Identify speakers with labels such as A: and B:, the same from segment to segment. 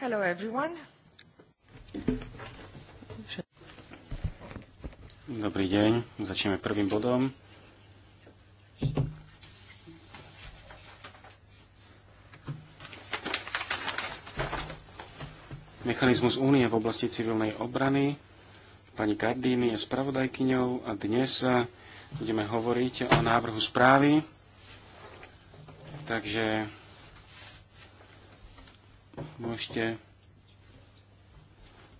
A: Hello everyone.
B: Dobrý deň, začneme prvým bodom. Mechanizmus únie v oblasti civilnej obrany. Pani Gardini je spravodajkyňou a dnes eh, budeme hovoriť o návrhu správy. Takže Môžete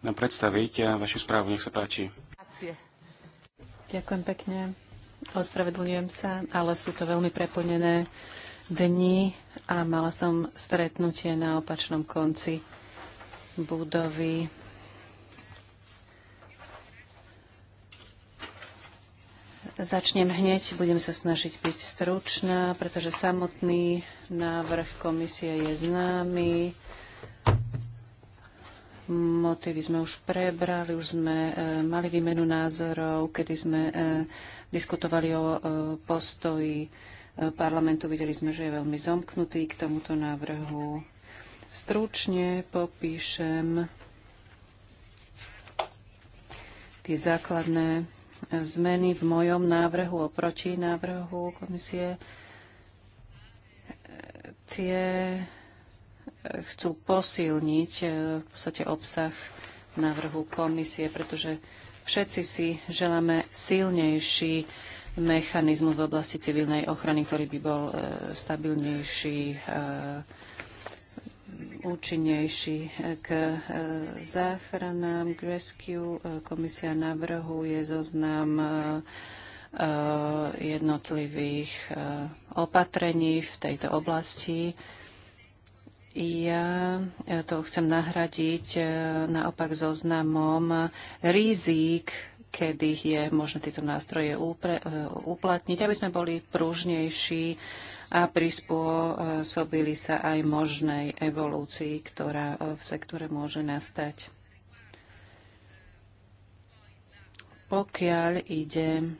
B: nám predstaviť a vašu správu, nech sa páči.
A: Ďakujem pekne. Ospravedlňujem sa, ale sú to veľmi preplnené dni a mala som stretnutie na opačnom konci budovy. Začnem hneď, budem sa snažiť byť stručná, pretože samotný návrh komisie je známy. Motívy sme už prebrali, už sme e, mali výmenu názorov, kedy sme e, diskutovali o e, postoji parlamentu. Videli sme, že je veľmi zomknutý k tomuto návrhu. Stručne popíšem tie základné zmeny v mojom návrhu oproti návrhu komisie. Tie chcú posilniť e, v podstate obsah návrhu komisie, pretože všetci si želáme silnejší mechanizmus v oblasti civilnej ochrany, ktorý by bol e, stabilnejší, e, účinnejší. K záchranám, k rescue komisia navrhuje zoznam jednotlivých opatrení v tejto oblasti ja e, to chcem nahradiť e, naopak zoznamom rizík, kedy je možné tieto nástroje upre, e, uplatniť, aby sme boli pružnejší a prispôsobili sa aj možnej evolúcii, ktorá v sektore môže nastať. Pokiaľ ide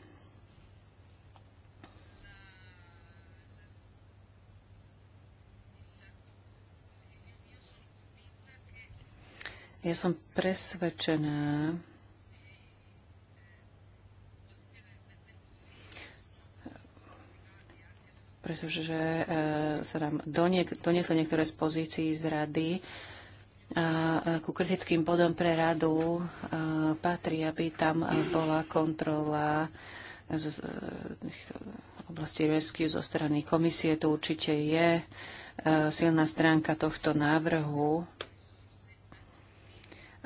A: Ja som presvedčená, pretože e, sa nám doniesli niektoré z pozícií z rady, a e, ku kritickým bodom pre radu e, patrí, aby tam bola kontrola z oblasti rescue zo strany komisie. To určite je silná stránka tohto návrhu.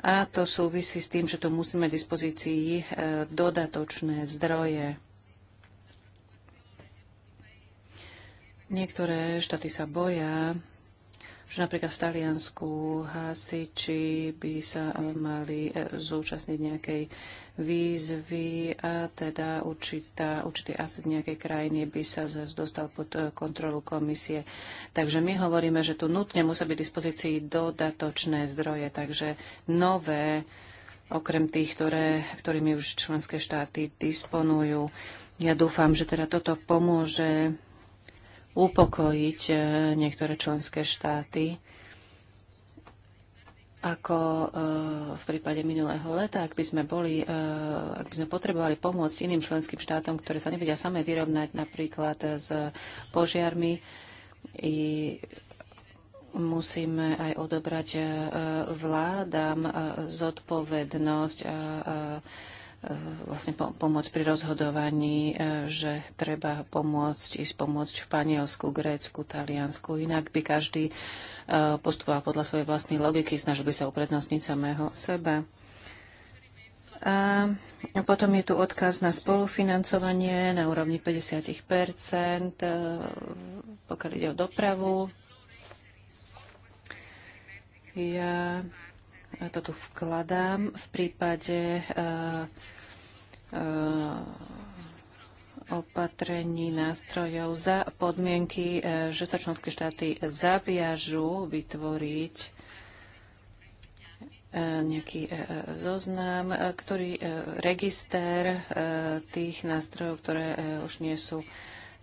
A: A to súvisí s tým, že tu musíme dispozícii e, dodatočné zdroje. Niektoré štáty sa boja že napríklad v Taliansku hasiči by sa mali eh, zúčastniť nejakej výzvy a teda určitá, určitý aset nejakej krajiny by sa dostal pod eh, kontrolu komisie. Takže my hovoríme, že tu nutne musia byť dispozícii dodatočné zdroje, takže nové okrem tých, ktoré, ktorými už členské štáty disponujú. Ja dúfam, že teda toto pomôže upokojiť e, niektoré členské štáty, ako e, v prípade minulého leta, ak by sme, boli, e, ak by sme potrebovali pomôcť iným členským štátom, ktoré sa nevedia same vyrovnať napríklad s požiarmi, i musíme aj odobrať vládam zodpovednosť E, vlastne pomôcť pri rozhodovaní, e, že treba pomôcť, ísť pomôcť Španielsku, Grécku, Taliansku. Inak by každý e, postupoval podľa svojej vlastnej logiky, snažil by sa uprednostniť samého seba. A potom je tu odkaz na spolufinancovanie na úrovni 50 pokiaľ ide o dopravu. Ja to tu vkladám v prípade uh, Eh, opatrení, nástrojov za podmienky, eh, že sa členské štáty zaviažú vytvoriť eh, nejaký zoznam, ktorý register tých nástrojov, ktoré už nie sú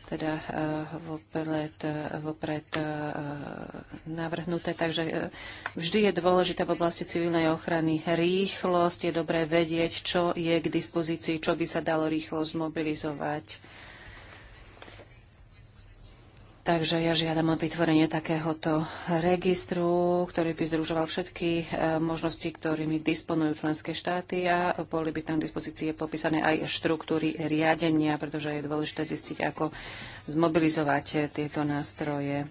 A: teda eh, vopred, eh, vopred eh, navrhnuté. Takže vždy je dôležité v oblasti civilnej ochrany rýchlosť. Je dobré vedieť, čo je k dispozícii, čo by sa dalo rýchlo zmobilizovať Takže ja žiadam o vytvorenie takéhoto registru, ktorý by združoval všetky e, možnosti, ktorými disponujú členské štáty a boli by tam v dispozícii popísané aj štruktúry riadenia, pretože je dôležité zistiť, ako zmobilizovať tieto nástroje.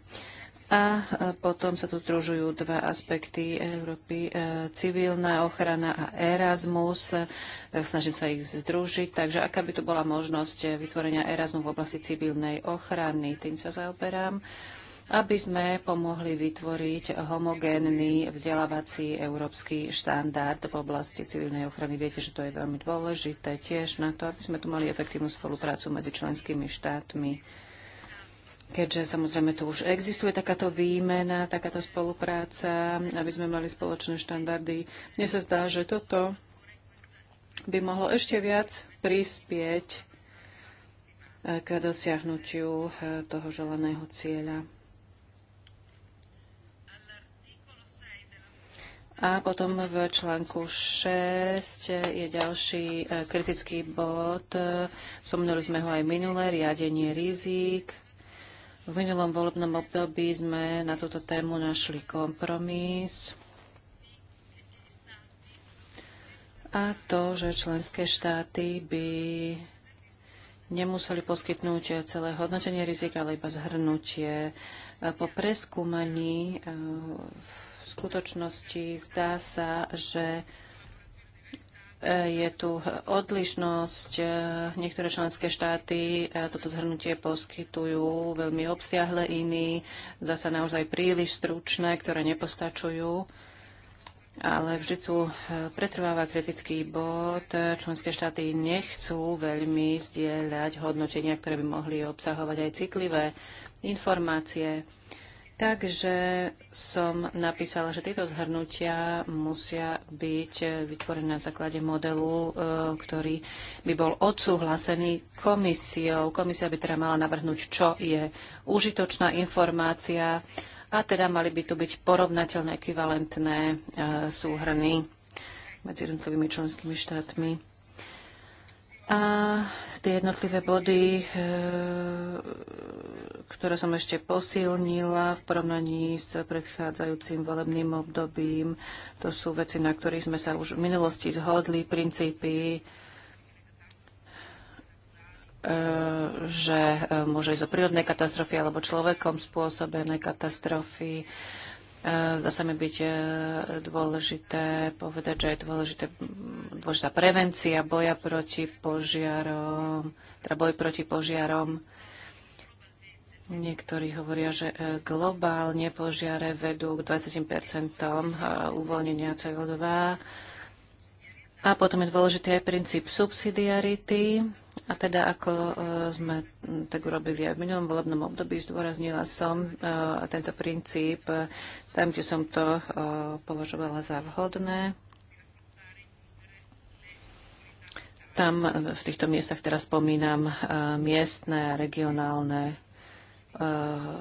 A: A potom sa tu združujú dva aspekty Európy. E, civilná ochrana a Erasmus. E, snažím sa ich združiť. Takže aká by tu bola možnosť vytvorenia Erasmu v oblasti civilnej ochrany? Tým sa zaoberám aby sme pomohli vytvoriť homogénny vzdelávací európsky štandard v oblasti civilnej ochrany. Viete, že to je veľmi dôležité tiež na to, aby sme tu mali efektívnu spoluprácu medzi členskými štátmi keďže samozrejme tu už existuje takáto výmena, takáto spolupráca, aby sme mali spoločné štandardy. Mne sa zdá, že toto by mohlo ešte viac prispieť eh, k dosiahnutiu eh, toho želaného cieľa. A potom v článku 6 eh, je ďalší kritický bod. Spomenuli sme ho aj minulé, riadenie rizík v minulom volebnom období sme na túto tému našli kompromis a to, že členské štáty by nemuseli poskytnúť celé hodnotenie rizika, ale iba zhrnutie. Po preskúmaní e, v skutočnosti zdá sa, že je tu odlišnosť. Niektoré členské štáty e, toto zhrnutie poskytujú veľmi obsiahle, iní zasa naozaj príliš stručné, ktoré nepostačujú. Ale vždy tu e, pretrváva kritický bod. Členské štáty nechcú veľmi zdieľať hodnotenia, ktoré by mohli obsahovať aj citlivé informácie Takže som napísala, že tieto zhrnutia musia byť vytvorené na základe modelu, e, ktorý by bol odsúhlasený komisiou. Komisia by teda mala navrhnúť, čo je užitočná informácia a teda mali by tu byť porovnateľné, ekvivalentné e, súhrny medzi jednotlivými členskými štátmi. A tie jednotlivé body e, ktoré som ešte posilnila v porovnaní s predchádzajúcim volebným obdobím. To sú veci, na ktorých sme sa už v minulosti zhodli, princípy, e, že e, môže ísť o prírodné katastrofy alebo človekom spôsobené katastrofy. E, zdá sa mi byť dôležité povedať, že je dôležité, dôležitá prevencia boja proti požiarom, teda boj proti požiarom Niektorí hovoria, že e, globálne požiare vedú k 20 e, uvoľnenia CO2. A potom je dôležitý aj princíp subsidiarity. A teda ako e, sme tak urobili aj v minulom volebnom období, zdôraznila som tento princíp tam, kde som to považovala za vhodné. Tam v týchto miestach teraz spomínam miestne a regionálne Eh,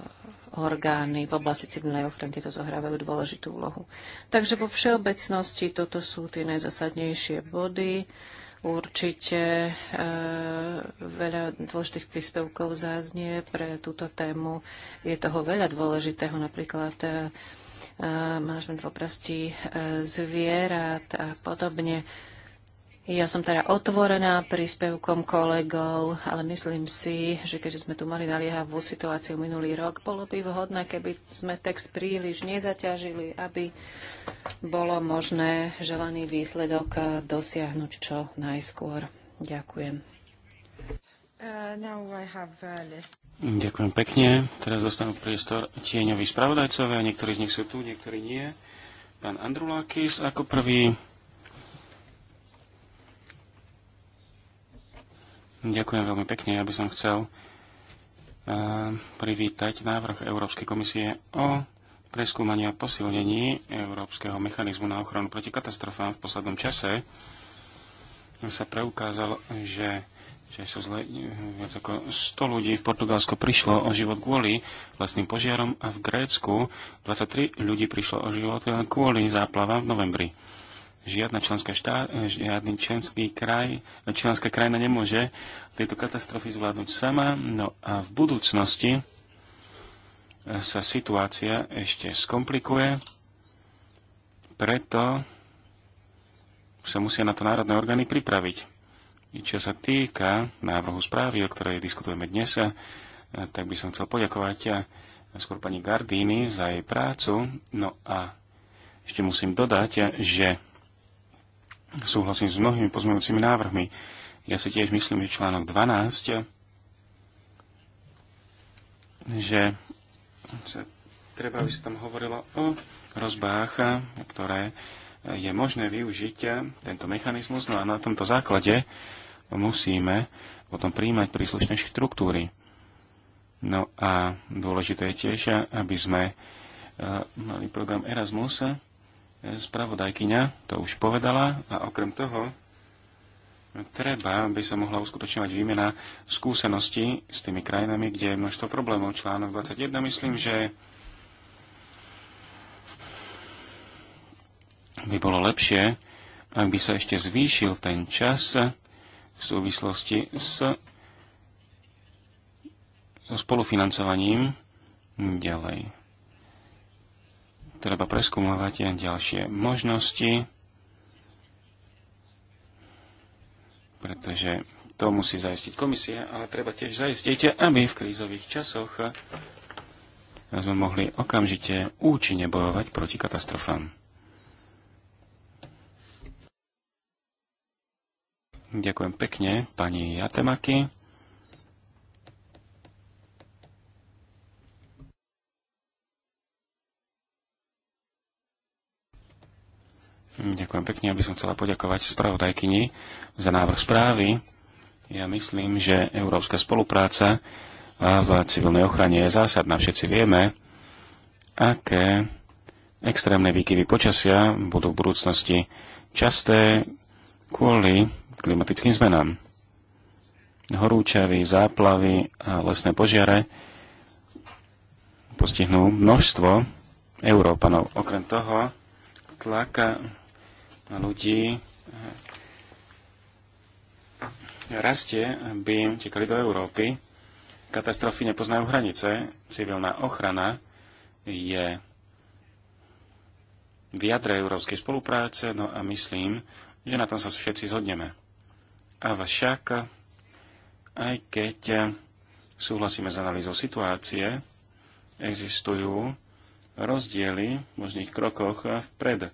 A: orgány v oblasti civilnej ochrany tieto zohrávajú dôležitú úlohu. Takže vo všeobecnosti toto sú tie najzasadnejšie body. Určite e, veľa dôležitých príspevkov záznie pre túto tému. Je toho veľa dôležitého, napríklad e, eh, manažment v oblasti e, zvierat a podobne. E, ja som teda otvorená príspevkom kolegov, ale myslím si, že keďže sme tu mali naliehavú situáciu minulý rok, bolo by vhodné, keby sme text príliš nezaťažili, aby bolo možné želaný výsledok dosiahnuť čo najskôr. Ďakujem. Uh, uh
B: Ďakujem pekne. Teraz dostanú priestor tieňoví spravodajcovia. Niektorí z nich sú tu, niektorí nie. Pán Andrulakis ako prvý. Ďakujem veľmi pekne. Ja by som chcel eh, privítať návrh Európskej komisie o preskúmaní a posilnení Európskeho mechanizmu na ochranu proti katastrofám v poslednom čase. Sa preukázalo, že, že sú zle, viac ako 100 ľudí v Portugalsku prišlo o život kvôli vlastným požiarom a v Grécku 23 ľudí prišlo o život kvôli záplavám v novembri žiadna členská štát, žiadny členský kraj, členská krajina nemôže tieto katastrofy zvládnuť sama. No a v budúcnosti sa situácia ešte skomplikuje, preto sa musia na to národné orgány pripraviť. Čo sa týka návrhu správy, o ktorej diskutujeme dnes, eh, tak by som chcel poďakovať eh, skôr pani Gardini za jej prácu. No a ešte musím dodať, eh, že Súhlasím s mnohými pozmeňujúcimi návrhmi. Ja si tiež myslím, že článok 12, že sa treba, aby sa tam hovorilo o rozbách, ktoré je možné využiť tento mechanizmus. No a na tomto základe musíme potom príjmať príslušné štruktúry. No a dôležité je tiež, aby sme eh, mali program Erasmus, Spravodajkyňa to už povedala a okrem toho treba aby sa mohla uskutočňovať výmena skúseností s tými krajinami, kde je množstvo problémov. Článok 21 myslím, že by bolo lepšie, ak by sa ešte zvýšil ten čas v súvislosti s spolufinancovaním ďalej treba preskúmovať ďalšie možnosti, pretože to musí zaistiť komisia, ale treba tiež zaistiť, aby v krízových časoch sme mohli okamžite účinne bojovať proti katastrofám. Ďakujem pekne pani Jatemaki. Ďakujem pekne, aby som chcela poďakovať spravodajkyni za návrh správy. Ja myslím, že európska spolupráca v civilnej ochrane je zásadná. Všetci vieme, aké extrémne výkyvy počasia budú v budúcnosti časté kvôli klimatickým zmenám. Horúčavy, záplavy a lesné požiare postihnú množstvo Európanov. Okrem toho, tlaka ľudí eh, rastie, by tekali do Európy. Katastrofy nepoznajú hranice. Civilná ochrana je v jadre európskej spolupráce, no a myslím, že na tom sa všetci zhodneme. Avšak, aj keď súhlasíme s analýzou situácie, existujú rozdiely v možných krokoch vpred.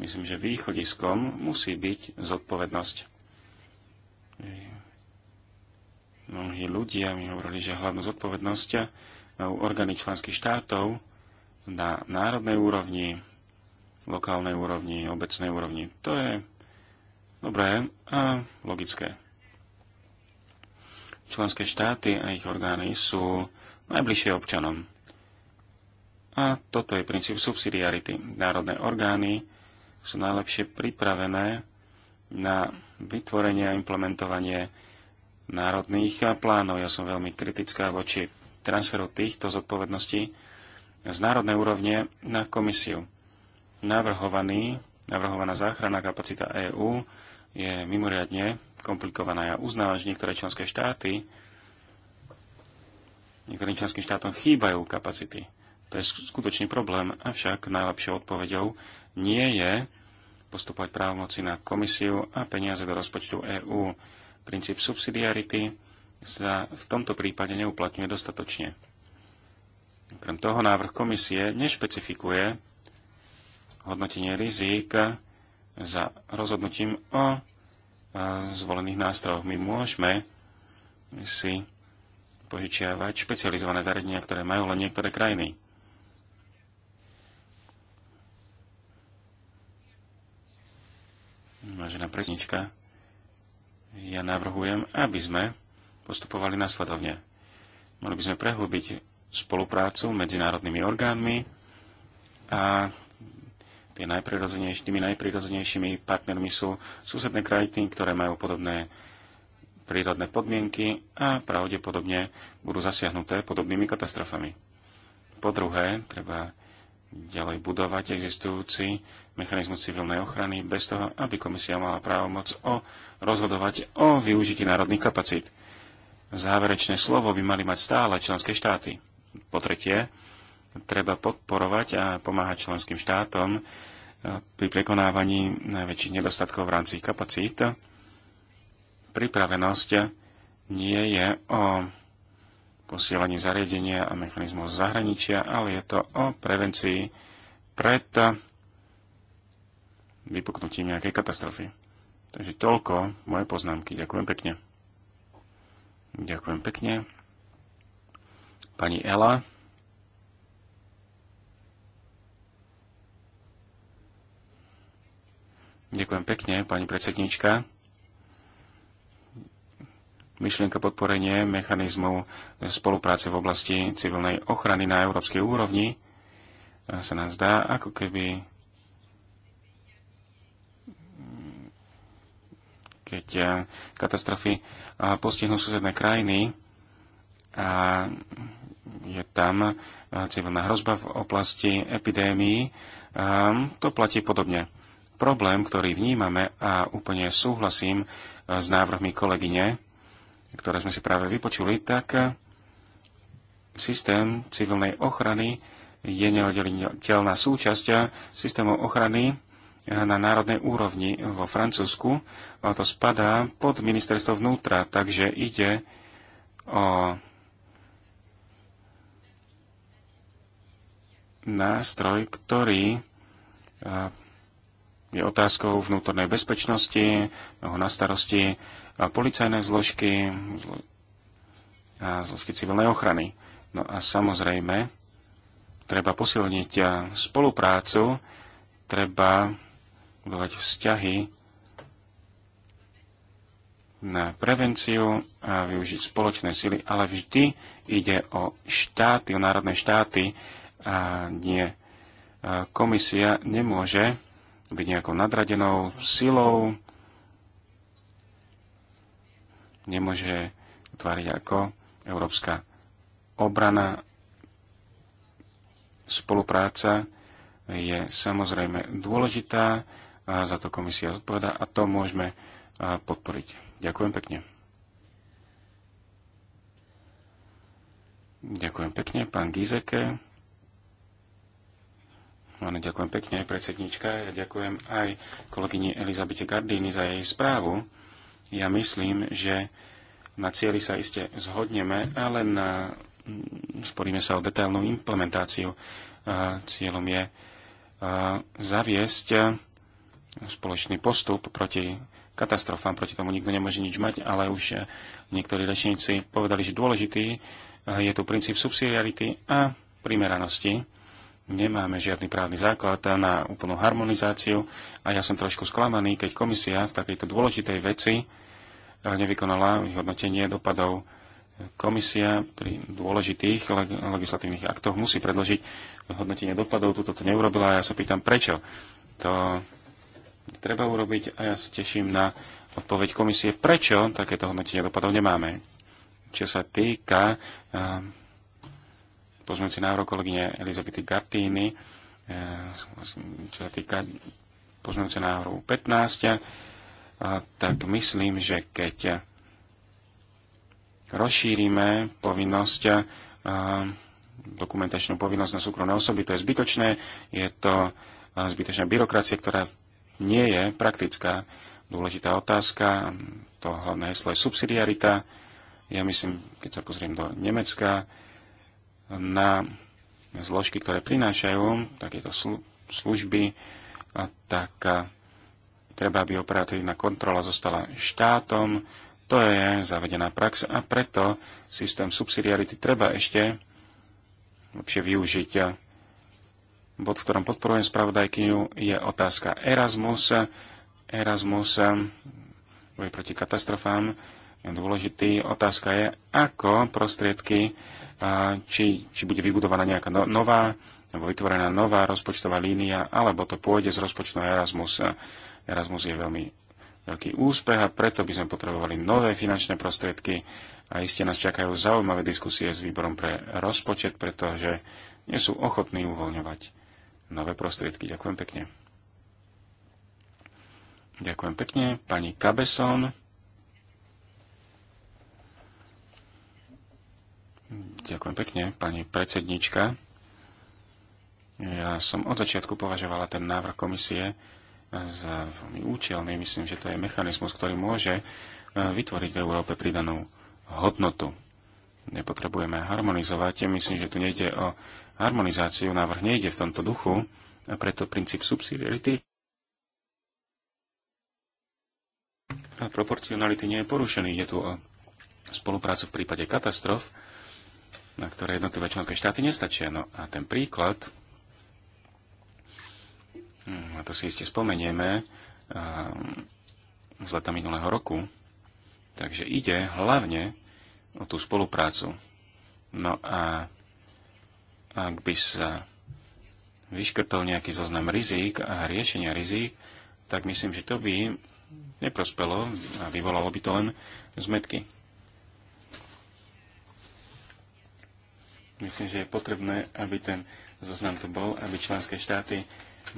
B: Myslím, že východiskom musí byť zodpovednosť. Mnohí ľudia mi hovorili, že hlavnú zodpovednosť majú orgány členských štátov na národnej úrovni, lokálnej úrovni, obecnej úrovni. To je dobré a logické. Členské štáty a ich orgány sú najbližšie občanom. A toto je princíp subsidiarity. Národné orgány sú najlepšie pripravené na vytvorenie a implementovanie národných plánov. Ja som veľmi kritická voči transferu týchto zodpovedností z národnej úrovne na komisiu. Navrhovaný, navrhovaná záchranná kapacita EÚ je mimoriadne komplikovaná. Ja uznávam, že niektoré členské štáty niektorým členským štátom chýbajú kapacity. To je skutočný problém, avšak najlepšou odpoveďou nie je postupovať právomoci na komisiu a peniaze do rozpočtu EÚ. Princíp subsidiarity sa v tomto prípade neuplatňuje dostatočne. Krem toho návrh komisie nešpecifikuje hodnotenie rizík za rozhodnutím o e, zvolených nástrojoch. My môžeme si požičiavať špecializované zariadenia, ktoré majú len niektoré krajiny. Vážená prednička, ja navrhujem, aby sme postupovali nasledovne. Mali by sme prehlbiť spoluprácu medzinárodnými orgánmi a tie najprirodzenejší, tými najprirodzenejšími partnermi sú susedné krajiny, ktoré majú podobné prírodné podmienky a pravdepodobne budú zasiahnuté podobnými katastrofami. Po druhé, treba ďalej budovať existujúci mechanizmu civilnej ochrany bez toho, aby komisia mala právomoc o rozhodovať o využití národných kapacít. Záverečné slovo by mali mať stále členské štáty. Po tretie, treba podporovať a pomáhať členským štátom eh, pri prekonávaní najväčších nedostatkov v rámci kapacít. Pripravenosť nie je o posielaní zariadenia a mechanizmov zahraničia, ale je to o prevencii pred vypuknutím nejakej katastrofy. Takže toľko moje poznámky. Ďakujem pekne. Ďakujem pekne. Pani Ela. Ďakujem pekne, pani predsednička. Myšlienka podporenie mechanizmu spolupráce v oblasti civilnej ochrany na európskej úrovni sa nám zdá, ako keby keď e, katastrofy postihnú susedné krajiny a je tam e, civilná hrozba v oblasti epidémií, to platí podobne. Problém, ktorý vnímame a úplne súhlasím e, s návrhmi kolegyne, ktoré sme si práve vypočuli, tak systém civilnej ochrany je neoddeliteľná súčasť systému ochrany na národnej úrovni vo Francúzsku. To spadá pod ministerstvo vnútra, takže ide o nástroj, ktorý je otázkou vnútornej bezpečnosti, jeho na starosti policajné zložky a zložky civilnej ochrany. No a samozrejme, treba posilniť spoluprácu, treba budovať vzťahy na prevenciu a využiť spoločné sily, ale vždy ide o štáty, o národné štáty a nie. Komisia nemôže byť nejakou nadradenou silou, nemôže tvariť ako európska obrana. Spolupráca je samozrejme dôležitá, a za to komisia zodpoveda a to môžeme podporiť. Ďakujem pekne. Ďakujem pekne, pán Gizeke. Áno, ďakujem pekne, predsednička. Ja ďakujem aj kolegyni Elizabete Gardini za jej správu. Ja myslím, že na cieli sa iste zhodneme, ale na, mm, sporíme sa o detailnú implementáciu. Cieľom je zaviesť spoločný postup proti katastrofám, proti tomu nikto nemôže nič mať, ale už niektorí rečníci povedali, že dôležitý je tu princíp subsidiarity a primeranosti. Nemáme žiadny právny základ na úplnú harmonizáciu a ja som trošku sklamaný, keď komisia v takejto dôležitej veci nevykonala vyhodnotenie dopadov. Komisia pri dôležitých legislatívnych aktoch musí predložiť hodnotenie dopadov, tuto to neurobila a ja sa pýtam prečo. To treba urobiť a ja sa teším na odpoveď komisie, prečo takéto hodnotenie dopadov nemáme. Čo sa týka eh, pozmeňujúci návrh kolegyne Elizabety Gartíny, eh, čo sa týka pozmeňujúci návrhu 15, eh, tak myslím, že keď rozšírime povinnosť, dokumentačnú povinnosť na súkromné osoby, to je zbytočné, je to zbytočná byrokracia, ktorá v nie je praktická. Dôležitá otázka, to hlavné heslo je subsidiarita. Ja myslím, keď sa pozriem do Nemecka, na zložky, ktoré prinášajú takéto služby, tak treba, aby operatívna kontrola zostala štátom. To je zavedená prax a preto systém subsidiarity treba ešte lepšie využiť. Bod, v ktorom podporujem spravodajkyňu, je otázka Erasmus. Erasmus eh, boj proti katastrofám dôležitý. Otázka je, ako prostriedky, eh, či, či bude vybudovaná nejaká no-, nová alebo vytvorená nová rozpočtová línia, alebo to pôjde z rozpočtu Erasmus. Erasmus je veľmi veľký úspech a preto by sme potrebovali nové finančné prostriedky a iste nás čakajú zaujímavé diskusie s výborom pre rozpočet, pretože nie sú ochotní uvoľňovať nové prostriedky. Ďakujem pekne. Ďakujem pekne. Pani Kabeson. Ďakujem pekne, pani predsednička. Ja som od začiatku považovala ten návrh komisie za veľmi účelný. Myslím, že to je mechanizmus, ktorý môže e, vytvoriť v Európe pridanú hodnotu. Nepotrebujeme harmonizovať. Myslím, že tu nejde o harmonizáciu. Návrh nejde v tomto duchu a preto princíp subsidiarity a proporcionality nie je porušený. Je tu o spoluprácu v prípade katastrof, na ktoré jednotlivé členské štáty nestačia. No a ten príklad, hm, a to si iste spomenieme, z leta minulého roku, takže ide hlavne o tú spoluprácu. No a ak by sa vyškrtol nejaký zoznam rizík a riešenia rizík, tak myslím, že to by neprospelo a vyvolalo by to len zmetky. Myslím, že je potrebné, aby ten zoznam tu bol, aby členské štáty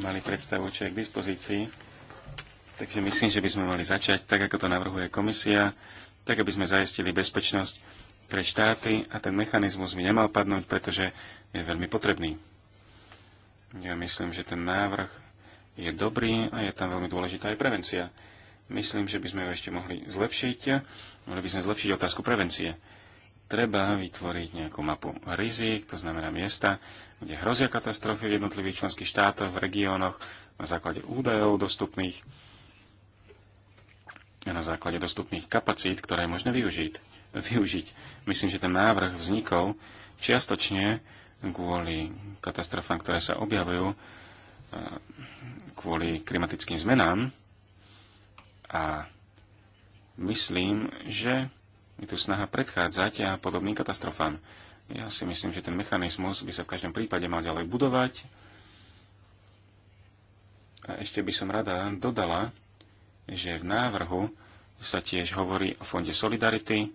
B: mali predstavu, čo je k dispozícii. Takže myslím, že by sme mali začať tak, ako to navrhuje komisia, tak, aby sme zaistili bezpečnosť pre štáty a ten mechanizmus by nemal padnúť, pretože je veľmi potrebný. Ja myslím, že ten návrh je dobrý a je tam veľmi dôležitá aj prevencia. Myslím, že by sme ju ešte mohli zlepšiť. Mohli by sme zlepšiť otázku prevencie. Treba vytvoriť nejakú mapu rizik, to znamená miesta, kde hrozia katastrofy v jednotlivých členských štátoch, v regiónoch, na základe údajov dostupných a na základe dostupných kapacít, ktoré je možné využiť. využiť. Myslím, že ten návrh vznikol čiastočne kvôli katastrofám, ktoré sa objavujú, e, kvôli klimatickým zmenám. A myslím, že je tu snaha predchádzať a podobným katastrofám. Ja si myslím, že ten mechanizmus by sa v každom prípade mal ďalej budovať. A ešte by som rada dodala, že v návrhu sa tiež hovorí o Fonde Solidarity.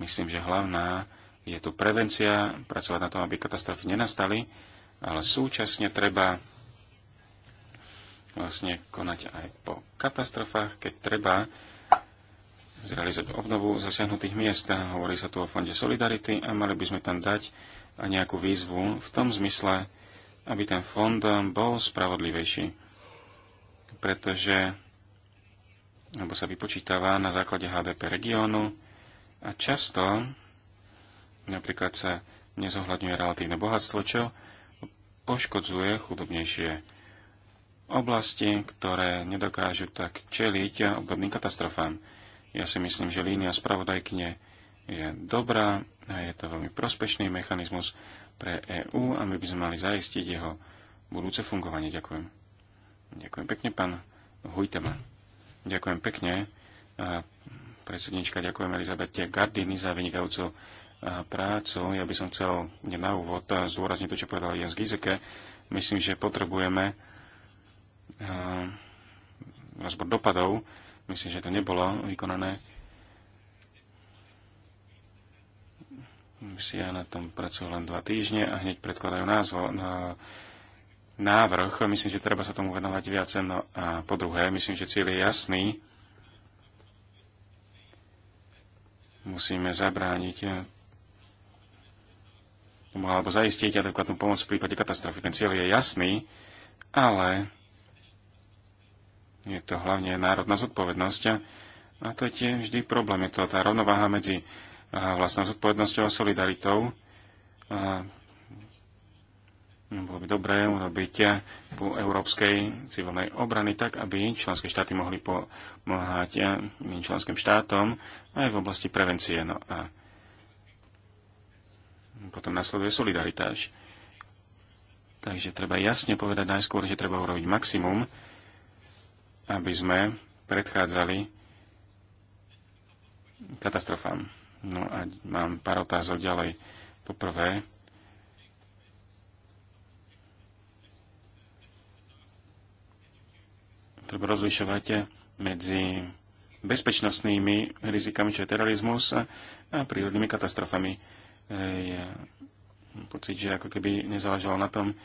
B: Myslím, že hlavná je tu prevencia, pracovať na tom, aby katastrofy nenastali, ale súčasne treba vlastne konať aj po katastrofách, keď treba zrealizovať obnovu zasiahnutých miest. Hovorí sa tu o Fonde Solidarity a mali by sme tam dať aj nejakú výzvu v tom zmysle, aby ten fond bol spravodlivejší. Pretože alebo sa vypočítava na základe HDP regiónu a často Napríklad sa nezohľadňuje relatívne bohatstvo, čo poškodzuje chudobnejšie oblasti, ktoré nedokážu tak čeliť obdobným katastrofám. Ja si myslím, že línia spravodajkyne je dobrá a je to veľmi prospešný mechanizmus pre EÚ a my by sme mali zaistiť jeho budúce fungovanie. Ďakujem. Ďakujem pekne, pán Hujtema. Ďakujem pekne. A predsednička, ďakujem Elizabete Gardini za vynikajúcu prácu. Ja by som chcel na úvod zúrazniť to, čo povedal Jens Gizeke. Myslím, že potrebujeme eh, rozbor dopadov. Myslím, že to nebolo vykonané. Si ja na tom pracujú len dva týždne a hneď predkladajú názvo, na návrh. Myslím, že treba sa tomu venovať viac. No a po druhé, myslím, že cieľ je jasný. Musíme zabrániť alebo zaistiť adekvátnu pomoc v prípade katastrofy. Ten cieľ je jasný, ale je to hlavne národná zodpovednosť a to je tiež vždy problém. Je to tá rovnováha medzi vlastnou zodpovednosťou a solidaritou. A no, bolo by dobré urobiť po európskej civilnej obrany tak, aby členské štáty mohli pomáhať členským štátom aj v oblasti prevencie. No a potom nasleduje solidarita. Takže treba jasne povedať najskôr, že treba urobiť maximum, aby sme predchádzali katastrofám. No a mám pár otázok ďalej. Poprvé, treba rozlišovať medzi bezpečnostnými rizikami, čo je terorizmus, a prírodnými katastrofami je pocit, že ako keby nezáležalo na tom, eh,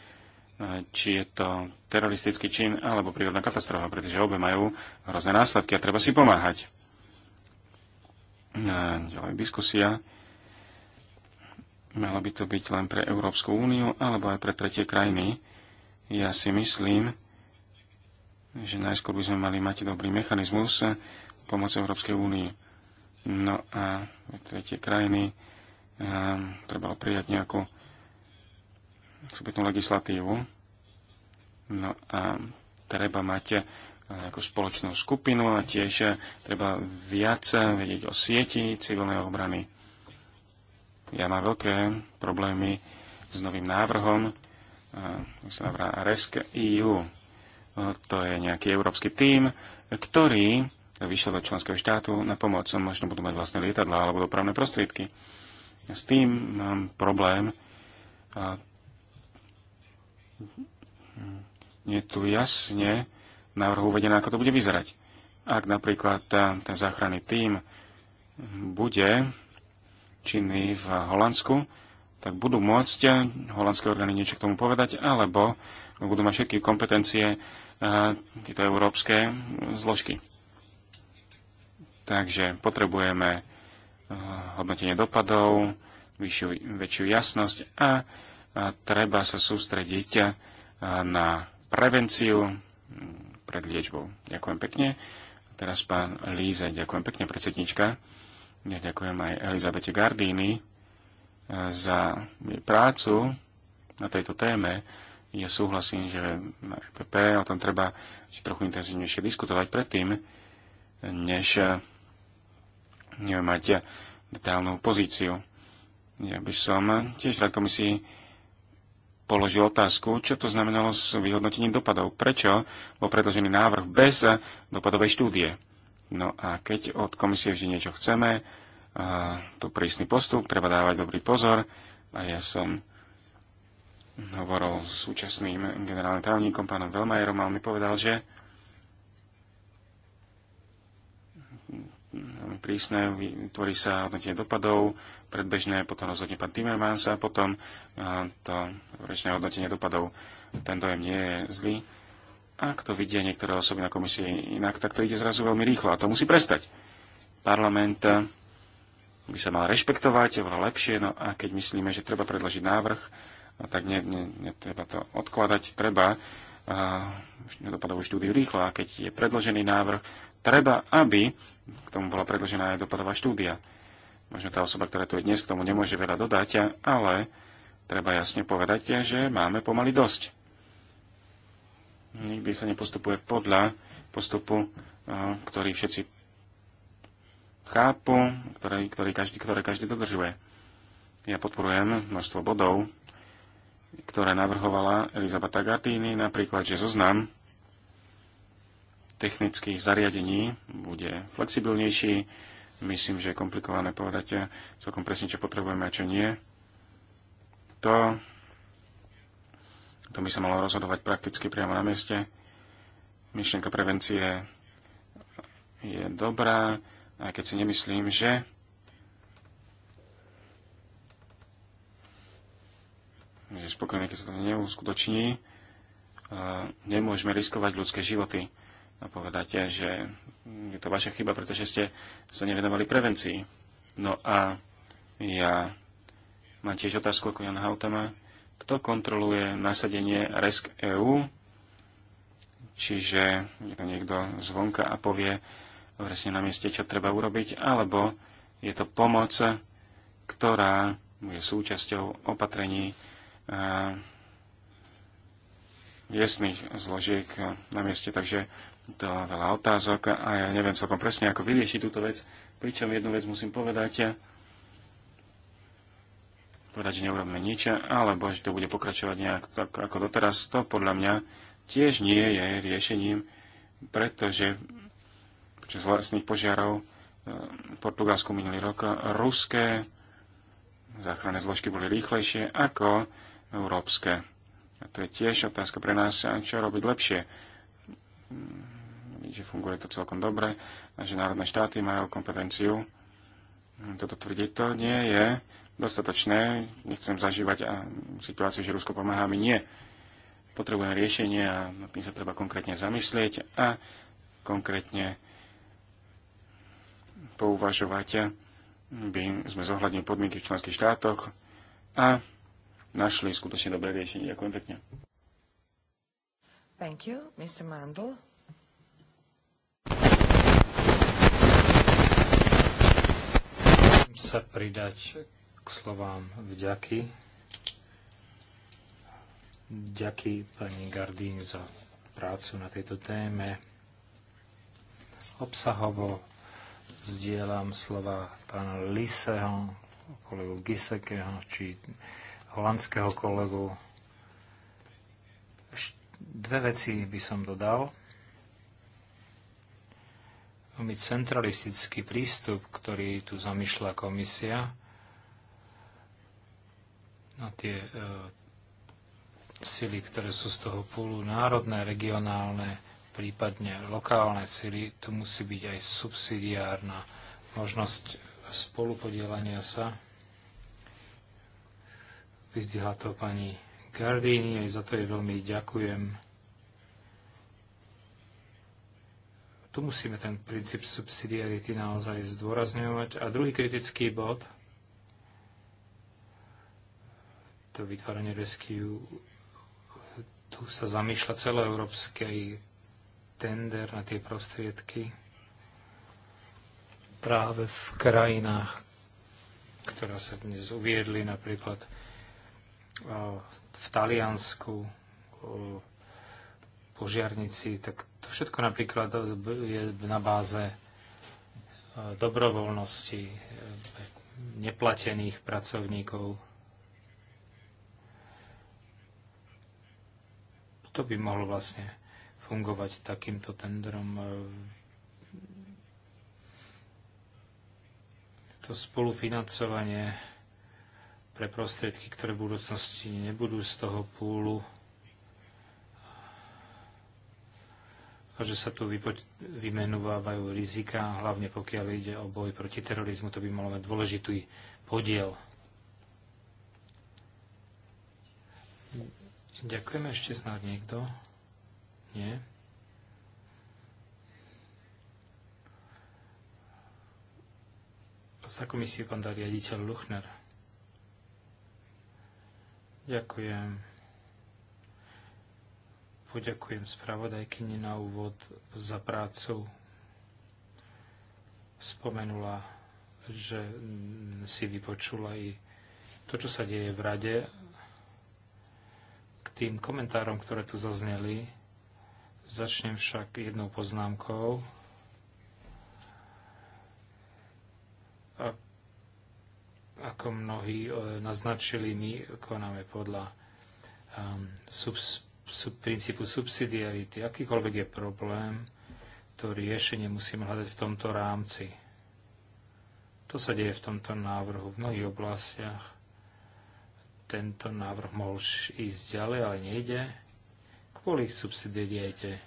B: či je to teroristický čin alebo prírodná katastrofa, pretože obe majú hrozné následky a treba si pomáhať. Eh, ďalej diskusia. Malo by to byť len pre Európsku úniu alebo aj pre tretie krajiny. Ja si myslím, že najskôr by sme mali mať dobrý mechanizmus eh, pomoc Európskej únii. No a tretie krajiny Ehm, treba prijať nejakú súbytnú legislatívu. No a treba mať eh, nejakú spoločnú skupinu a tiež eh, treba viac eh, vedieť o sieti civilnej obrany. Ja mám veľké problémy s novým návrhom, sa RESC EU. To je nejaký európsky tím, ktorý vyšiel do členského štátu na pomoc. Možno budú mať vlastné lietadla alebo dopravné prostriedky s tým mám problém. A je tu jasne návrhu uvedené, ako to bude vyzerať. Ak napríklad tá, ten záchranný tím bude činný v Holandsku, tak budú môcť holandské orgány niečo k tomu povedať, alebo budú mať všetky kompetencie tieto európske zložky. Takže potrebujeme hodnotenie dopadov, vyššiu, väčšiu jasnosť a, a treba sa sústrediť na prevenciu pred liečbou. Ďakujem pekne. Teraz pán Líze, ďakujem pekne, predsednička. Ja ďakujem aj Elizabete Gardini e, za prácu na tejto téme. Ja súhlasím, že na EPP o tom treba trochu intenzívnejšie diskutovať predtým, než e, mať detálnu pozíciu. Ja by som tiež rád komisii položil otázku, čo to znamenalo s vyhodnotením dopadov. Prečo bol predložený návrh bez dopadovej štúdie? No a keď od komisie vždy niečo chceme, tu prísny postup, treba dávať dobrý pozor. A ja som hovoril s súčasným generálnym tajomníkom, pánom Velmajerom, a on mi povedal, že prísne, vytvorí sa hodnotenie dopadov, predbežné, potom rozhodne pán Timmermans a potom to rečné hodnotenie dopadov. Ten dojem nie je zlý. Ak to vidia niektoré osoby na komisii inak, tak to ide zrazu veľmi rýchlo a to musí prestať. Parlament by sa mal rešpektovať, veľa lepšie, no a keď myslíme, že treba predložiť návrh, no tak ne, netreba to odkladať, treba dopadovú štúdiu rýchlo a keď je predložený návrh, treba, aby k tomu bola predložená aj dopadová štúdia. Možno tá osoba, ktorá tu je dnes, k tomu nemôže veľa dodať, ale treba jasne povedať, že máme pomaly dosť. Nikdy sa nepostupuje podľa postupu, eh, ktorý všetci chápu, ktoré, ktoré, každý, ktoré každý dodržuje. Ja podporujem množstvo bodov, ktoré navrhovala Elizabeta Gardini, napríklad, že zoznam technických zariadení bude flexibilnejší. Myslím, že je komplikované povedať eh, celkom presne, čo potrebujeme a čo nie. To, to by sa malo rozhodovať prakticky priamo na mieste. Myšlienka prevencie je dobrá, aj keď si nemyslím, že že spokojne, keď sa to neuskutoční, eh, nemôžeme riskovať ľudské životy a povedáte, že je to vaša chyba, pretože ste sa nevenovali prevencii. No a ja mám tiež otázku ako Jan Hautama. Kto kontroluje nasadenie RESK EU? Čiže je to niekto zvonka a povie presne na mieste, čo treba urobiť, alebo je to pomoc, ktorá je súčasťou opatrení jasných zložiek na mieste. Takže to veľa otázok a ja neviem celkom presne, ako vyriešiť túto vec. Pričom jednu vec musím povedať, povedať, že neurobíme nič, alebo že to bude pokračovať nejak tak ako doteraz. To podľa mňa tiež nie je riešením, pretože počas vlastných požiarov eh, v Portugalsku minulý rok ruské záchranné zložky boli rýchlejšie ako európske. A to je tiež otázka pre nás, čo robiť lepšie že funguje to celkom dobre a že národné štáty majú kompetenciu toto tvrdiť. To nie je dostatočné. Nechcem zažívať a situáciu, že Rusko pomáha mi. Nie. Potrebujem riešenie a nad tým sa treba konkrétne zamyslieť a konkrétne pouvažovať, by sme zohľadnili podmienky v členských štátoch a našli skutočne dobré riešenie.
A: Ďakujem pekne. Thank you, Mr. Mandel.
B: sa
C: pridať k slovám vďaky. Ďaky pani Gardín za prácu na tejto téme. Obsahovo zdieľam slova pána Liseho, kolegu Gisekeho, či holandského kolegu. Dve veci by som dodal veľmi centralistický prístup, ktorý tu zamýšľa komisia na tie e, sily, ktoré sú z toho púlu národné, regionálne, prípadne lokálne sily. Tu musí byť aj subsidiárna možnosť spolupodielania sa. Vyzdvihla to pani Gardini, aj za to jej veľmi ďakujem Tu musíme ten princíp subsidiarity naozaj zdôrazňovať. A druhý kritický bod, to vytváranie rescue, tu sa zamýšľa celoeurópskej tender na tie prostriedky práve v krajinách, ktoré sa dnes uviedli, napríklad eh, v Taliansku eh, požiarnici, tak to všetko napríklad je na báze e, dobrovoľnosti e, neplatených pracovníkov. To by mohlo vlastne fungovať takýmto tendrom. E, to spolufinancovanie pre prostriedky, ktoré v budúcnosti nebudú z toho púlu a že sa tu vypoť, vymenúvajú rizika, hlavne pokiaľ ide o boj proti terorizmu, to by malo mať dôležitý podiel. Ďakujeme ešte snad niekto? Nie? Za komisiu pán riaditeľ Luchner. Ďakujem poďakujem spravodajkyni na úvod za prácu. Spomenula, že si vypočula i to, čo sa deje v rade. K tým komentárom, ktoré tu zazneli, začnem však jednou poznámkou. A ako mnohí eh, naznačili, my konáme podľa um, subs- princípu subsidiarity. Akýkoľvek je problém, to riešenie musíme hľadať v tomto rámci. To sa deje v tomto návrhu v mnohých oblastiach. Tento návrh mohol ísť ďalej, ale nejde kvôli subsidiarite.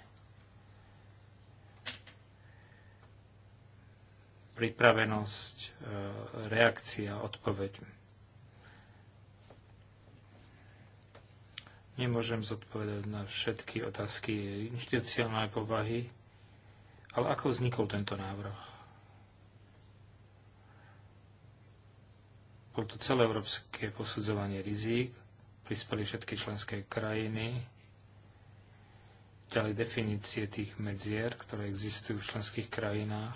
C: Pripravenosť, e, reakcia, odpoveď Nemôžem zodpovedať na všetky otázky inštitucionálnej povahy, ale ako vznikol tento návrh? Bol to európske posudzovanie rizík, prispeli všetky členské krajiny, ďalej definície tých medzier, ktoré existujú v členských krajinách.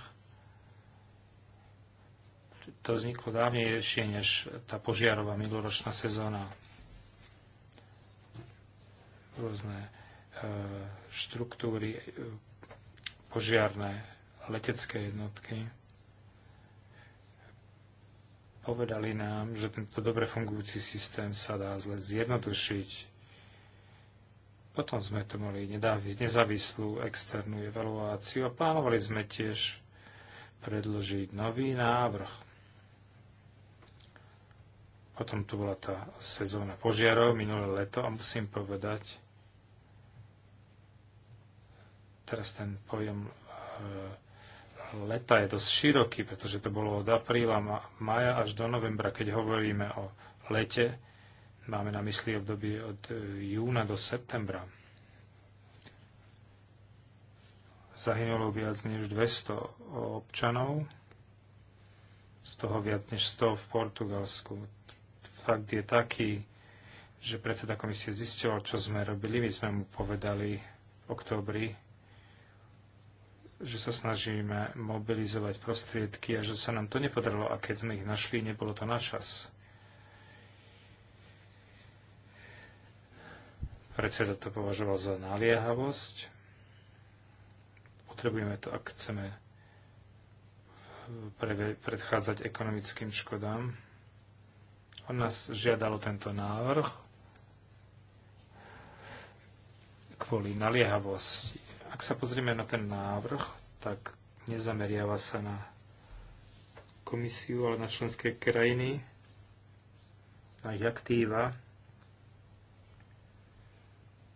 C: To vzniklo dávnejšie než tá požiarová minuloročná sezóna rôzne e, štruktúry e, požiarné, letecké jednotky. Povedali nám, že tento dobre fungujúci systém sa dá zle zjednodušiť. Potom sme to mali nezávislú externú evaluáciu a plánovali sme tiež predložiť nový návrh. Potom tu bola tá sezóna požiarov minulé leto a musím povedať, Teraz ten pojem e, leta je dosť široký, pretože to bolo od apríla, maja až do novembra, keď hovoríme o lete. Máme na mysli obdobie od e, júna do septembra. Zahynulo viac než 200 občanov, z toho viac než 100 v Portugalsku. Fakt je taký, že predseda komisie zistil, čo sme robili. My sme mu povedali v oktobri, že sa snažíme mobilizovať prostriedky a že sa nám to nepodarilo a keď sme ich našli, nebolo to na čas. Predseda to považoval za naliehavosť. Potrebujeme to, ak chceme predchádzať ekonomickým škodám. On nás žiadalo tento návrh kvôli naliehavosti ak sa pozrieme na ten návrh, tak nezameriava sa na komisiu, ale na členské krajiny, na ich aktíva,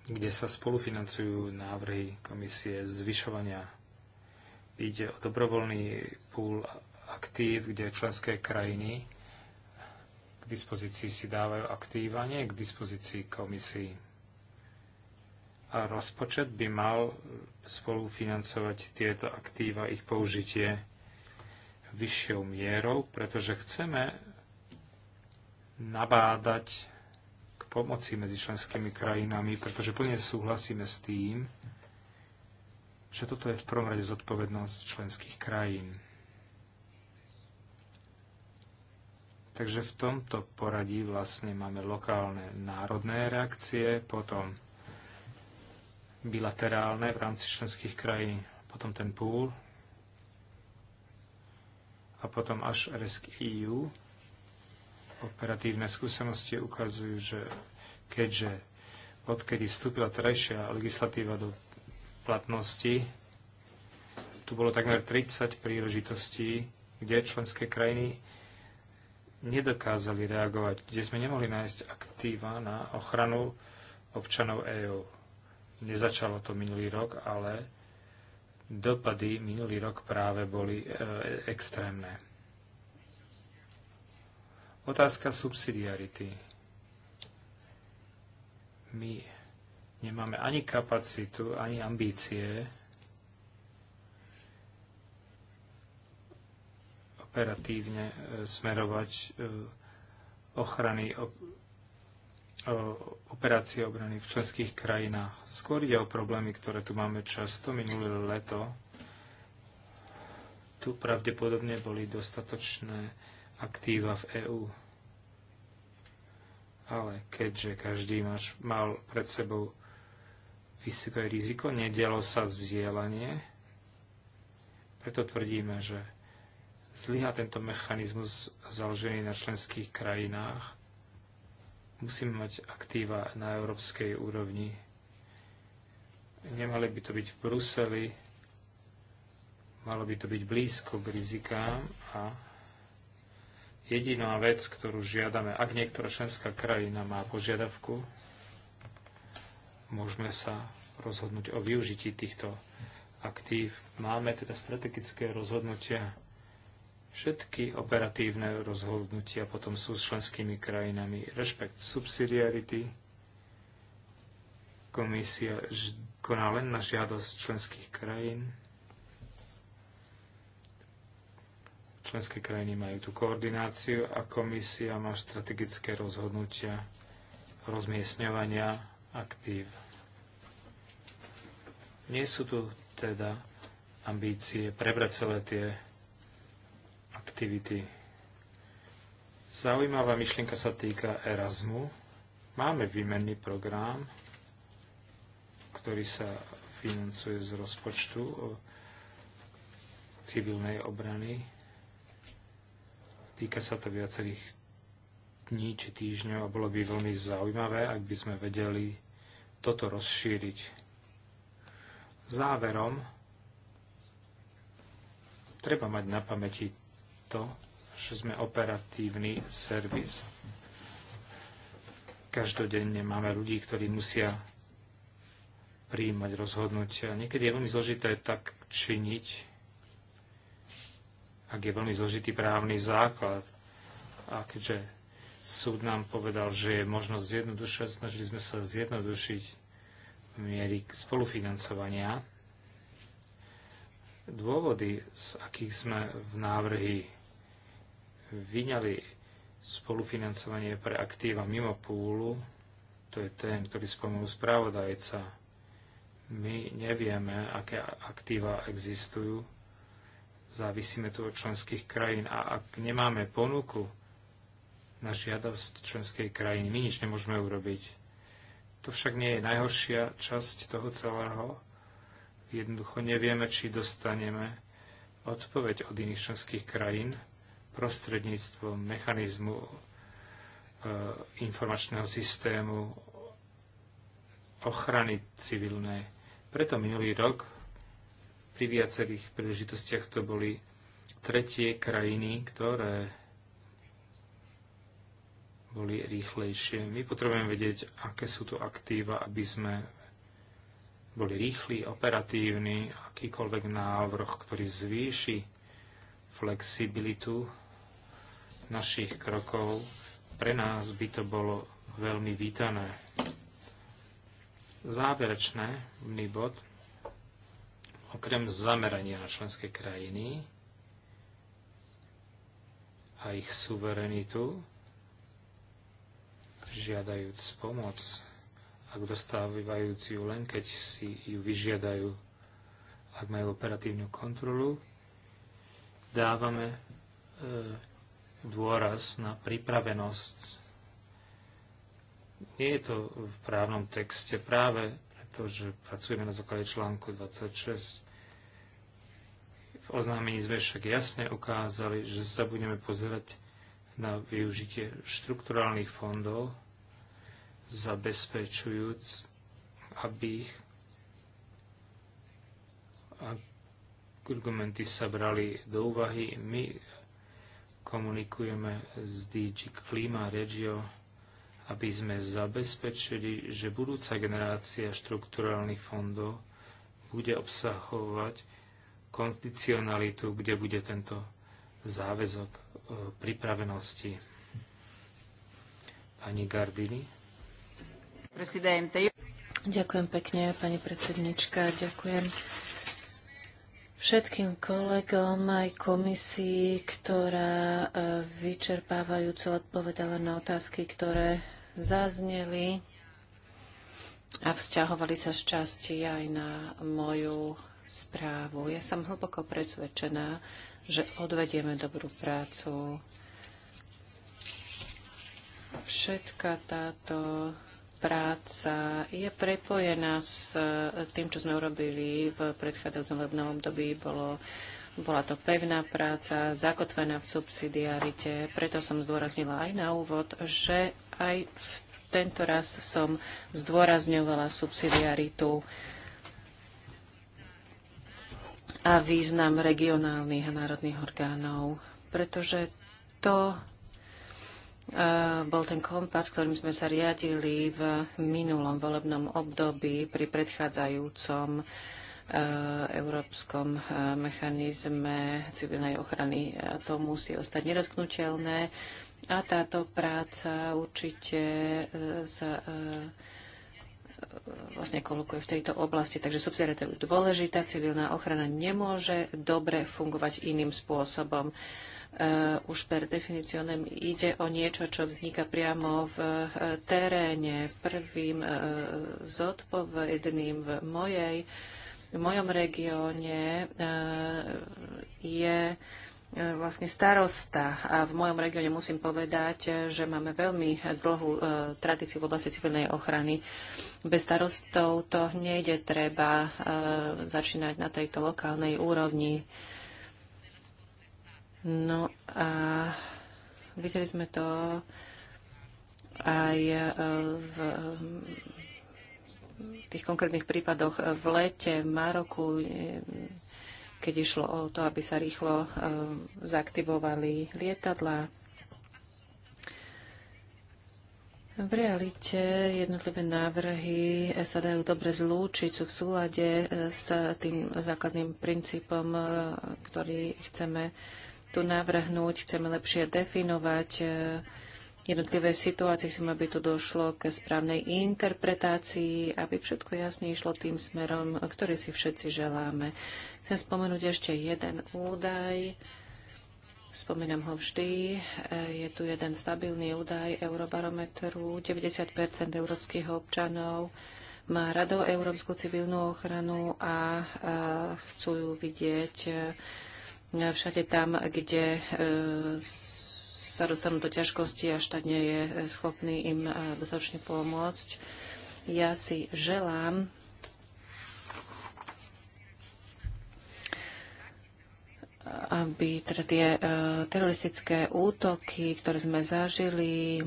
C: kde sa spolufinancujú návrhy komisie zvyšovania. Ide o dobrovoľný púl aktív, kde členské krajiny k dispozícii si dávajú aktíva, nie k dispozícii komisii a rozpočet by mal spolufinancovať tieto aktíva, ich použitie vyššou mierou, pretože chceme nabádať k pomoci medzi členskými krajinami, pretože plne súhlasíme s tým, že toto je v prvom rade zodpovednosť členských krajín. Takže v tomto poradí vlastne máme lokálne národné reakcie, potom bilaterálne v rámci členských krajín, potom ten pool a potom až RESC EU. E Operatívne skúsenosti ukazujú, že keďže odkedy vstúpila terajšia legislatíva do platnosti, tu bolo takmer 30 príležitostí, kde členské krajiny nedokázali reagovať, kde sme nemohli nájsť aktíva na ochranu občanov EÚ Nezačalo to minulý rok, ale dopady minulý rok práve boli e, extrémne. Otázka subsidiarity. My nemáme ani kapacitu, ani ambície operatívne e, smerovať e, ochrany operácie obrany v členských krajinách. Skôr ide o problémy, ktoré tu máme často minulé leto. Tu pravdepodobne boli dostatočné aktíva v EÚ. Ale keďže každý máš, mal pred sebou vysoké riziko, nedialo sa vzdielanie, preto tvrdíme, že zlyha tento mechanizmus založený na členských krajinách Musíme mať aktíva na európskej úrovni. Nemali by to byť v Bruseli, malo by to byť blízko k rizikám a jediná vec, ktorú žiadame, ak niektorá členská krajina má požiadavku, môžeme sa rozhodnúť o využití týchto aktív. Máme teda strategické rozhodnutia Všetky operatívne rozhodnutia potom sú s členskými krajinami. Rešpekt subsidiarity. Komisia koná len na žiadosť členských krajín. Členské krajiny majú tú koordináciu a komisia má strategické rozhodnutia rozmiestňovania aktív. Nie sú tu teda ambície prebrať celé tie aktivity. Zaujímavá myšlienka sa týka Erasmu. Máme výmenný program, ktorý sa financuje z rozpočtu civilnej obrany. Týka sa to viacerých dní či týždňov a bolo by veľmi zaujímavé, ak by sme vedeli toto rozšíriť. Záverom, treba mať na pamäti to, že sme operatívny servis. Každodenne máme ľudí, ktorí musia príjmať rozhodnutia. Niekedy je veľmi zložité tak činiť, ak je veľmi zložitý právny základ. A keďže súd nám povedal, že je možnosť zjednodušovať, snažili sme sa zjednodušiť miery spolufinancovania. Dôvody, z akých sme v návrhy vyňali spolufinancovanie pre aktíva mimo púlu, to je ten, ktorý spomenul správodajca, my nevieme, aké aktíva existujú, závisíme tu od členských krajín a ak nemáme ponuku na žiadosť členskej krajiny, my nič nemôžeme urobiť. To však nie je najhoršia časť toho celého. Jednoducho nevieme, či dostaneme odpoveď od iných členských krajín, prostredníctvom mechanizmu e, informačného systému ochrany civilnej. Preto minulý rok pri viacerých príležitostiach to boli tretie krajiny, ktoré boli rýchlejšie. My potrebujeme vedieť, aké sú tu aktíva, aby sme boli rýchli, operatívni, akýkoľvek návrh, ktorý zvýši flexibilitu našich krokov. Pre nás by to bolo veľmi vítané. Záverečné bod, okrem zamerania na členské krajiny a ich suverenitu, žiadajúc pomoc, ak dostávajúc ju len keď si ju vyžiadajú, ak majú operatívnu kontrolu, dávame e, dôraz na pripravenosť. Nie je to v právnom texte práve, pretože pracujeme na základe článku 26. V oznámení sme však jasne ukázali, že sa budeme pozerať na využitie štrukturálnych fondov, zabezpečujúc, aby ich argumenty sa brali do úvahy. My komunikujeme s DG Klima Regio, aby sme zabezpečili, že budúca generácia štrukturálnych fondov bude obsahovať kondicionalitu, kde bude tento záväzok e, pripravenosti. Pani Gardini.
A: Presidente. Ďakujem pekne, pani predsednička. Ďakujem všetkým kolegom aj komisii, ktorá e, vyčerpávajúco odpovedala na otázky, ktoré zazneli a vzťahovali sa z časti aj na moju správu. Ja som hlboko presvedčená, že odvedieme dobrú prácu. Všetka táto práca je prepojená s e, tým, čo sme urobili v predchádzajúcom volebnom období. Bolo, bola to pevná práca, zakotvená v subsidiarite. Preto som zdôraznila aj na úvod, že aj v tento raz som zdôrazňovala subsidiaritu a význam regionálnych a národných orgánov, pretože to Eh, bol ten kompas, ktorým sme sa riadili v minulom volebnom období pri predchádzajúcom eh, európskom eh, mechanizme civilnej ochrany. To musí ostať nedotknutelné a táto práca určite sa vlastne kolokuje v tejto oblasti. Takže subsidiarita je dôležitá, civilná ochrana nemôže dobre fungovať iným spôsobom. Uh, už per definicionem ide o niečo, čo vzniká priamo v uh, teréne. Prvým uh, zodpovedným v mojej v mojom regióne je vlastne starosta a v mojom regióne musím povedať, že máme veľmi dlhú tradíciu v oblasti civilnej ochrany. Bez starostov to nejde treba začínať na tejto lokálnej úrovni. No a videli sme to aj e, e, v tých konkrétnych prípadoch v lete v Maroku, e, keď išlo o to, aby sa rýchlo zaktivovali lietadlá. V realite jednotlivé návrhy sa dajú dobre zlúčiť, sú v súlade s tým základným princípom, ktorý chceme tu navrhnúť, chceme lepšie definovať e, jednotlivé situácie, chceme, aby tu došlo k správnej interpretácii, aby všetko jasne išlo tým smerom, ktorý si všetci želáme. Chcem spomenúť ešte jeden údaj, spomínam ho vždy, e, je tu jeden stabilný údaj Eurobarometru, 90 európskych občanov má rado európsku civilnú ochranu a e, chcú ju vidieť Všade tam, kde e, sa dostanú do ťažkosti a štát nie je e, schopný im e, dostatočne pomôcť. Ja si želám, aby teda tie teroristické útoky, ktoré sme zažili,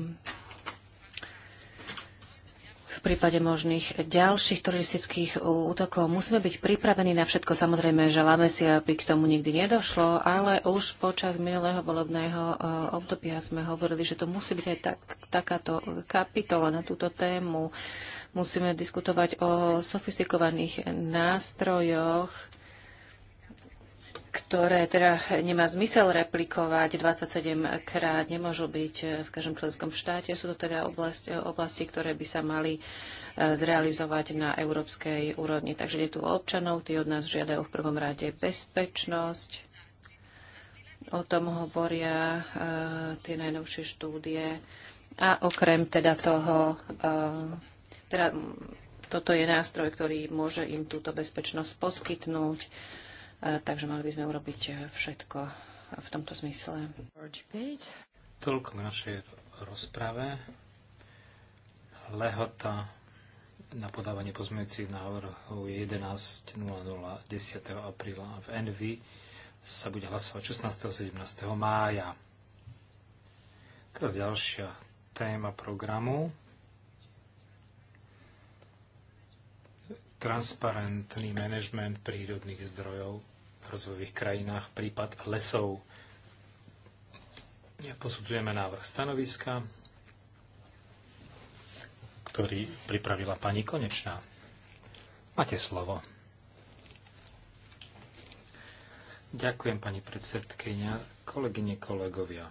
A: prípade možných ďalších teroristických útokov musíme byť pripravení na všetko. Samozrejme, želáme si, aby k tomu nikdy nedošlo, ale už počas minulého volebného e, obdobia sme hovorili, že to musí byť aj tak, takáto kapitola na túto tému. Musíme diskutovať o sofistikovaných nástrojoch, ktoré teda nemá zmysel replikovať 27 krát, nemôžu byť v každom členskom štáte. Sú to teda oblasti, oblasti, ktoré by sa mali e, zrealizovať na európskej úrovni. Takže je tu občanov, tí od nás žiadajú v prvom rade bezpečnosť. O tom hovoria uh, tie najnovšie štúdie. A okrem teda toho, uh, teda toto je nástroj, ktorý môže im túto bezpečnosť poskytnúť E, takže mali by sme urobiť e, všetko v tomto zmysle.
C: Toľko k našej rozprave. Lehota na podávanie pozmeňujúcich návrhov je 11.00 10. apríla a v NV sa bude hlasovať 16. a 17. mája. Teraz ďalšia téma programu. Transparentný manažment prírodných zdrojov v rozvojových krajinách prípad lesov. Posudzujeme návrh stanoviska, ktorý pripravila pani Konečná. Máte slovo. Ďakujem, pani predsedkynia, kolegyne, kolegovia.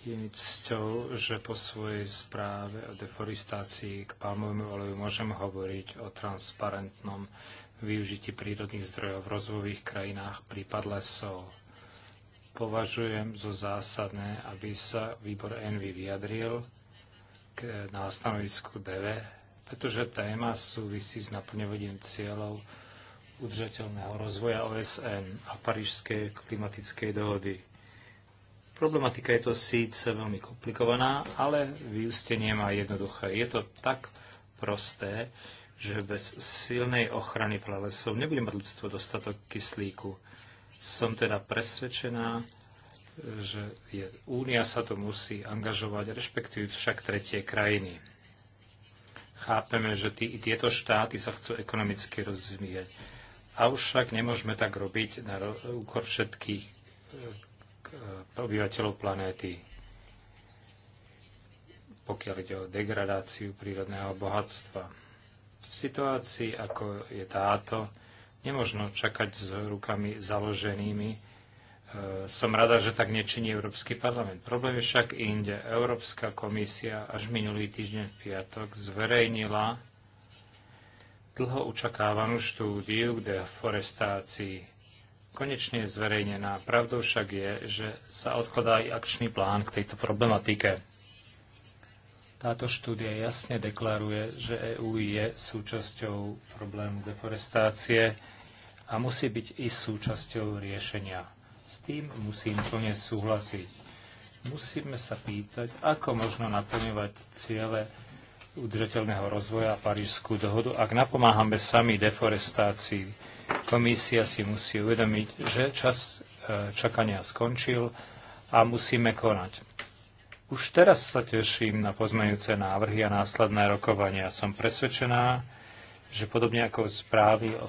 C: Je mi cťou, že po svojej správe o deforestácii k palmovému oleju môžem hovoriť o transparentnom využití prírodných zdrojov v rozvojových krajinách, prípad lesov. Považujem zo zásadné, aby sa výbor Envy vyjadril k, na stanovisku DV, pretože téma súvisí s naplňovaním cieľov udržateľného rozvoja OSN a Parížskej klimatickej dohody Problematika je to síce veľmi komplikovaná, ale vyústenie má jednoduché. Je to tak prosté, že bez silnej ochrany pralesov nebude mať ľudstvo dostatok kyslíku. Som teda presvedčená, že je, Únia sa to musí angažovať, rešpektujú však tretie krajiny. Chápeme, že tí, tieto štáty sa chcú ekonomicky rozvíjať. Avšak nemôžeme tak robiť na úkor všetkých e, E, obyvateľov planéty, pokiaľ ide o degradáciu prírodného bohatstva. V situácii, ako je táto, nemožno čakať s rukami založenými. E, som rada, že tak nečiní Európsky parlament. Problém je však inde. Európska komisia až minulý týždeň v piatok zverejnila dlho očakávanú štúdiu k deforestácii konečne je zverejnená. Pravdou však je, že sa odkladá aj akčný plán k tejto problematike. Táto štúdia jasne deklaruje, že EÚ je súčasťou problému deforestácie a musí byť i súčasťou riešenia. S tým musím plne súhlasiť. Musíme sa pýtať, ako možno naplňovať ciele udržateľného rozvoja a Parížskú dohodu, ak napomáhame sami deforestácii Komisia si musí uvedomiť, že čas e, čakania skončil a musíme konať. Už teraz sa teším na pozmeňujúce návrhy a následné rokovania. Som presvedčená, že podobne ako správy o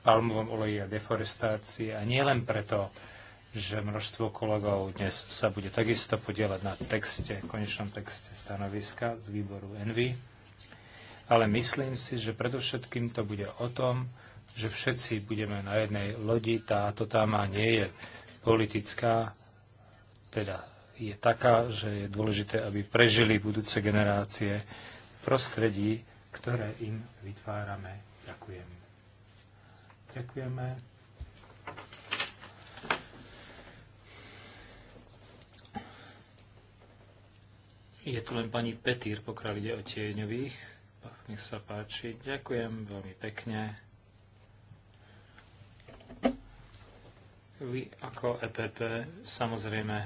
C: palmovom oleji a deforestácii, a nie len preto, že množstvo kolegov dnes sa bude takisto podielať na texte, konečnom texte stanoviska z výboru Envy. Ale myslím si, že predovšetkým to bude o tom, že všetci budeme na jednej lodi, táto táma nie je politická, teda je taká, že je dôležité, aby prežili budúce generácie v prostredí, ktoré im vytvárame. Ďakujem. Ďakujeme. Je tu len pani Petýr, pokiaľ ide o tieňových. Nech sa páči. Ďakujem veľmi pekne. Vy ako EPP samozrejme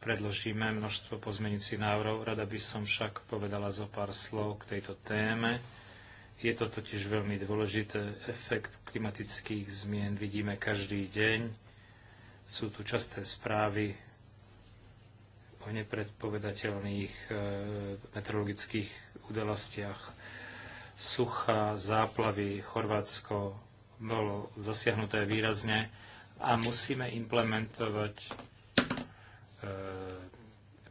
C: predložíme množstvo pozmeňujúcich návrhov. Rada by som však povedala zo pár slov k tejto téme. Je to totiž veľmi dôležité. Efekt klimatických zmien vidíme každý deň. Sú tu časté správy o nepredpovedateľných e, meteorologických udalostiach. Sucha, záplavy, Chorvátsko bolo zasiahnuté výrazne a musíme implementovať e,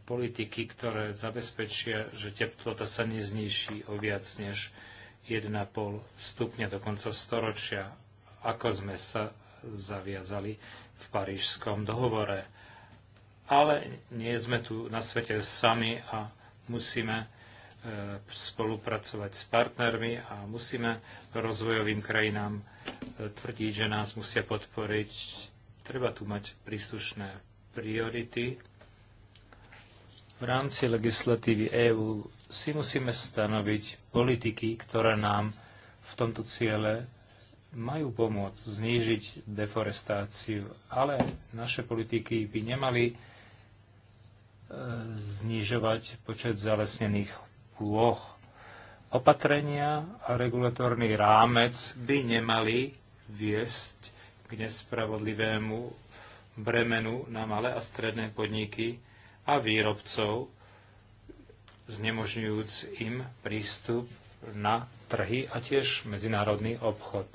C: politiky, ktoré zabezpečia, že teplota sa nezniží o viac než 1,5 stupňa do konca storočia, ako sme sa zaviazali v Parížskom dohovore. Ale nie sme tu na svete sami a musíme e, spolupracovať s partnermi a musíme rozvojovým krajinám tvrdiť, že nás musia podporiť. Treba tu mať príslušné priority. V rámci legislatívy EÚ si musíme stanoviť politiky, ktoré nám v tomto ciele majú pomôcť znížiť deforestáciu, ale naše politiky by nemali e, znižovať počet zalesnených ploch. Opatrenia a regulatórny rámec by nemali viesť k nespravodlivému bremenu na malé a stredné podniky a výrobcov, znemožňujúc im prístup na trhy a tiež medzinárodný obchod.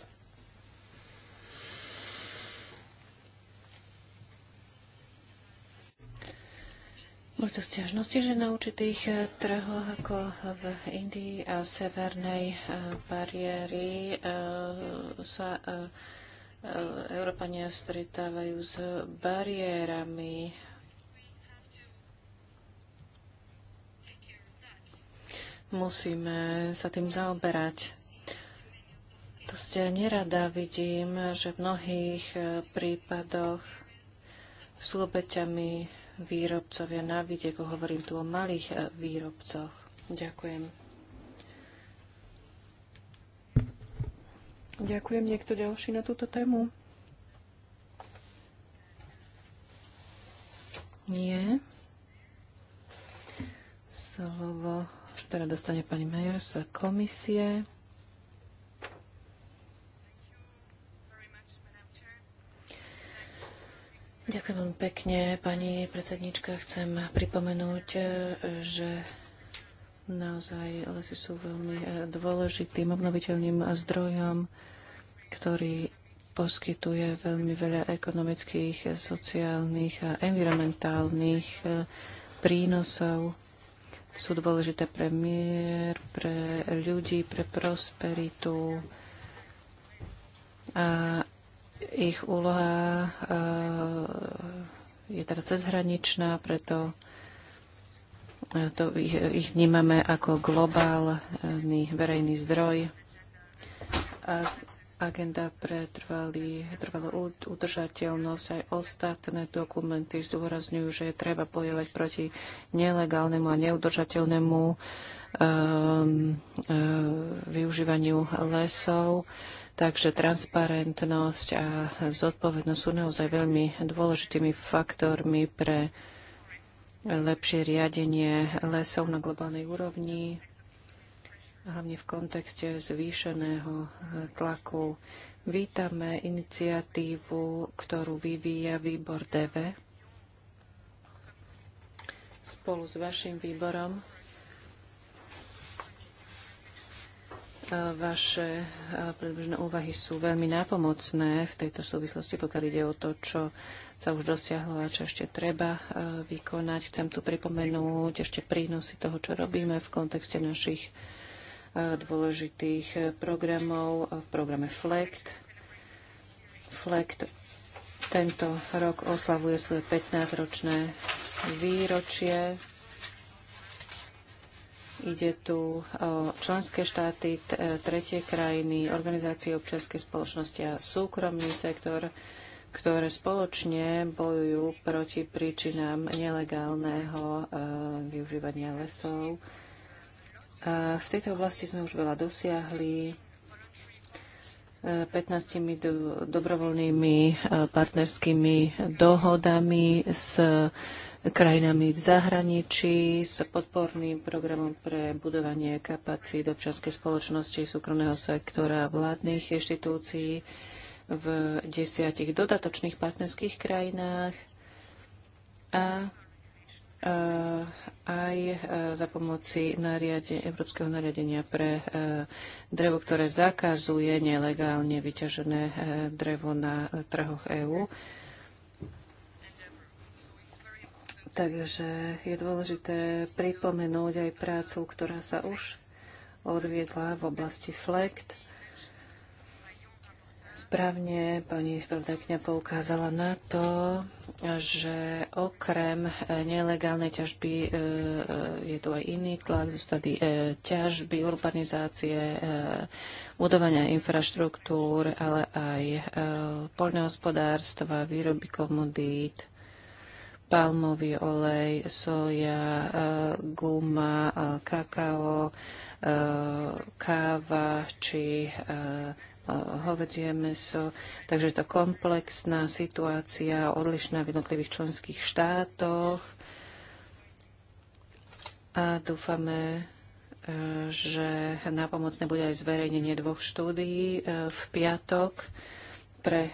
A: Boli to stiažnosti, že na určitých eh, trhoch ako v Indii a severnej eh, bariéry eh, sa Európania stretávajú s bariérami. Musíme sa tým zaoberať. To ste nerada vidím, že v mnohých prípadoch sú obeťami výrobcovia na vidieku. Hovorím tu o malých e, výrobcoch. Ďakujem. Ďakujem. Niekto ďalší na túto tému? Nie. Slovo teda dostane pani Majer z komisie. Ďakujem veľmi pekne, pani predsednička. Chcem pripomenúť, e, že naozaj lesy sú veľmi e, dôležitým obnoviteľným zdrojom, ktorý poskytuje veľmi veľa ekonomických, sociálnych a environmentálnych e, prínosov. Sú dôležité pre mier, pre ľudí, pre prosperitu a ich úloha eh, je teda cezhraničná, preto eh, to ich, ich vnímame ako globálny verejný zdroj. A agenda pre trvalý, trvalú udržateľnosť aj ostatné dokumenty zdôrazňujú, že je treba bojovať proti nelegálnemu a neudržateľnému um, um, využívaniu lesov Takže transparentnosť a zodpovednosť sú naozaj veľmi dôležitými faktormi pre lepšie riadenie lesov na globálnej úrovni, hlavne v kontexte zvýšeného tlaku. Vítame iniciatívu, ktorú vyvíja výbor DV spolu s vašim výborom Vaše predbežné úvahy sú veľmi nápomocné v tejto súvislosti, pokiaľ ide o to, čo sa už dosiahlo a čo ešte treba e, vykonať. Chcem tu pripomenúť ešte prínosy toho, čo robíme v kontexte našich e, dôležitých e, programov v programe FLECT. FLECT tento rok oslavuje svoje 15-ročné výročie. Ide tu e, členské štáty, e, tretie krajiny, organizácie občianskej spoločnosti a súkromný sektor, ktoré spoločne bojujú proti príčinám nelegálneho e, využívania lesov. v tejto oblasti sme už veľa dosiahli. 15 dobrovoľnými partnerskými dohodami s krajinami v zahraničí s podporným programom pre budovanie kapacít občanskej spoločnosti, súkromného sektora, vládnych inštitúcií v desiatich dodatočných partnerských krajinách a aj e, za pomoci nariade, Európskeho nariadenia pre e, drevo, ktoré zakazuje nelegálne vyťažené e, drevo na trhoch EÚ. Takže je dôležité pripomenúť aj prácu, ktorá sa už odviedla v oblasti FLECT. Správne pani Feldekňa poukázala na to, že okrem e, nelegálnej ťažby e, e, je tu aj iný tlak, tady ťažby, urbanizácie, budovania infraštruktúr, ale aj poľnohospodárstva, výroby komodít, palmový olej, soja, eh, guma, eh, kakao, eh, káva či hovedzie meso. Takže je to komplexná situácia, odlišná v jednotlivých členských štátoch. A dúfame, že pomoc bude aj zverejnenie dvoch štúdií v piatok pre,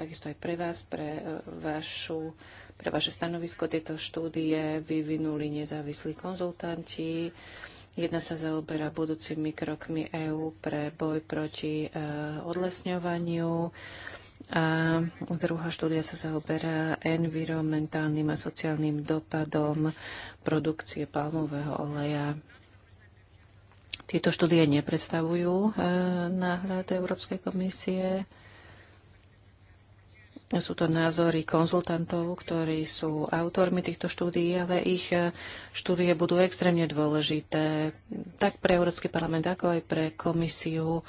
A: takisto aj pre vás, pre vašu pre vaše stanovisko tieto štúdie vyvinuli nezávislí konzultanti. Jedna sa zaoberá budúcimi krokmi EÚ pre boj proti e, odlesňovaniu. A druhá štúdia sa zaoberá environmentálnym a sociálnym dopadom produkcie palmového oleja. Tieto štúdie nepredstavujú e, náhľad Európskej komisie sú to názory konzultantov, ktorí sú autormi týchto štúdií, ale ich eh, štúdie budú extrémne dôležité tak pre Európsky parlament, ako aj pre komisiu,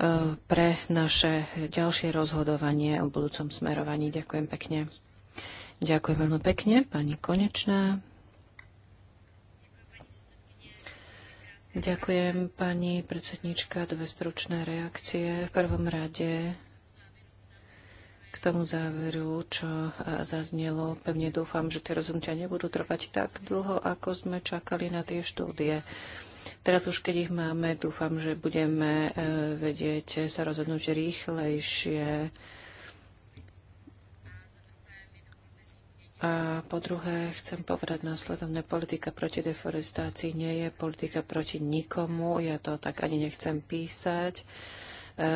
A: eh, pre naše ďalšie rozhodovanie o budúcom smerovaní. Ďakujem pekne. Ďakujem veľmi pekne, pani Konečná. Ďakujem, pani predsednička, dve stručné reakcie. V prvom rade k tomu záveru, čo e, zaznelo. Pevne dúfam, že tie rozhodnutia nebudú trvať tak dlho, ako sme čakali na tie štúdie. Teraz už keď ich máme, dúfam, že budeme e, vedieť sa rozhodnúť rýchlejšie. A po druhé, chcem povedať následovne, politika proti deforestácii nie je politika proti nikomu, ja to tak ani nechcem písať. E,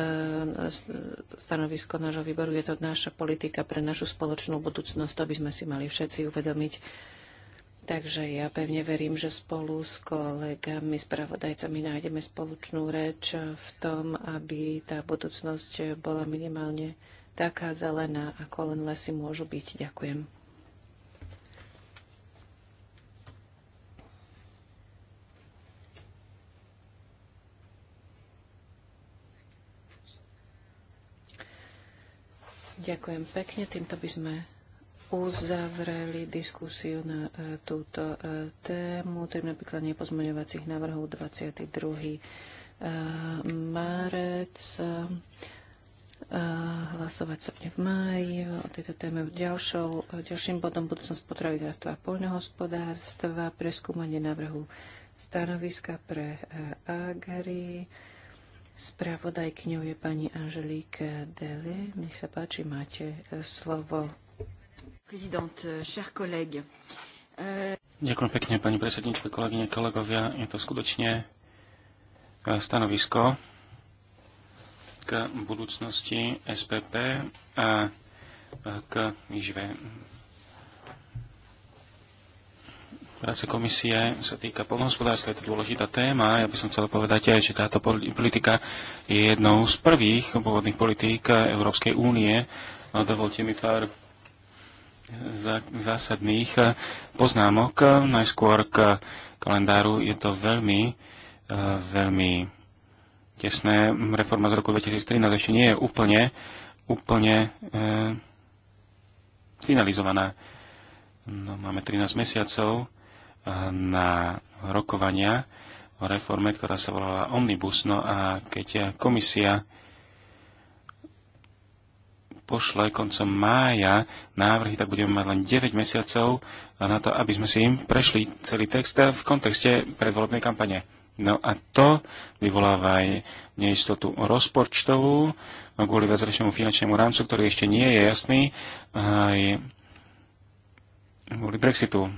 A: stanovisko nášho výboru. Je to naša politika pre našu spoločnú budúcnosť. To by sme si mali všetci uvedomiť. Takže ja pevne verím, že spolu s kolegami, spravodajcami nájdeme spoločnú reč v tom, aby tá budúcnosť bola minimálne taká zelená, ako len lesy môžu byť. Ďakujem. Ďakujem pekne. Týmto by sme uzavreli diskusiu na e, túto e, tému. To je napríklad nepozmeňovacích návrhov 22. E, márec. Hlasovať sa v máji o tejto téme. Ďalšou, ďalším bodom budúcnosť potravinárstva a poľnohospodárstva, preskúmanie návrhu stanoviska pre agri. Spravodajkňou je pani Angelique Dele. Nech sa páči, máte eh, slovo. Eh, eh,
B: Ďakujem pekne, pani predsednička, kolegyne, kolegovia. Je to skutočne stanovisko k budúcnosti SPP a k výžive práce komisie sa týka polnohospodárstva, je to dôležitá téma. Ja by som chcel povedať aj, že táto politika je jednou z prvých pôvodných politík Európskej únie. No, dovolte mi pár zásadných poznámok. Najskôr k kalendáru je to veľmi, veľmi tesné. Reforma z roku 2013 ešte nie je úplne, úplne e, finalizovaná. No, máme 13 mesiacov na rokovania o reforme, ktorá sa volala Omnibus. No a keď komisia pošle koncom mája návrhy, tak budeme mať len 9 mesiacov na to, aby sme si im prešli celý text v kontexte predvolebnej kampane. No a to vyvoláva aj neistotu rozpočtovú no kvôli viacročnému finančnému rámcu, ktorý ešte nie je jasný. Aj kvôli Brexitu.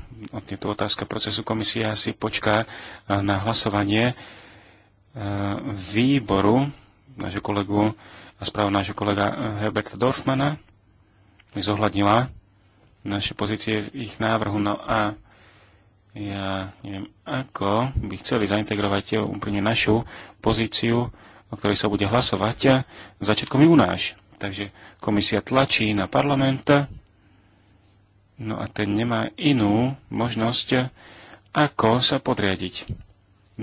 B: Je tu otázka procesu. Komisia si počká e, na hlasovanie e, výboru nášho kolegu a správu nášho kolega e, Herberta Dorfmana. Zohľadnila naše pozície v ich návrhu. No a ja neviem, ako by chceli zaintegrovať úplne našu pozíciu, o ktorej sa bude hlasovať začiatkom júnáš. Takže komisia tlačí na parlament, No a ten nemá inú možnosť, ako sa podriadiť.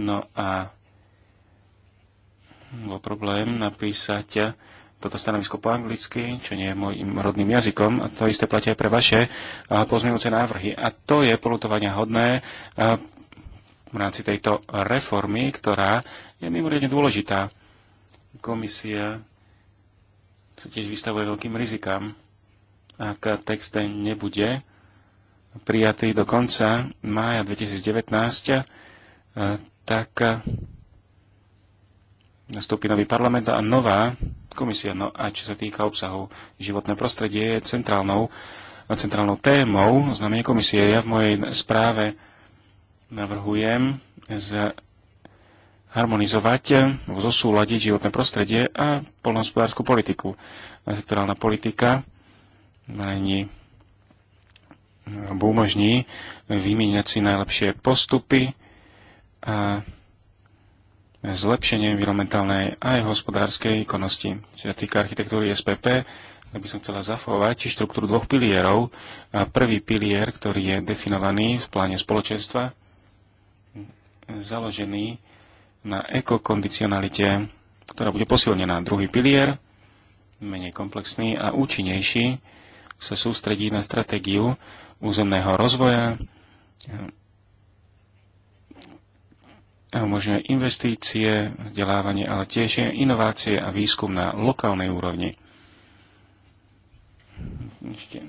B: No a bol problém napísať toto stanovisko po anglicky, čo nie je môjim rodným jazykom, a to isté platí aj pre vaše pozmeňujúce návrhy. A to je polutovania hodné v rámci tejto reformy, ktorá je mimoriadne dôležitá. Komisia sa tiež vystavuje veľkým rizikám ak text nebude prijatý do konca mája 2019, eh, tak eh, nastúpi nový parlament a nová komisia. No a čo sa týka obsahu, životné prostredie je centrálnou, eh, centrálnou témou znamenie komisie. Ja v mojej správe navrhujem z harmonizovať, zosúľadiť životné prostredie a polnohospodárskú politiku. Sektorálna politika najni alebo umožní vymieňať si najlepšie postupy a zlepšenie environmentálnej aj hospodárskej konosti. Čo sa týka architektúry SPP, tak by som chcela zachovať štruktúru dvoch pilierov. A prvý pilier, ktorý je definovaný v pláne spoločenstva, založený na ekokondicionalite, ktorá bude posilnená. Druhý pilier, menej komplexný a účinnejší, sa sústredí na stratégiu územného rozvoja, a investície, vzdelávanie, ale tiež inovácie a výskum na lokálnej úrovni. Ešte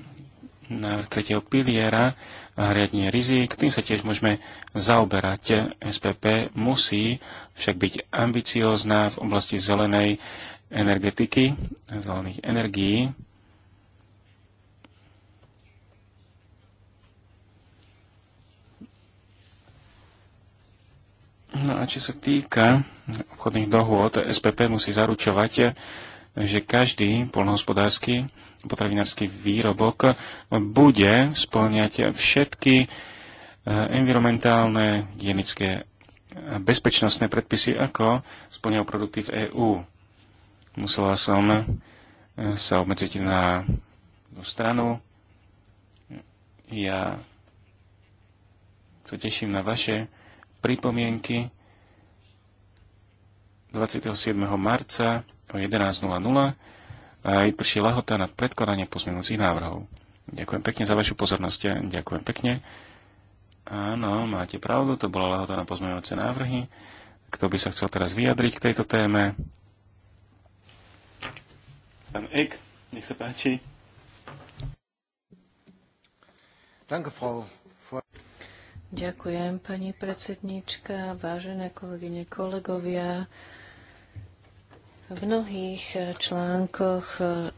B: na tretieho piliera a rizik, tým sa tiež môžeme zaoberať. SPP musí však byť ambiciozná v oblasti zelenej energetiky, zelených energií, No a čo sa týka obchodných dohôd, SPP musí zaručovať, že každý polnohospodársky potravinársky výrobok bude spĺňať všetky e, environmentálne, hygienické a bezpečnostné predpisy, ako splňajú produkty v EÚ. Musela som e, sa obmedziť na stranu. Ja sa teším na vaše pripomienky 27. marca o 11.00 a vyprší lahota na predkladanie pozmenúcich návrhov. Ďakujem pekne za vašu pozornosť. Ďakujem pekne. Áno, máte pravdu, to bola lahota na pozmenujúce návrhy. Kto by sa chcel teraz vyjadriť k tejto téme? Pán Ek, nech sa páči. Danke, Frau.
A: Ďakujem, pani predsednička, vážené kolegyne, kolegovia. V mnohých článkoch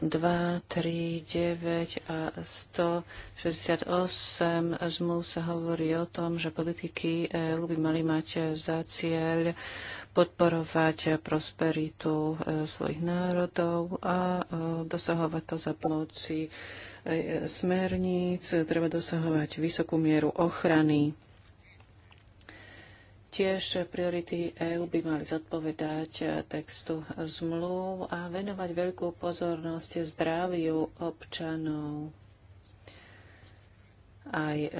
A: 2, 3, 9 a 168 zmluv sa hovorí o tom, že politiky EU by mali mať za cieľ podporovať prosperitu e, svojich národov a e, dosahovať to za pomoci e, smerníc. Treba dosahovať vysokú mieru ochrany Tiež priority EÚ by mali zodpovedať e, textu zmluv a venovať veľkú pozornosť zdraviu občanov aj e,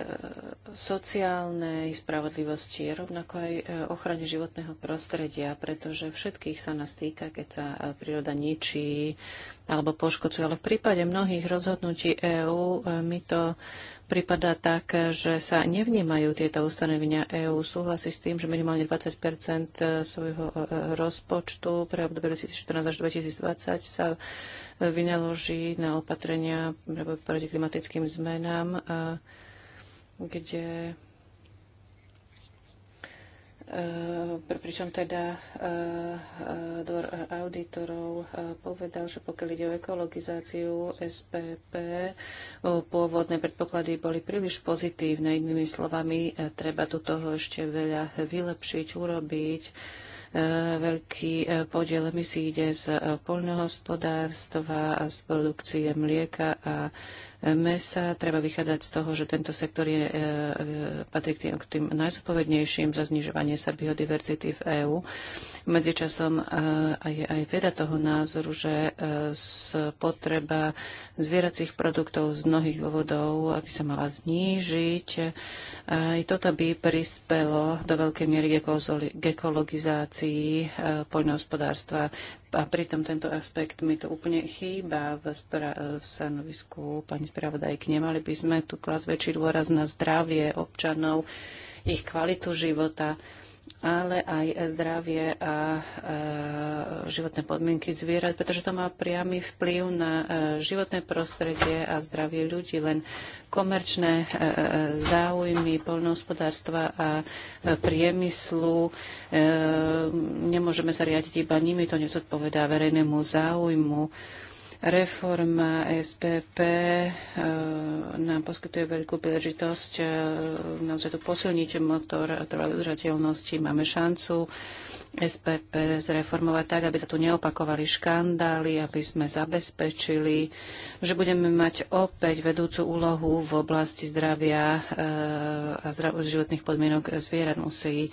A: sociálnej spravodlivosti, rovnako aj e, ochrane životného prostredia, pretože všetkých sa nás týka, keď sa príroda ničí alebo poškodzuje. Ale v prípade mnohých rozhodnutí EÚ my to pripadá tak, že sa nevnímajú tieto ustanovenia EÚ. Súhlasí s tým, že minimálne 20 svojho e, rozpočtu pre obdobie 2014 až 2020 sa vynaloží na opatrenia proti klimatickým zmenám, kde Eh, pričom teda eh, dvor eh, auditorov povedal, že pokiaľ ide o ekologizáciu SPP, pôvodné predpoklady boli príliš pozitívne. Inými slovami, treba tu toho ešte veľa vylepšiť, urobiť E, veľký e, podiel emisí ide z e, poľnohospodárstva a z produkcie mlieka a mesa. Treba vychádzať z toho, že tento sektor je, patrí k tým, k tým najzodpovednejším za znižovanie sa biodiverzity v EÚ. Medzičasom je aj veda toho názoru, že potreba zvieracích produktov z mnohých dôvodov aby sa mala znížiť. Aj toto by prispelo do veľkej miery k ekologizácii produkcii e, poľnohospodárstva. A pritom tento aspekt mi to úplne chýba v, v stanovisku pani spravodajky. Nemali by sme tu klas väčší dôraz na zdravie občanov, ich kvalitu života ale aj zdravie a životné podmienky zvierat, pretože to má priamy vplyv na životné prostredie a zdravie ľudí. Len komerčné záujmy poľnohospodárstva a priemyslu e, nemôžeme sa riadiť iba nimi, to nezodpovedá verejnému záujmu Reforma SPP e, nám poskytuje veľkú príležitosť e, naozaj tu posilniť motor trvalej udržateľnosti. Máme šancu SPP zreformovať tak, aby sa tu neopakovali škandály, aby sme zabezpečili, že budeme mať opäť vedúcu úlohu v oblasti zdravia eh, a životných podmienok zvierat. Musí eh,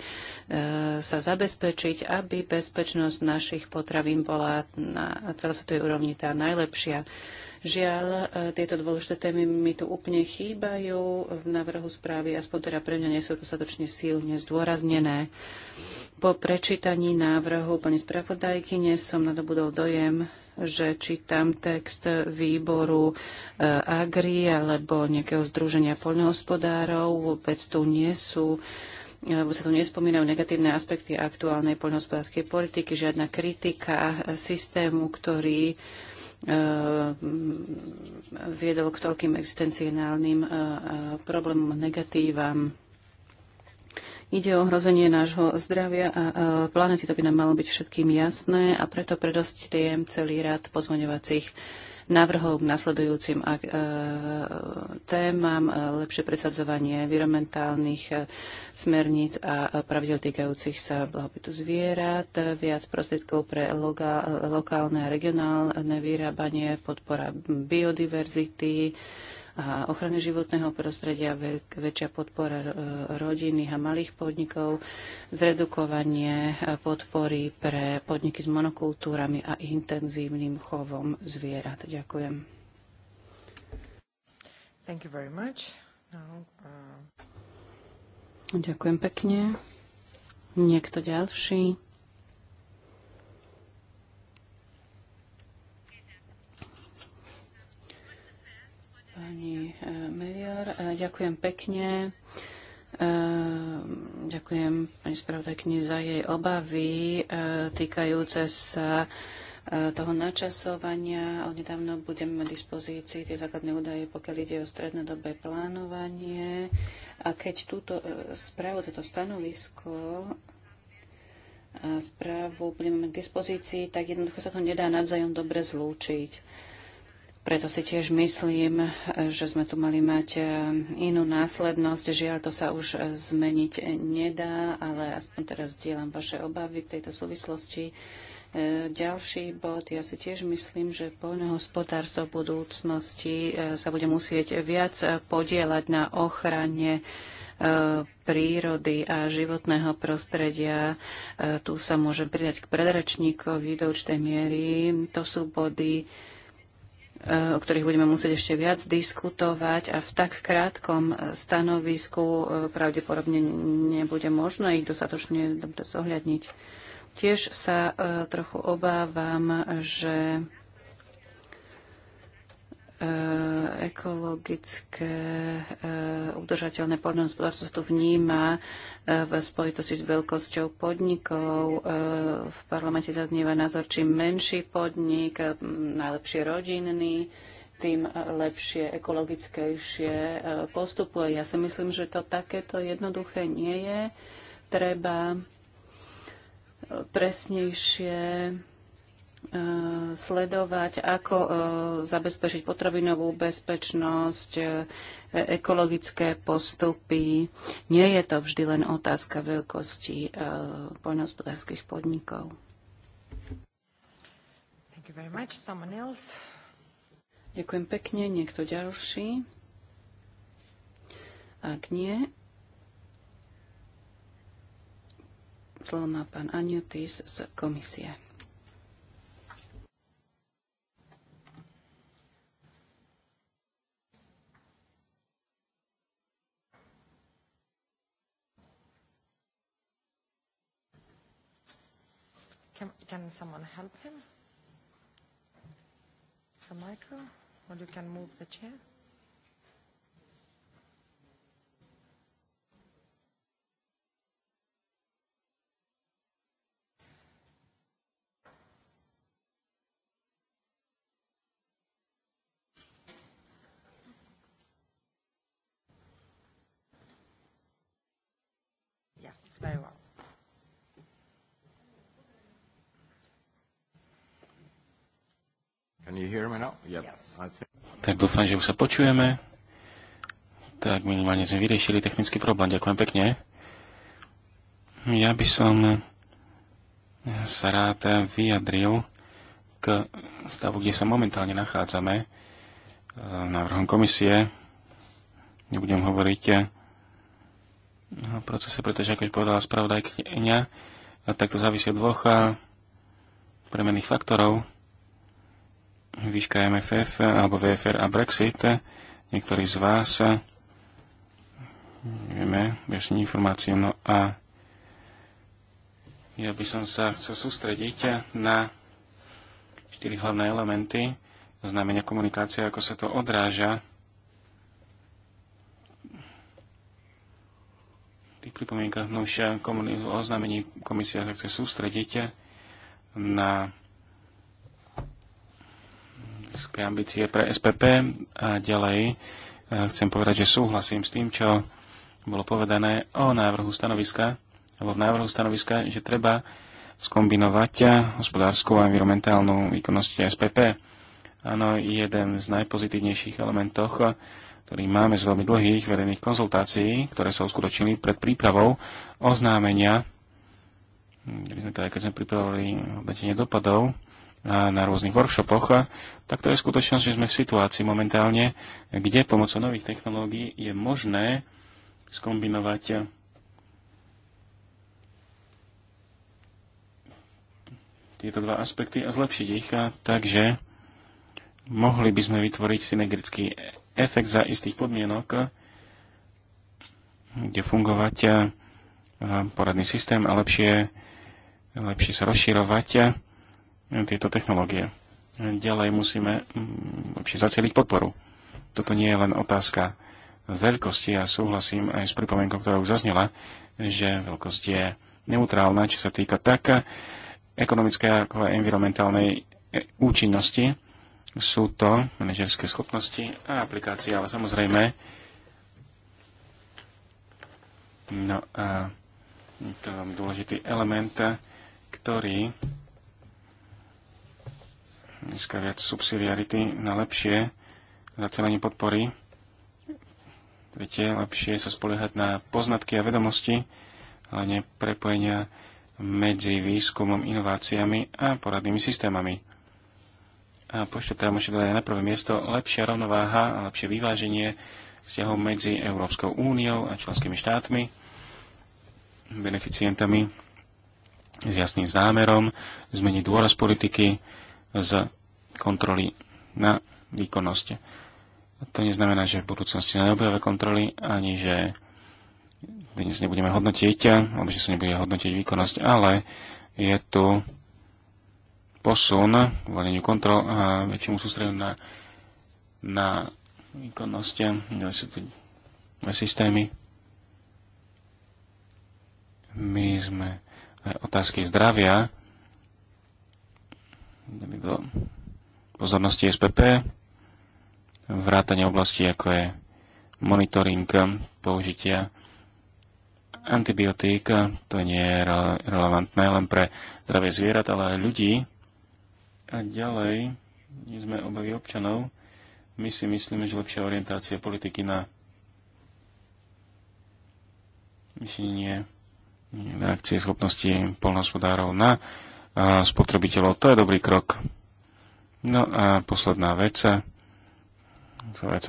A: sa zabezpečiť, aby bezpečnosť našich potravín bola na celosvetovej úrovni tá najlepšia. Žiaľ, eh, tieto dôležité témy mi tu úplne chýbajú v návrhu správy, aspoň teda pre mňa nie sú dostatočne silne zdôraznené. Po prečítaní návrhu pani spravodajkyne som nadobudol dojem, že čítam text výboru e, Agri alebo nejakého združenia poľnohospodárov. Vôbec tu nie sú e, sa tu nespomínajú negatívne aspekty aktuálnej poľnohospodárskej politiky, žiadna kritika systému, ktorý e, viedol k toľkým existenciálnym problémom, negatívam. Ide o ohrozenie nášho zdravia a planety, to by nám malo byť všetkým jasné a preto predostriem celý rad pozvoňovacích návrhov k nasledujúcim ak, e, témam, e, lepšie presadzovanie environmentálnych e, smerníc a e, pravidel týkajúcich sa blahobytu zvierat, e, viac prostriedkov pre loga, lokálne a regionálne vyrábanie, podpora biodiverzity, a ochrany životného prostredia, väčšia podpora e, rodiny a malých podnikov, zredukovanie e, podpory pre podniky s monokultúrami a intenzívnym chovom zvierat. Ďakujem.
C: Thank you very much.
A: Now, uh... Ďakujem pekne. Niekto ďalší? pani e, Meliar, e, Ďakujem pekne. E, ďakujem pani spravodajkyni za jej obavy týkajúce sa toho načasovania. Odnedávno budeme mať dispozícii tie základné údaje, pokiaľ ide o strednodobé plánovanie. A keď túto správu, toto stanovisko a správu budeme mať k dispozícii, tak jednoducho sa to nedá navzájom dobre zlúčiť preto si tiež myslím, že sme tu mali mať e, inú následnosť. Žiaľ, to sa už e, zmeniť nedá, ale aspoň teraz dielam vaše obavy v tejto súvislosti. E, ďalší bod, ja si tiež myslím, že poľnohospodárstvo v budúcnosti sa bude musieť viac podielať na ochrane prírody a životného prostredia. Tu sa môžem pridať k predračníkovi do určitej miery. To sú body, o ktorých budeme musieť ešte viac diskutovať a v tak krátkom e, stanovisku e, pravdepodobne nebude možné ich dostatočne dobre zohľadniť. Tiež sa e, trochu obávam, že Eh, ekologické eh, udržateľné poľnohospodárstvo sa tu vníma eh, v spojitosti s veľkosťou podnikov. V parlamente zaznieva názor, čím menší podnik, najlepšie rodinný, tým lepšie, ekologickejšie postupuje. Ja si myslím, že to takéto jednoduché nie je. Treba presnejšie E, sledovať, ako e, zabezpečiť potravinovú bezpečnosť, e, ekologické postupy. Nie je to vždy len otázka veľkosti poľnohospodárskych podnikov. Ďakujem pekne. Niekto ďalší? Ak nie, slovo má pán Aniotis z komisie. Can someone help him? It's a micro, or you can move the chair. Yes, very well.
B: Tak dúfam, že už sa počujeme. Tak minimálne sme vyriešili technický problém. Ďakujem pekne. Ja by som sa rád vyjadril k stavu, kde sa momentálne nachádzame e, návrhom komisie. Nebudem hovoriť o procese, pretože ako už povedala spravodajkňa, tak to závisí od dvoch e, premenných faktorov výška MFF alebo VFR a Brexit. Niektorí z vás vieme bez informáciu. No a ja by som sa chcel sústrediť na štyri hlavné elementy znamenia komunikácie, ako sa to odráža v tých pripomienkach, no už o komisia sa chce sústrediť na ambície pre SPP a ďalej e, chcem povedať, že súhlasím s tým, čo bolo povedané o návrhu stanoviska, alebo v návrhu stanoviska, že treba skombinovať hospodárskú a environmentálnu výkonnosť SPP. Áno, jeden z najpozitívnejších elementov, ktorý máme z veľmi dlhých verejných konzultácií, ktoré sa uskutočnili pred prípravou oznámenia, kde sme to teda, aj keď sme pripravovali hodnotenie dopadov, na rôznych workshopoch, tak to je skutočnosť, že sme v situácii momentálne, kde pomocou nových technológií je možné skombinovať eh, tieto dva aspekty a zlepšiť ich, takže mohli by sme vytvoriť synergický efekt za istých podmienok, kde fungovať eh, poradný systém a lepšie, lepšie sa rozširovať eh, tieto technológie. Ďalej musíme lepšie mm, zacieliť podporu. Toto nie je len otázka veľkosti a ja súhlasím aj s pripomienkou, ktorá už zaznela, že veľkosť je neutrálna, či sa týka tak ekonomickej ako aj environmentálnej e, účinnosti. Sú to manažerské schopnosti a aplikácie, ale samozrejme no a to je dôležitý element, ktorý dneska viac subsidiarity na lepšie zacelenie podpory. Viete, lepšie sa spoliehať na poznatky a vedomosti, ale ne prepojenia medzi výskumom, inováciami a poradnými systémami. A pošte teda môžete dať na prvé miesto lepšia rovnováha a lepšie vyváženie vzťahov medzi Európskou úniou a členskými štátmi, beneficientami s jasným zámerom zmeniť dôraz politiky, z kontroly na výkonnosť. To neznamená, že v budúcnosti neobjavia kontroly, ani že dnes nebudeme hodnotiť, alebo že sa nebude hodnotiť výkonnosť, ale je tu posun k voleniu kontrol a väčšiemu sústredu na, na výkonnosť, ďalšie tu systémy. My sme e, otázky zdravia do pozornosti SPP, vrátanie oblasti, ako je monitoring použitia antibiotík, to nie je relevantné len pre zdravie zvierat, ale aj ľudí. A ďalej, nie sme obavy občanov, my si myslíme, že lepšia orientácia politiky na vyšenie reakcie schopnosti polnospodárov na spotrebiteľov. To je dobrý krok. No a posledná vec, sa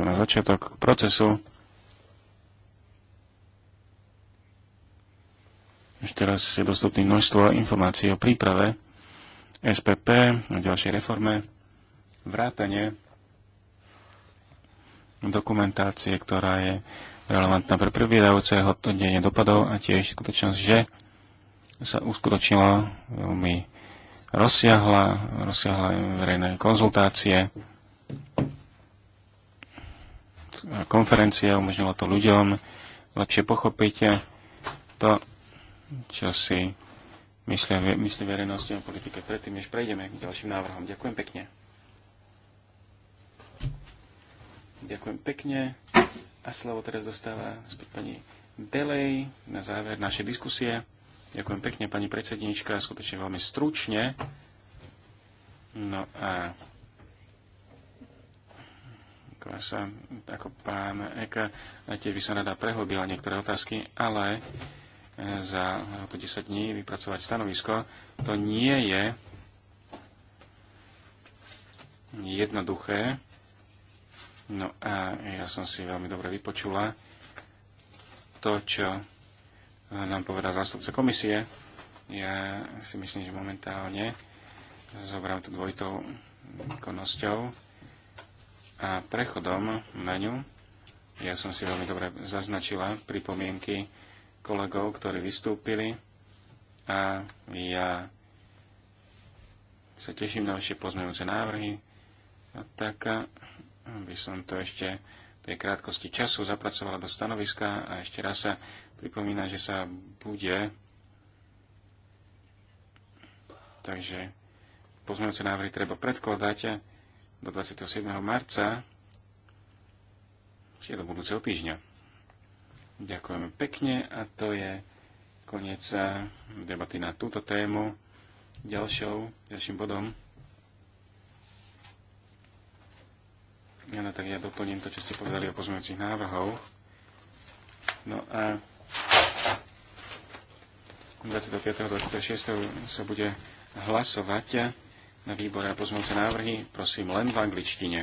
B: na začiatok procesu. Už teraz je dostupný množstvo informácií o príprave SPP, o ďalšej reforme, vrátanie dokumentácie, ktorá je relevantná pre predviedajúceho denie dopadov a tiež skutočnosť, že sa uskutočnilo veľmi rozsiahla, rozsiahla verejné konzultácie, konferencie, umožnilo to ľuďom lepšie pochopiť to, čo si myslí, myslí verejnosť o politike predtým, než prejdeme k ďalším návrhom. Ďakujem pekne. Ďakujem pekne. A slovo teraz dostáva späť pani Delej na záver našej diskusie. Ďakujem pekne, pani predsednička, skutočne veľmi stručne. No a sa, ako pán Eka, tie by som rada prehlbila niektoré otázky, ale e, za 10 e, dní vypracovať stanovisko, to nie je jednoduché. No a ja som si veľmi dobre vypočula to, čo nám povedal zástupca komisie. Ja si myslím, že momentálne zobrám to dvojitou konosťou a prechodom na ňu. Ja som si veľmi dobre zaznačila pripomienky kolegov, ktorí vystúpili a ja sa teším na vaše pozmeňujúce návrhy. A tak by som to ešte tej krátkosti času zapracovala do stanoviska a ešte raz sa pripomína, že sa bude. Takže pozmeňujúce návrhy treba predkladať do 27. marca, či do budúceho týždňa. Ďakujeme pekne a to je koniec debaty na túto tému. Ďalšou, ďalším bodom Ja no tak ja doplním to, čo ste povedali o pozmeňujúcich návrhov. No a 25. 26. sa bude hlasovať na výbore a pozmeňujúce návrhy, prosím, len v angličtine.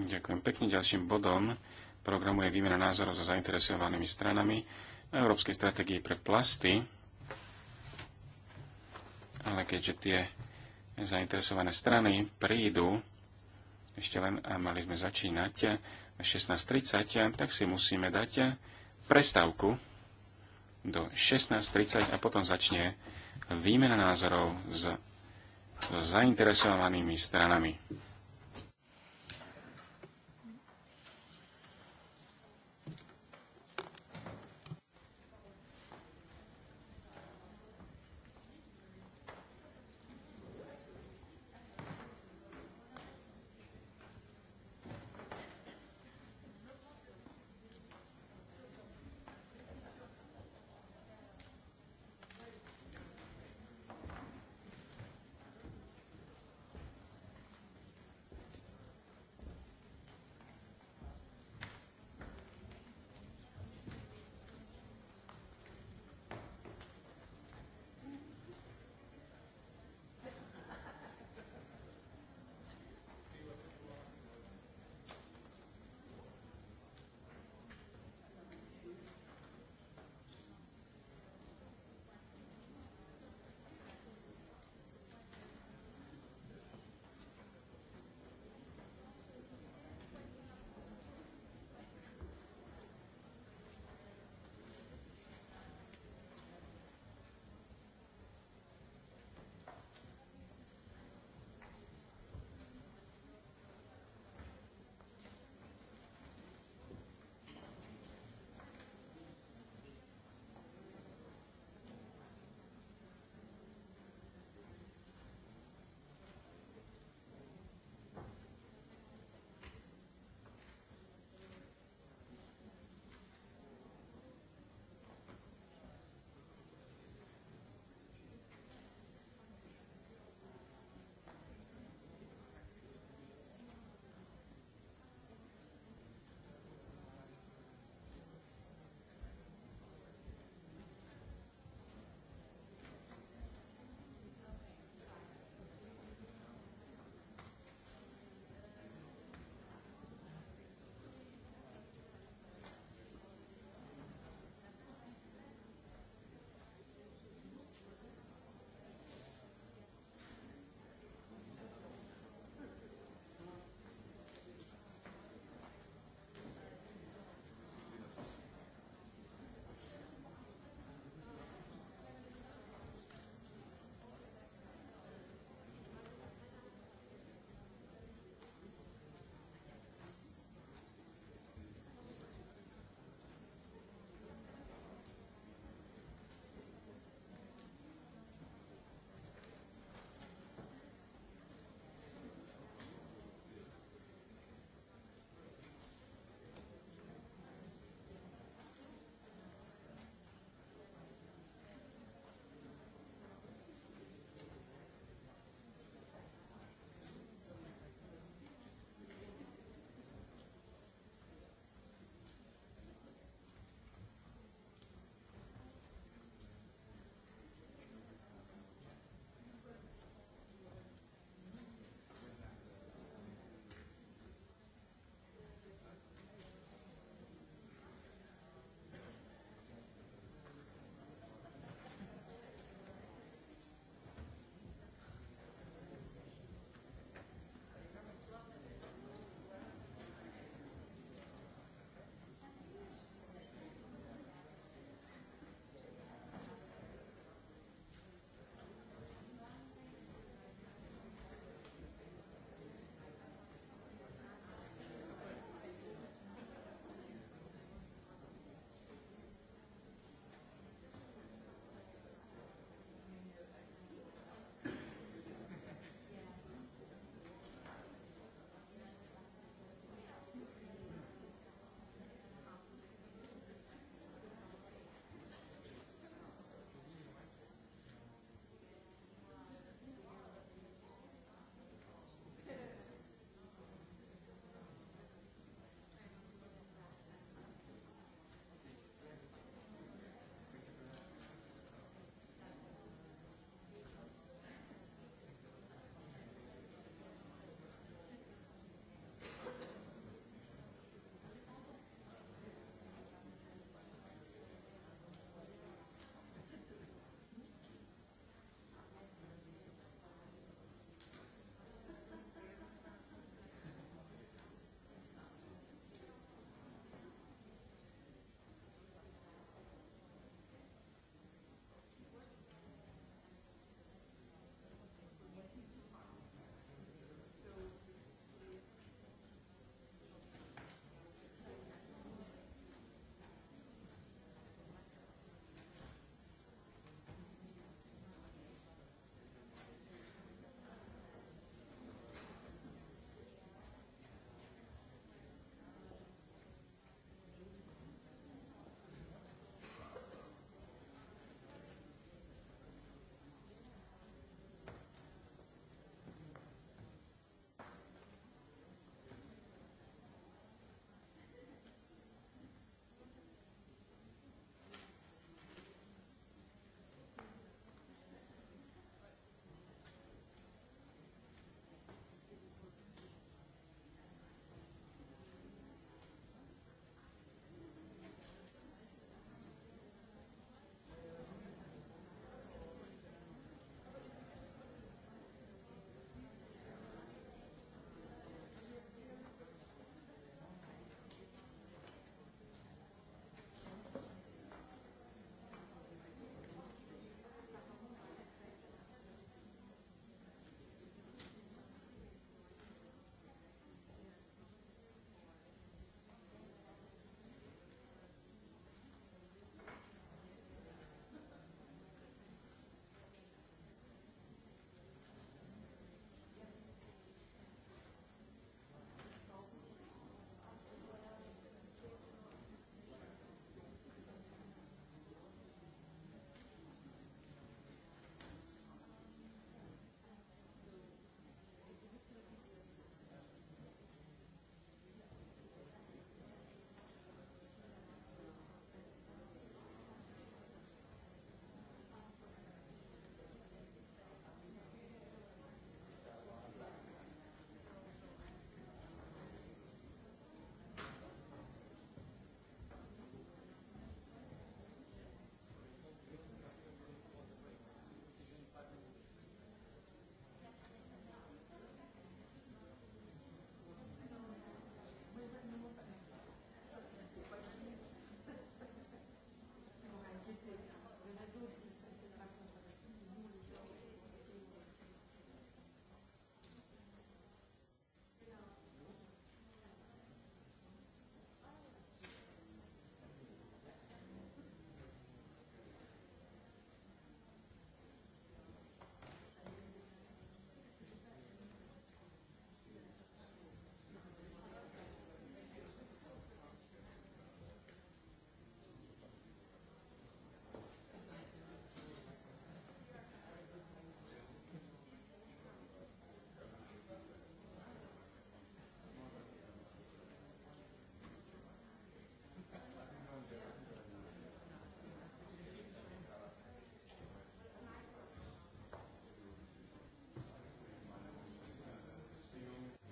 B: Ďakujem pekne. Ďalším bodom programu je výmena názorov so zainteresovanými stranami na európskej stratégii pre plasty. Ale keďže tie zainteresované strany prídu, ešte len a mali sme začínať 16.30, tak si musíme dať prestávku do 16.30 a potom začne výmena názorov s zainteresovanými stranami.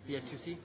B: Yes, you see?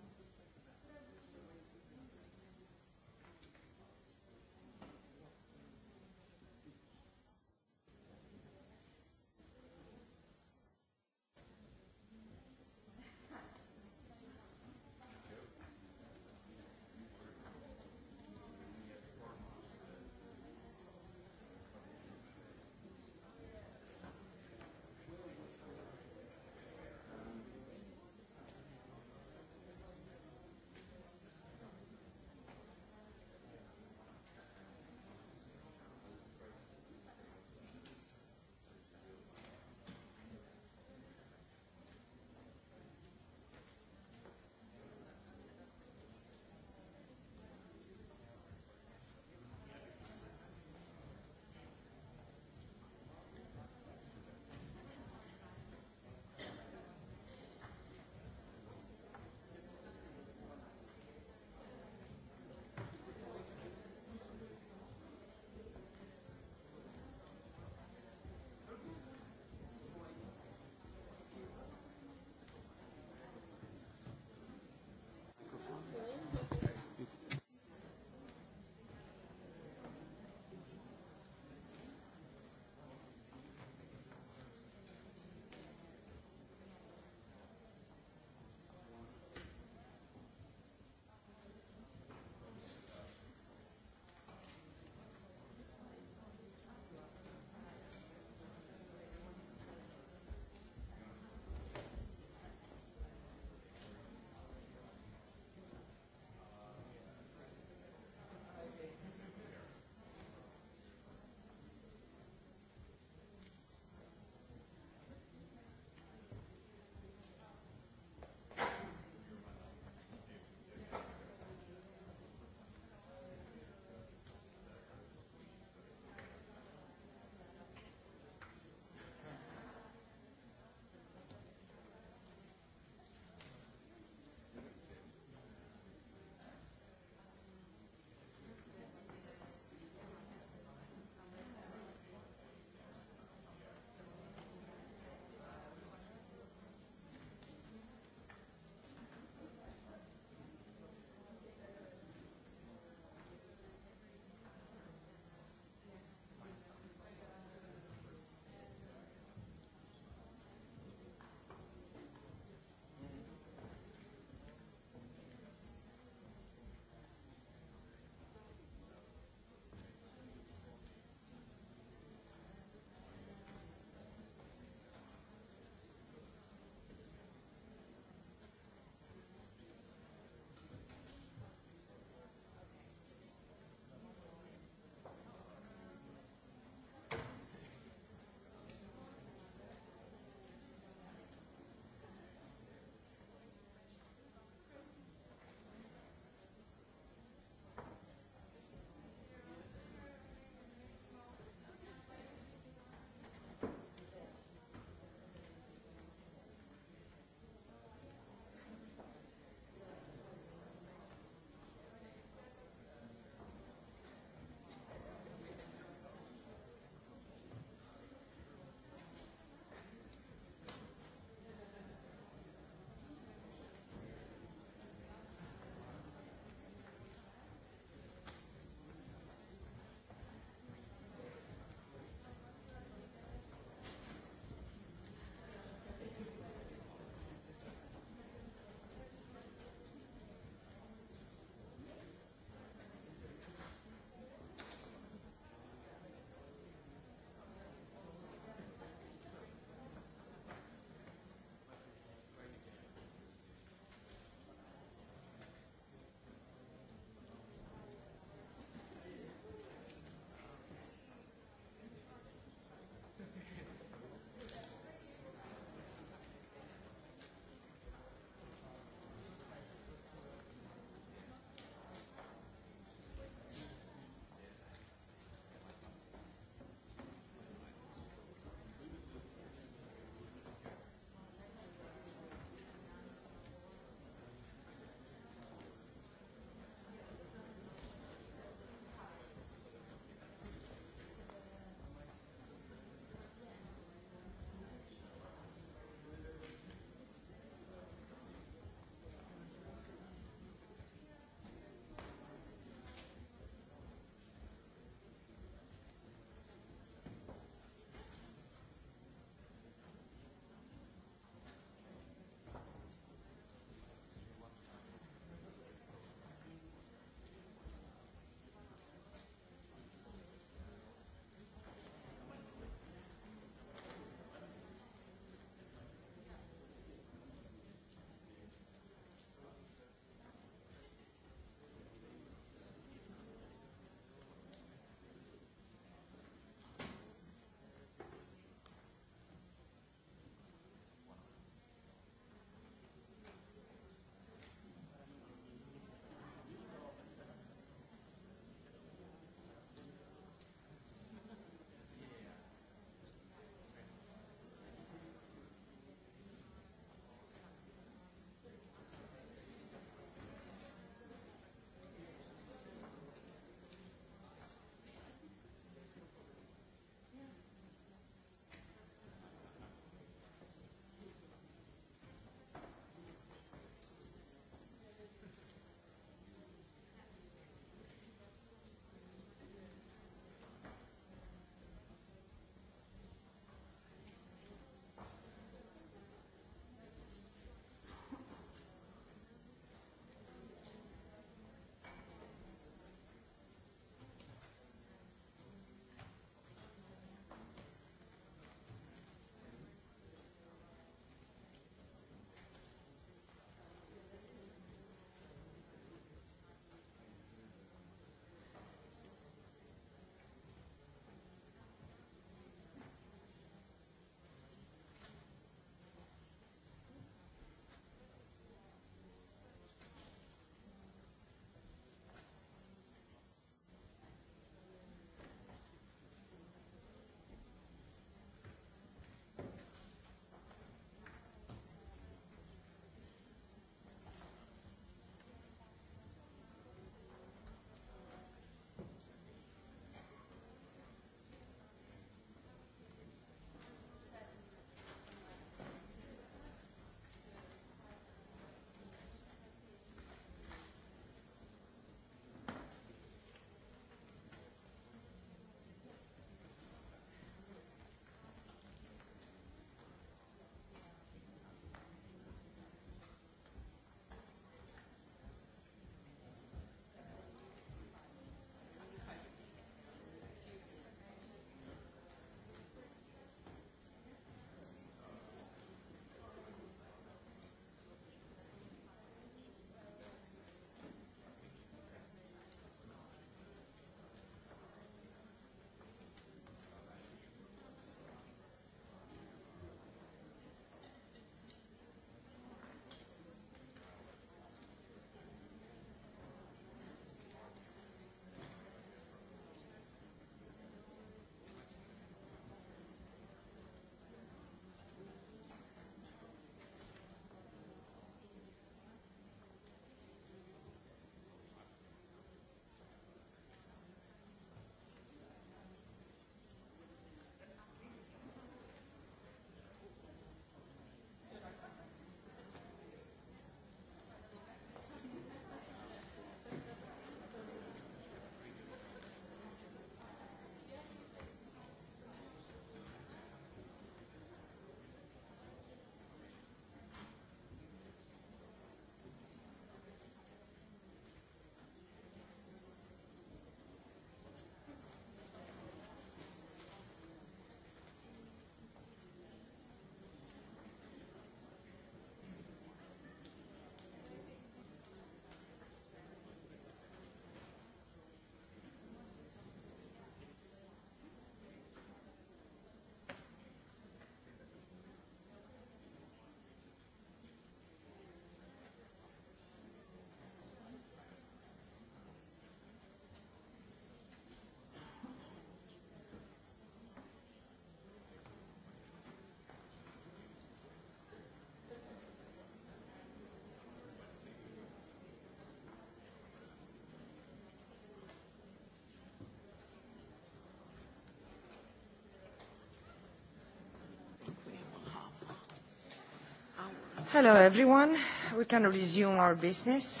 A: Hello everyone. We can resume our business.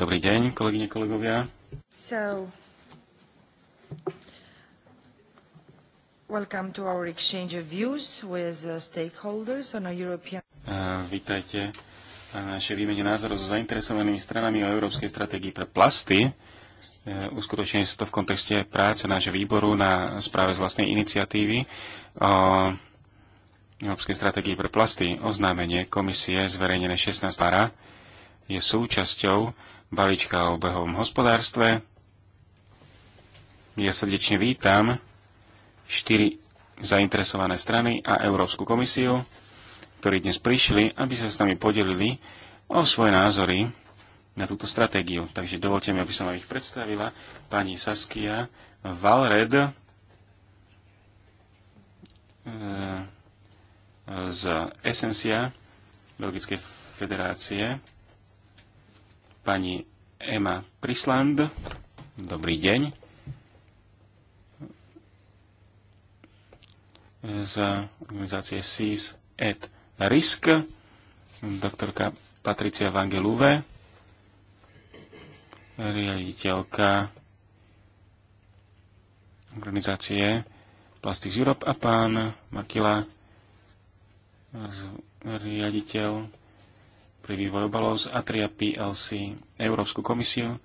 B: Dobrý deň, kolegyne, kolegovia.
A: So, welcome to our exchange of views with uh, stakeholders on a European...
B: Uh, vítajte na našej výmene názorov so zainteresovanými stranami o európskej stratégii pre plasty. Uh, Uskutočne sa to v kontexte práce nášho výboru na správe z vlastnej iniciatívy o Európskej stratégie pre plasty oznámenie komisie zverejnené 16. para je súčasťou balíčka o obehovom hospodárstve. Ja srdečne vítam štyri zainteresované strany a Európsku komisiu, ktorí dnes prišli, aby sa s nami podelili o svoje názory na túto stratégiu. Takže dovolte mi, aby som vám ich predstavila. Pani Saskia Valred, eh, z Esencia Belgickej federácie, pani Emma Prisland. Dobrý deň. Z organizácie SIS et RISK, doktorka Patricia Vangelúve, riaditeľka organizácie Plastics Europe a pán Makila riaditeľ pri vývoj obalov z Atria PLC Európsku komisiu.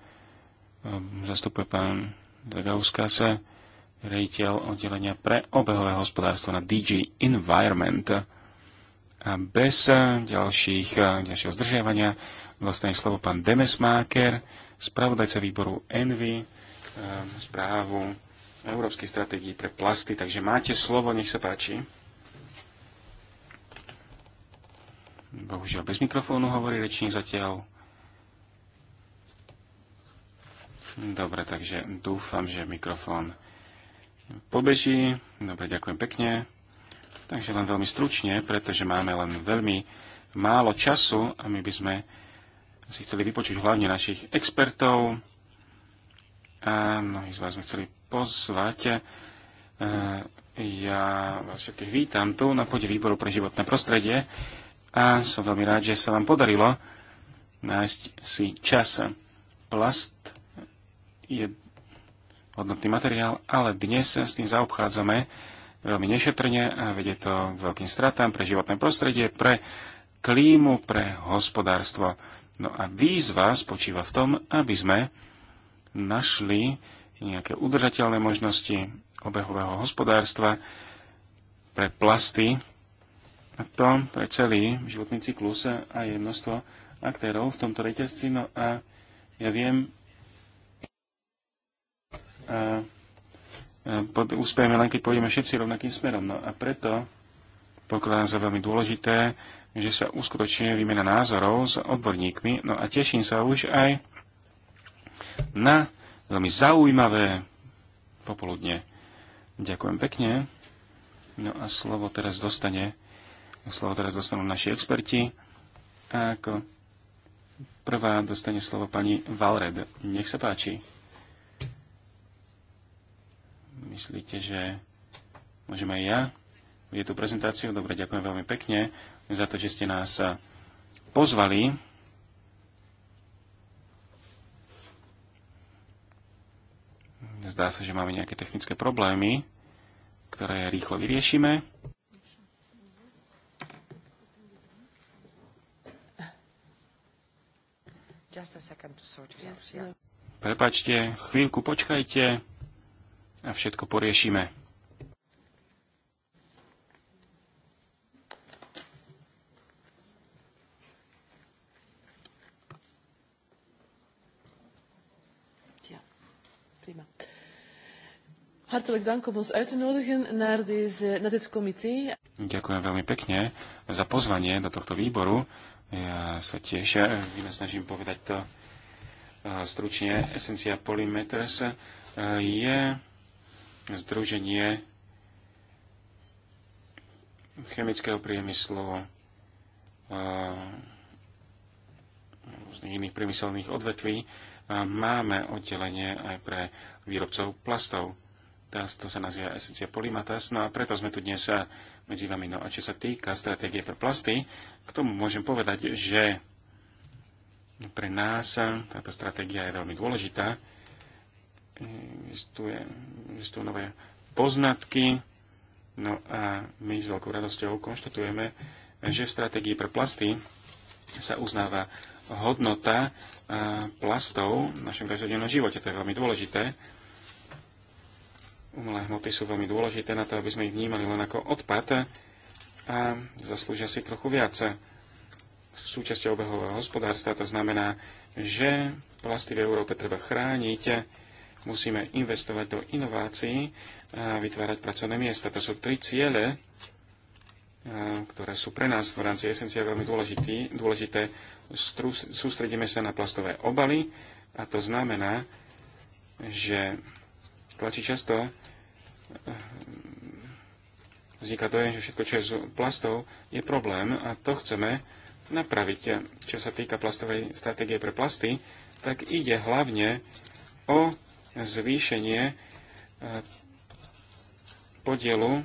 B: Ehm, zastupuje pán Zagauskase, riaditeľ oddelenia pre obehové hospodárstvo na DG Environment. A bez eh, ďalších, eh, ďalšieho zdržiavania dostane slovo pán Demesmáker, spravodajca výboru Envy, ehm, správu Európskej strategii pre plasty. Takže máte slovo, nech sa páči. Bohužiaľ bez mikrofónu hovorí rečník zatiaľ. Dobre, takže dúfam, že mikrofón pobeží. Dobre, ďakujem pekne. Takže len veľmi stručne, pretože máme len veľmi málo času a my by sme si chceli vypočuť hlavne našich expertov a mnohí z vás sme chceli pozvať. E, ja vás všetkých vítam tu na pôde výboru pre životné prostredie a som veľmi rád, že sa vám podarilo nájsť si čas. Plast je hodnotný materiál, ale dnes sa s tým zaobchádzame veľmi nešetrne a vedie to k veľkým stratám pre životné prostredie, pre klímu, pre hospodárstvo. No a výzva spočíva v tom, aby sme našli nejaké udržateľné možnosti obehového hospodárstva pre plasty, a to pre celý životný cyklus a je množstvo aktérov v tomto reťazci. No a ja viem, a, a pod, uspejeme len, keď pôjdeme všetci rovnakým smerom. No a preto pokladám za veľmi dôležité, že sa uskutočne výmena názorov s odborníkmi. No a teším sa už aj na veľmi zaujímavé popoludne. Ďakujem pekne. No a slovo teraz dostane Slovo teraz dostanú naši experti. A ako prvá dostane slovo pani Valred. Nech sa páči. Myslíte, že môžem aj ja? Je tu prezentáciu. Dobre, ďakujem veľmi pekne za to, že ste nás pozvali. Zdá sa, že máme nejaké technické problémy, ktoré rýchlo vyriešime. Prepačte, chvíľku počkajte a všetko poriešime. Ďakujem veľmi pekne za pozvanie do tohto výboru. Ja sa tiež e, snažím povedať to e, stručne. Esencia Polymeters e, je združenie chemického priemyslu rôznych iných priemyselných odvetví. Máme oddelenie aj pre výrobcov plastov to sa nazýva esencia polymatas, no a preto sme tu dnes medzi vami. No a čo sa týka stratégie pre plasty, k tomu môžem povedať, že pre nás táto stratégia je veľmi dôležitá. Existuje, existujú nové poznatky, no a my s veľkou radosťou konštatujeme, že v stratégii pre plasty sa uznáva hodnota plastov v našom každodennom živote. To je veľmi dôležité umelé hmoty sú veľmi dôležité na to, aby sme ich vnímali len ako odpad a zaslúžia si trochu viac. Súčasťou obehového hospodárstva to znamená, že plasty v Európe treba chrániť, musíme investovať do inovácií a vytvárať pracovné miesta. To sú tri ciele, ktoré sú pre nás v rámci esencia veľmi dôležitý, dôležité. Sústredíme sa na plastové obaly a to znamená, že Tlačí často eh, vzniká dojem, že všetko, čo je z plastov, je problém a to chceme napraviť. Čo sa týka plastovej stratégie pre plasty, tak ide hlavne o zvýšenie eh, podielu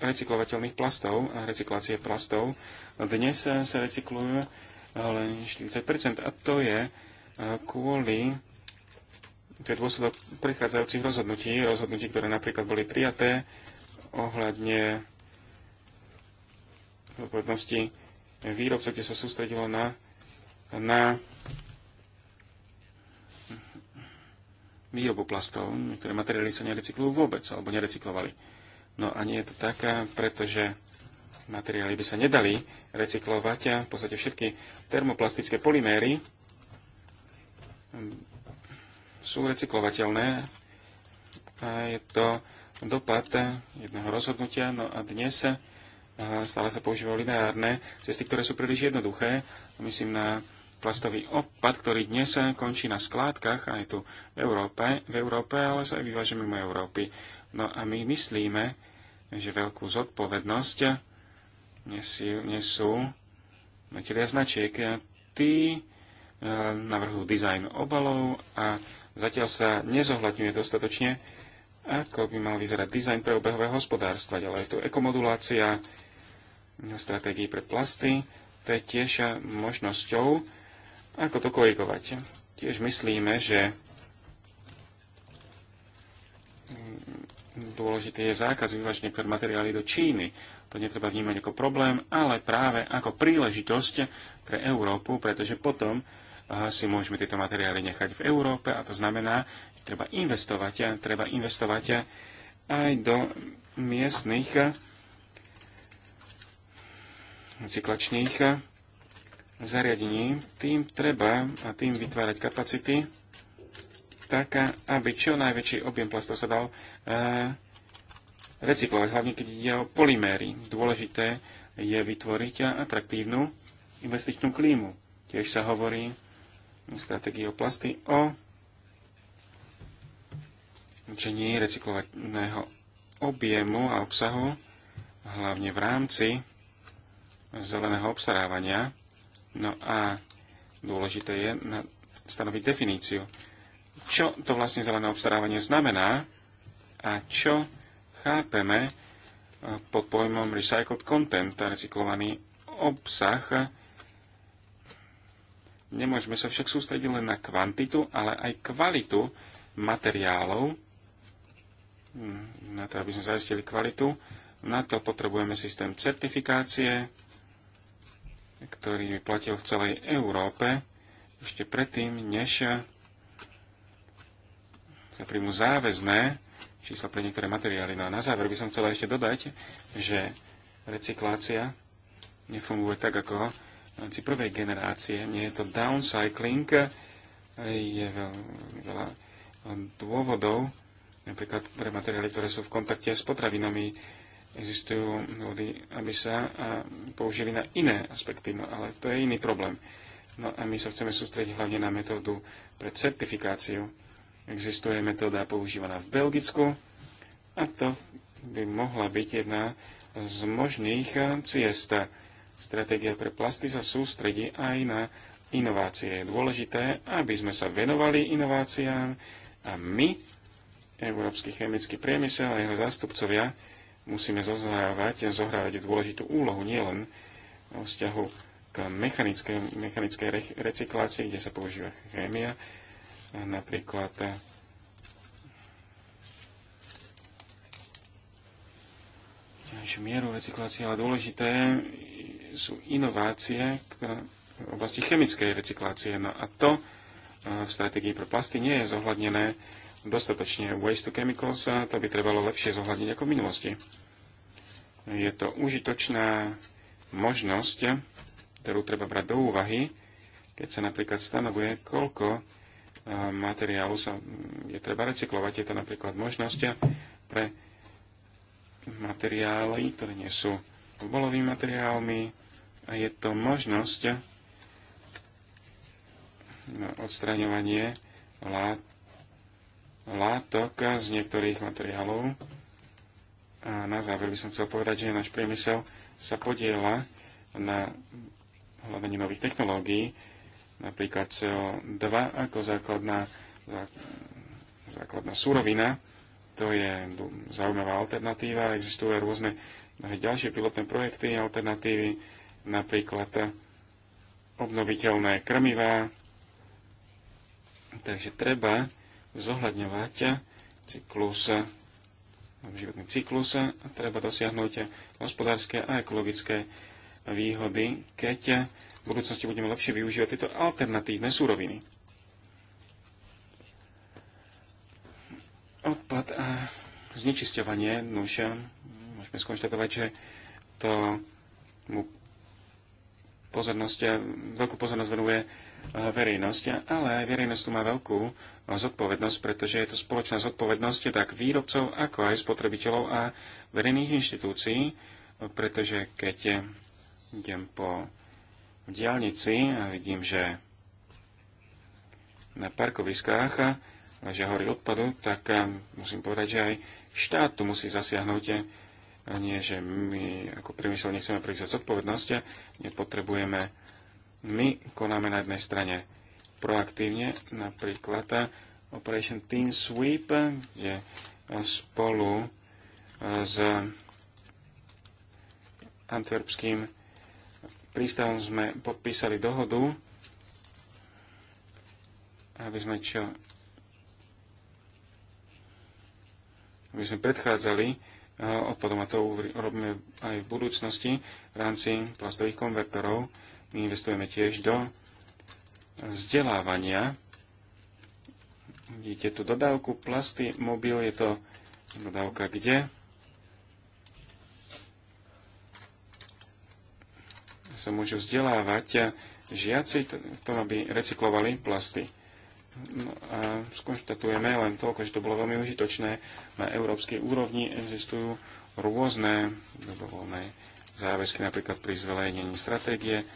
B: recyklovateľných plastov a recyklácie plastov. Dnes sa recyklujú len 40 a to je eh, kvôli to je dôsledok predchádzajúcich rozhodnutí, rozhodnutí, ktoré napríklad boli prijaté ohľadne odpovednosti výrobcov, kde sa sústredilo na, na výrobu plastov. Niektoré materiály sa nerecyklujú vôbec, alebo nerecyklovali. No a nie je to taká, pretože materiály by sa nedali recyklovať a v podstate všetky termoplastické polyméry sú recyklovateľné a je to dopad jedného rozhodnutia. No a dnes stále sa používajú lineárne cesty, ktoré sú príliš jednoduché. Myslím na plastový odpad, ktorý dnes končí na skládkach aj tu v Európe, v Európe ale sa aj vyváže mimo Európy. No a my myslíme, že veľkú zodpovednosť nesú matelia značiek. Tí e, navrhujú dizajn obalov a Zatiaľ sa nezohľadňuje dostatočne, ako by mal vyzerať dizajn pre obehové hospodárstva. Ďalej je tu ekomodulácia stratégií pre plasty. To je tiež možnosťou, ako to korigovať. Tiež myslíme, že dôležitý je zákaz vyvážať pre materiály do Číny. To netreba vnímať ako problém, ale práve ako príležitosť pre Európu, pretože potom si môžeme tieto materiály nechať v Európe a to znamená, že treba investovať treba investovať aj do miestnych cyklačných zariadení. Tým treba a tým vytvárať kapacity tak, aby čo najväčší objem plastov sa dal e, recyklovať, hlavne keď ide o polyméry. Dôležité je vytvoriť atraktívnu investičnú klímu. Tiež sa hovorí stratégii o plasty, o učení recyklovaného objemu a obsahu, hlavne v rámci zeleného obstarávania. No a dôležité je stanoviť definíciu, čo to vlastne zelené obstarávanie znamená a čo chápeme eh, pod pojmom recycled content, recyklovaný obsah, Nemôžeme sa však sústrediť len na kvantitu, ale aj kvalitu materiálov. Na to, aby sme zaistili kvalitu, na to potrebujeme systém certifikácie, ktorý platil v celej Európe ešte predtým, než sa príjmu záväzné číslo pre niektoré materiály. No a na záver by som chcela ešte dodať, že recyklácia nefunguje tak, ako v rámci prvej generácie. Nie je to downcycling, je veľa dôvodov, napríklad pre materiály, ktoré sú v kontakte s potravinami, existujú dôvody, aby sa použili na iné aspekty, no ale to je iný problém. No a my sa chceme sústrediť hlavne na metódu pre certifikáciu. Existuje metóda používaná v Belgicku a to by mohla byť jedna z možných ciest Stratégia pre plasty sa sústredí aj na inovácie. Je dôležité, aby sme sa venovali inováciám a my, Európsky chemický priemysel a jeho zástupcovia, musíme zohrávať, zohrávať dôležitú úlohu nielen o vzťahu k mechanickej, mechanickej recyklácii, kde sa používa chémia, napríklad tiež mieru recyklácie, ale dôležité sú inovácie v oblasti chemickej recyklácie. No a to e, v stratégii pre plasty nie je zohľadnené dostatočne. Waste to chemicals e, to by trebalo lepšie zohľadniť ako v minulosti. Je to užitočná možnosť, ktorú treba brať do úvahy, keď sa napríklad stanovuje, koľko e, materiálu sa je treba recyklovať. Je to napríklad možnosť pre materiály, ktoré nie sú futbalovými materiálmi a je to možnosť na odstraňovanie lát, látok z niektorých materiálov. A na záver by som chcel povedať, že náš priemysel sa podiela na hľadanie nových technológií, napríklad CO2 ako základná, základná súrovina to je zaujímavá alternatíva. Existujú aj rôzne mnohé ďalšie pilotné projekty, alternatívy, napríklad obnoviteľné krmivá. Takže treba zohľadňovať cyklus, životný cyklus a treba dosiahnuť hospodárske a ekologické výhody, keď v budúcnosti budeme lepšie využívať tieto alternatívne súroviny. odpad a znečisťovanie, nuša, no eh, môžeme skonštatovať, že to mu pozornosť, eh, veľkú pozornosť venuje eh, verejnosť, ale verejnosť tu má veľkú zodpovednosť, pretože je to spoločná zodpovednosť tak výrobcov, ako aj spotrebiteľov a verejných inštitúcií, pretože keď idem po diálnici a vidím, že na parkoviskách že hory odpadu, tak eh, musím povedať, že aj štát tu musí zasiahnuť. Eh, nie, že my ako priemysel nechceme prísť zodpovednosť, eh, nepotrebujeme. My konáme na jednej strane proaktívne, napríklad Operation Team Sweep, je spolu s antwerpským prístavom sme podpísali dohodu, aby sme čo aby sme predchádzali eh, odpadom a to robíme aj v budúcnosti v rámci plastových konvertorov. My investujeme tiež do vzdelávania. Vidíte tu dodávku plasty, mobil je to dodávka kde? Sa môžu vzdelávať žiaci v tom, aby recyklovali plasty. No a skonštatujeme len toľko, že to bolo veľmi užitočné. Na európskej úrovni existujú rôzne dobrovoľné záväzky, napríklad pri zverejnení stratégie,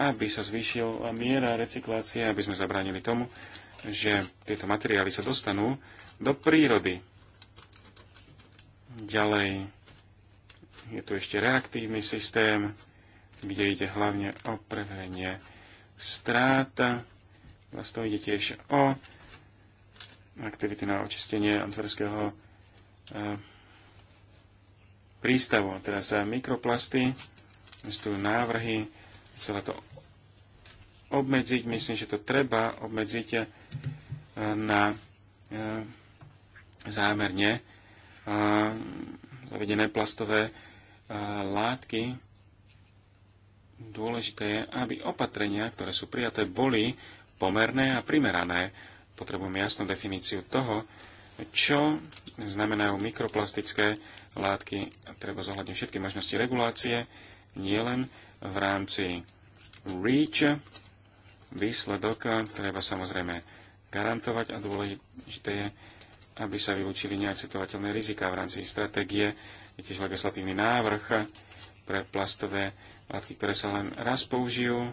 B: aby sa zvýšil miera recyklácie, aby sme zabránili tomu, že tieto materiály sa dostanú do prírody. Ďalej je tu ešte reaktívny systém, kde ide hlavne o prevenie stráta Teraz to ide tiež o aktivity na očistenie antverského e, prístavu. Teraz e, mikroplasty, sú návrhy, chcela to obmedziť, myslím, že to treba obmedziť e, na zámerne zavedené plastové látky. Dôležité je, aby opatrenia, ktoré sú prijaté, boli pomerné a primerané. Potrebujeme jasnú definíciu toho, čo znamenajú mikroplastické látky. Treba zohľadniť všetky možnosti regulácie, nielen v rámci REACH. Výsledok treba samozrejme garantovať a dôležité je, aby sa vylúčili neakceptovateľné riziká v rámci stratégie. Je tiež legislatívny návrh pre plastové látky, ktoré sa len raz použijú,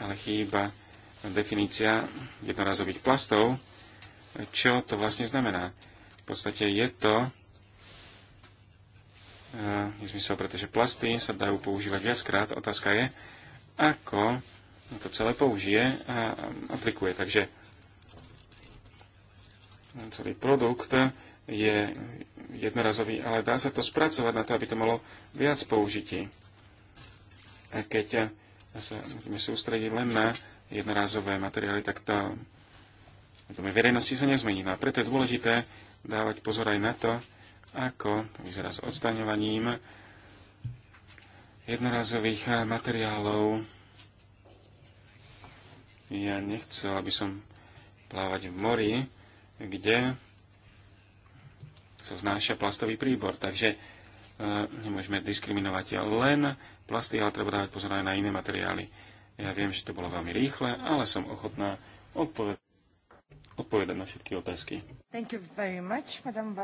B: ale chýba definícia jednorazových plastov, čo to vlastne znamená. V podstate je to eh, zmysel, pretože plasty sa dajú používať viackrát. Otázka je, ako to celé použije a aplikuje. Takže celý produkt je jednorazový, ale dá sa to spracovať na to, aby to malo viac použití. A keď sa budeme sústrediť len na jednorázové materiály, tak tá vedomie verejnosti sa no A Preto je dôležité dávať pozor aj na to, ako to vyzerá s odstaňovaním jednorázových materiálov. Ja nechcel, aby som plávať v mori, kde sa znáša plastový príbor. Takže e, nemôžeme diskriminovať len plasty, ale treba dávať pozor aj na iné materiály. Ja viem, že to bolo veľmi rýchle, ale som ochotná odpovedať odpovedať na všetky otázky.
A: Thank you very much, Madam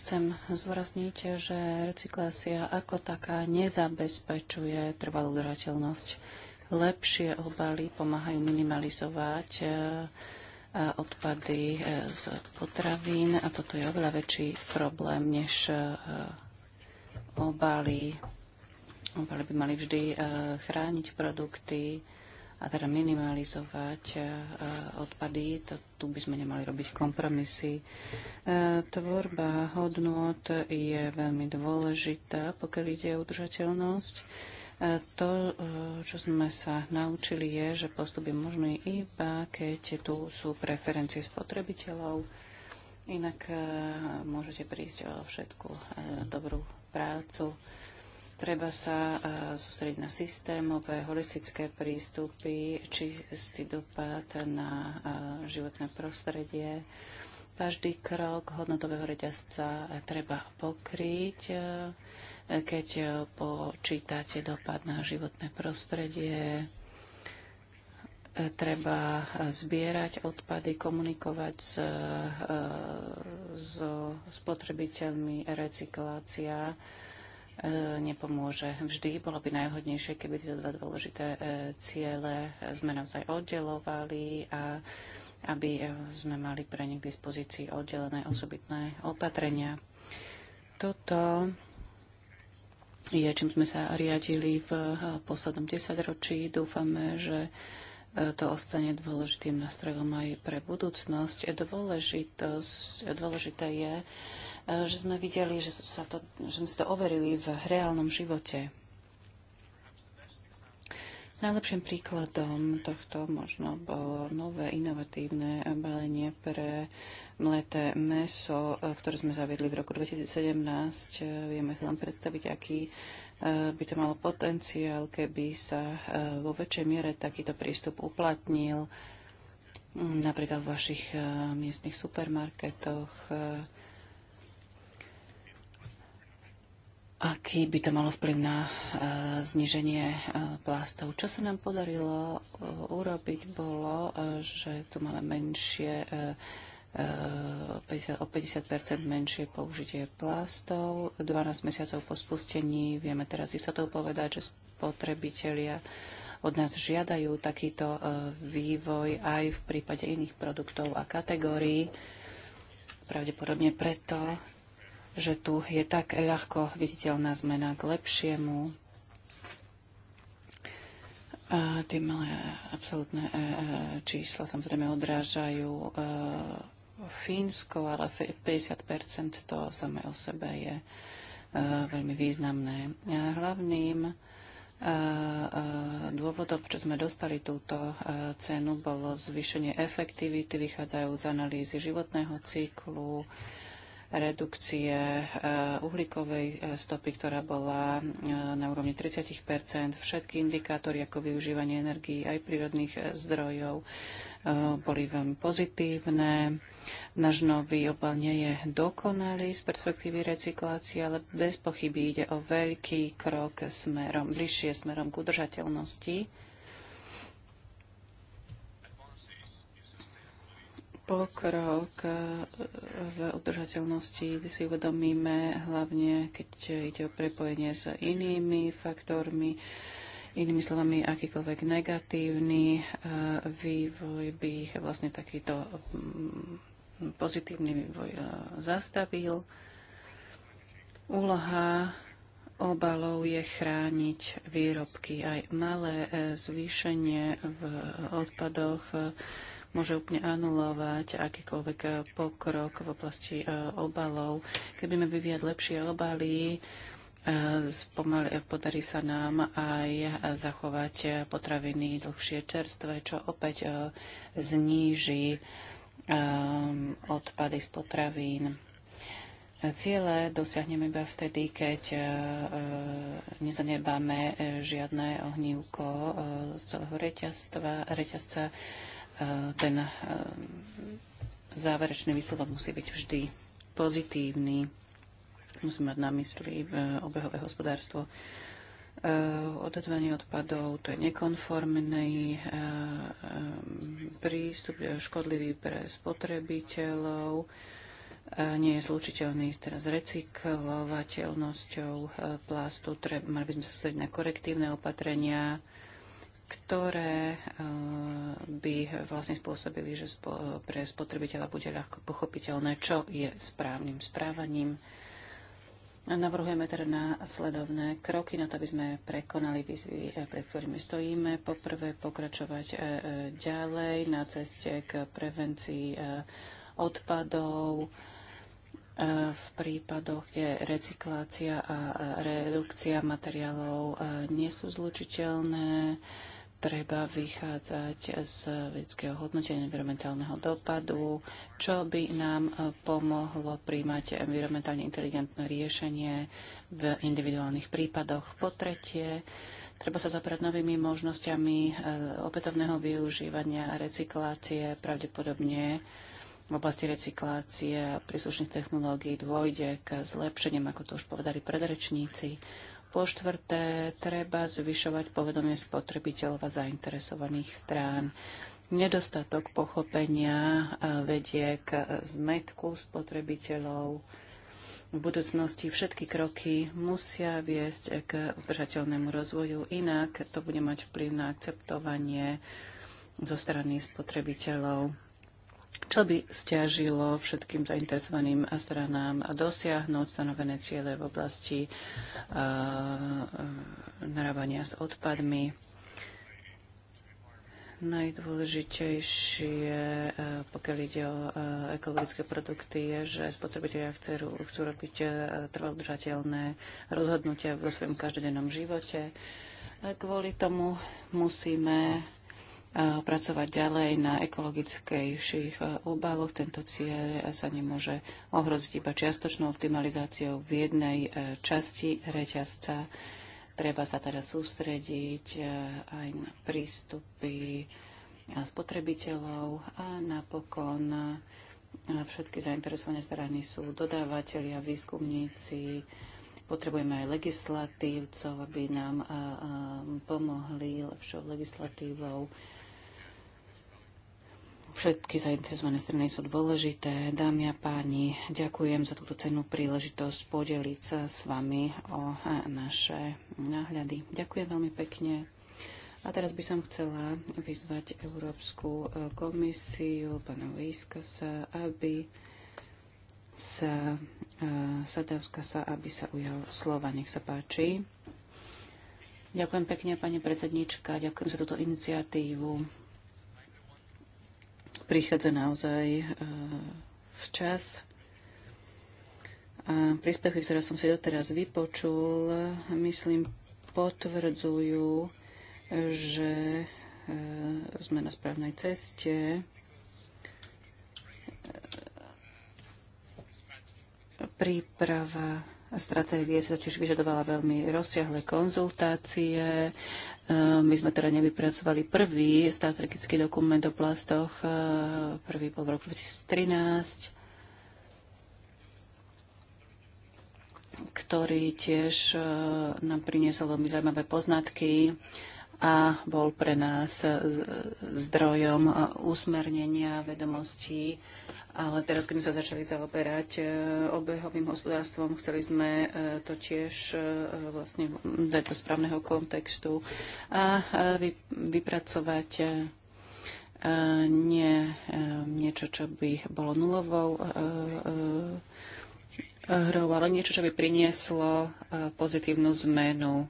A: Chcem zvorazniť, že recyklácia ako taká nezabezpečuje trvalú udržateľnosť. Lepšie obaly pomáhajú minimalizovať e, e, odpady e, z potravín a toto je oveľa väčší problém než obaly. Obaly by mali vždy chrániť produkty, a teda minimalizovať e, odpady, to, tu by sme nemali robiť kompromisy. E, tvorba hodnot je veľmi dôležitá, pokiaľ ide o udržateľnosť. E, to, čo sme sa naučili, je, že postup je možný iba, keď tu sú preferencie spotrebiteľov. Inak môžete prísť o všetku dobrú prácu Treba sa e, sústrediť na systémové, holistické prístupy, čistý dopad na e, životné prostredie. Každý krok hodnotového reťazca treba pokryť. E, keď počítate dopad na životné prostredie, treba zbierať odpady, komunikovať s, so spotrebiteľmi, recyklácia E, nepomôže vždy. Bolo by najhodnejšie, keby tieto dva dôležité e, ciele sme naozaj oddelovali a aby e, sme mali pre nich k dispozícii oddelené osobitné opatrenia. Toto je, čím sme sa riadili v poslednom desaťročí. Dúfame, že to ostane dôležitým nástrojom aj pre budúcnosť. Dôležitosť, dôležité je E, že sme videli, že, sa to, že sme si to overili v reálnom živote. Najlepším príkladom tohto možno bolo nové inovatívne balenie pre mleté meso, e, ktoré sme zaviedli v roku 2017. E, vieme si len predstaviť, aký by to malo potenciál, keby sa vo väčšej miere takýto prístup uplatnil napríklad v vašich miestnych supermarketoch aký by to malo vplyv na e, zniženie e, plastov. Čo sa nám podarilo e, urobiť bolo, že tu máme menšie o 50 menšie použitie plastov. 12 mesiacov po spustení vieme teraz istotou povedať, že spotrebitelia od nás žiadajú takýto vývoj aj v prípade iných produktov a kategórií. Pravdepodobne preto, že tu je tak ľahko viditeľná zmena k lepšiemu. A tie malé absolútne e, e, čísla samozrejme odrážajú e, Fínsko, ale 50 to samé o sebe je veľmi významné. A hlavným dôvodom, čo sme dostali túto cenu, bolo zvýšenie efektivity vychádzajú z analýzy životného cyklu, redukcie eh, uhlíkovej eh, stopy, ktorá bola eh, na úrovni 30 Všetky indikátory ako využívanie energií aj prírodných zdrojov boli veľmi pozitívne. Náš nový obal nie je dokonalý z perspektívy recyklácie, ale bez pochyby ide o veľký krok smerom, bližšie smerom k udržateľnosti. pokrok e, v udržateľnosti si uvedomíme hlavne, keď ide o prepojenie s inými faktormi. Inými slovami, akýkoľvek negatívny e, vývoj by vlastne takýto mm, pozitívny vývoj e, zastavil. Úloha obalov je chrániť výrobky. Aj malé zvýšenie v odpadoch môže úplne anulovať akýkoľvek pokrok v oblasti e, obalov. Keď budeme vyvíjať lepšie obaly, e, e, podarí sa nám aj zachovať potraviny dlhšie čerstvé, čo opäť zníži odpady z potravín. Ciele dosiahneme iba vtedy, keď nezanedbáme žiadne ohnívko z celého reťazca E, ten e, záverečný výsledok musí byť vždy pozitívny. Musíme mať na mysli e, obehové hospodárstvo. Odhadovanie odpadov to je nekonformný prístup, škodlivý pre spotrebiteľov, nie je zlučiteľný teraz recyklovateľnosťou plastu. Mali by sme sa sústrediť na korektívne opatrenia, ktoré eh, by vlastne spôsobili, že pre spotrebiteľa bude ľahko pochopiteľné, čo je správnym správaním. Navrhujeme teda následovné kroky na to, aby sme prekonali výzvy, eh, pred ktorými stojíme. Poprvé pokračovať eh, ďalej na ceste k prevencii odpadov v prípadoch, kde recyklácia a redukcia materiálov nie sú zlučiteľné treba vychádzať z vedeckého hodnotenia environmentálneho dopadu, čo by nám e, pomohlo príjmať environmentálne inteligentné riešenie v individuálnych prípadoch. Po tretie, treba sa zaprať novými možnosťami e, opätovného využívania a recyklácie. Pravdepodobne v oblasti recyklácie a príslušných technológií dôjde k zlepšeniam, ako to už povedali predrečníci. Po štvrté, treba zvyšovať povedomie spotrebiteľov a zainteresovaných strán. Nedostatok pochopenia eh, vedie k eh, zmetku spotrebiteľov. V budúcnosti všetky kroky musia viesť k udržateľnému rozvoju, inak to bude mať vplyv na akceptovanie zo strany spotrebiteľov čo by stiažilo všetkým zainteresovaným stranám dosiahnuť stanovené ciele v oblasti uh, narábania s odpadmi. Najdôležitejšie, uh, pokiaľ ide o uh, ekologické produkty, je, že spotrebitelia chcú, chcú robiť trvodržateľné rozhodnutia vo svojom každodennom živote. Kvôli tomu musíme pracovať ďalej na ekologickejších e, obaloch. Tento cieľ sa nemôže ohroziť iba čiastočnou optimalizáciou v jednej e, časti reťazca. Treba sa teda sústrediť e, aj na prístupy spotrebiteľov a napokon všetky zainteresované strany sú dodávateľia, výskumníci, potrebujeme aj legislatívcov, aby nám pomohli lepšou legislatívou Všetky zainteresované strany sú dôležité. Dámy a páni, ďakujem za túto cenú príležitosť podeliť sa s vami o naše náhľady. Ďakujem veľmi pekne. A teraz by som chcela vyzvať Európsku e, komisiu, pána Výskasa, aby sa e, Sadavska sa, aby sa ujal slova. Nech sa páči. Ďakujem pekne, pani predsednička. Ďakujem za túto iniciatívu prichádza naozaj e, včas. A príspevky, ktoré som si doteraz vypočul, myslím, potvrdzujú, že e, sme na správnej ceste. Príprava a stratégie sa totiž vyžadovala veľmi rozsiahle konzultácie, Ehm, my sme teda nevypracovali prvý strategický dokument o plastoch, ehm, prvý bol v roku 2013, ktorý tiež ehm, nám priniesol veľmi zaujímavé poznatky a bol pre nás zdrojom usmernenia vedomostí ale teraz, keď sme sa začali zaoberať e, obehovým hospodárstvom, chceli sme e, to tiež e, vlastne dať do správneho kontextu a vypracovať nie niečo, čo by bolo nulovou hrou, ale niečo, čo by prinieslo pozitívnu zmenu.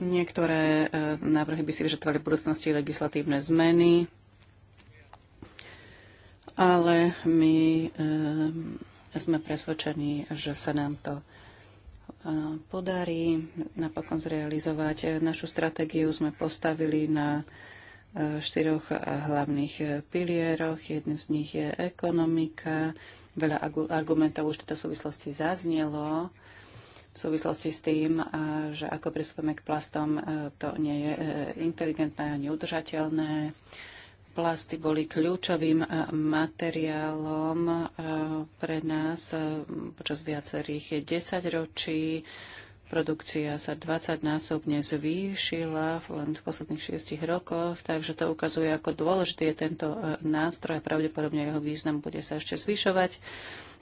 A: Niektoré návrhy by si vyžadovali v budúcnosti legislatívne zmeny ale my eh, sme presvedčení, že sa nám to eh, podarí napokon zrealizovať. Našu stratégiu sme postavili na eh, štyroch hlavných pilieroch. Jedným z nich je ekonomika. Veľa argumentov už v tejto súvislosti zaznelo v súvislosti s tým, že ako prispieme k plastom, to nie je inteligentné a neudržateľné. Plasty boli kľúčovým eh, materiálom eh, pre nás eh, počas viacerých desaťročí. Produkcia sa 20-násobne zvýšila len v posledných 6 rokoch, takže to ukazuje, ako dôležitý je tento nástroj a pravdepodobne jeho význam bude sa ešte zvyšovať.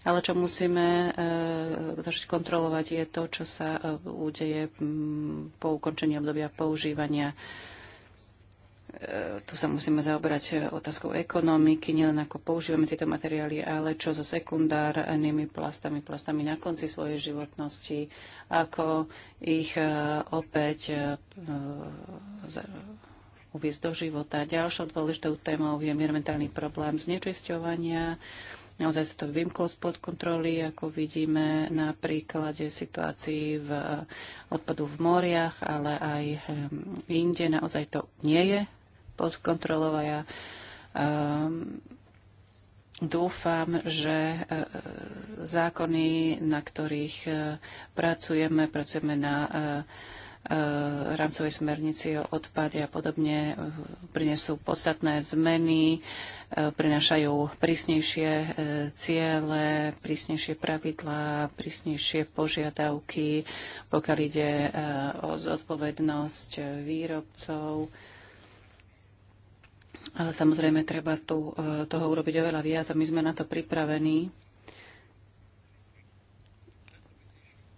A: Ale čo musíme e, začať kontrolovať je to, čo sa udeje mm, po ukončení obdobia používania. E, E, tu sa musíme zaoberať e, otázkou ekonomiky, nielen ako používame tieto materiály, ale čo so sekundárnymi plastami, plastami na konci svojej životnosti, ako ich e, opäť uviezť do života. Ďalšou dôležitou témou je environmentálny problém znečisťovania. Naozaj sa to vymklo spod kontroly, ako vidíme na príklade situácií v odpadu v moriach, ale aj hm, inde. Naozaj to nie je pod kontrolou a ja um, ehm, Dúfam, že e, zákony, na ktorých e, pracujeme, pracujeme na e, rámcovej smernici o odpade a podobne, prinesú podstatné zmeny, prinášajú prísnejšie ciele, prísnejšie pravidlá, prísnejšie požiadavky, pokiaľ ide o zodpovednosť výrobcov ale samozrejme, treba tu e, toho urobiť oveľa viac a my sme na to pripravení.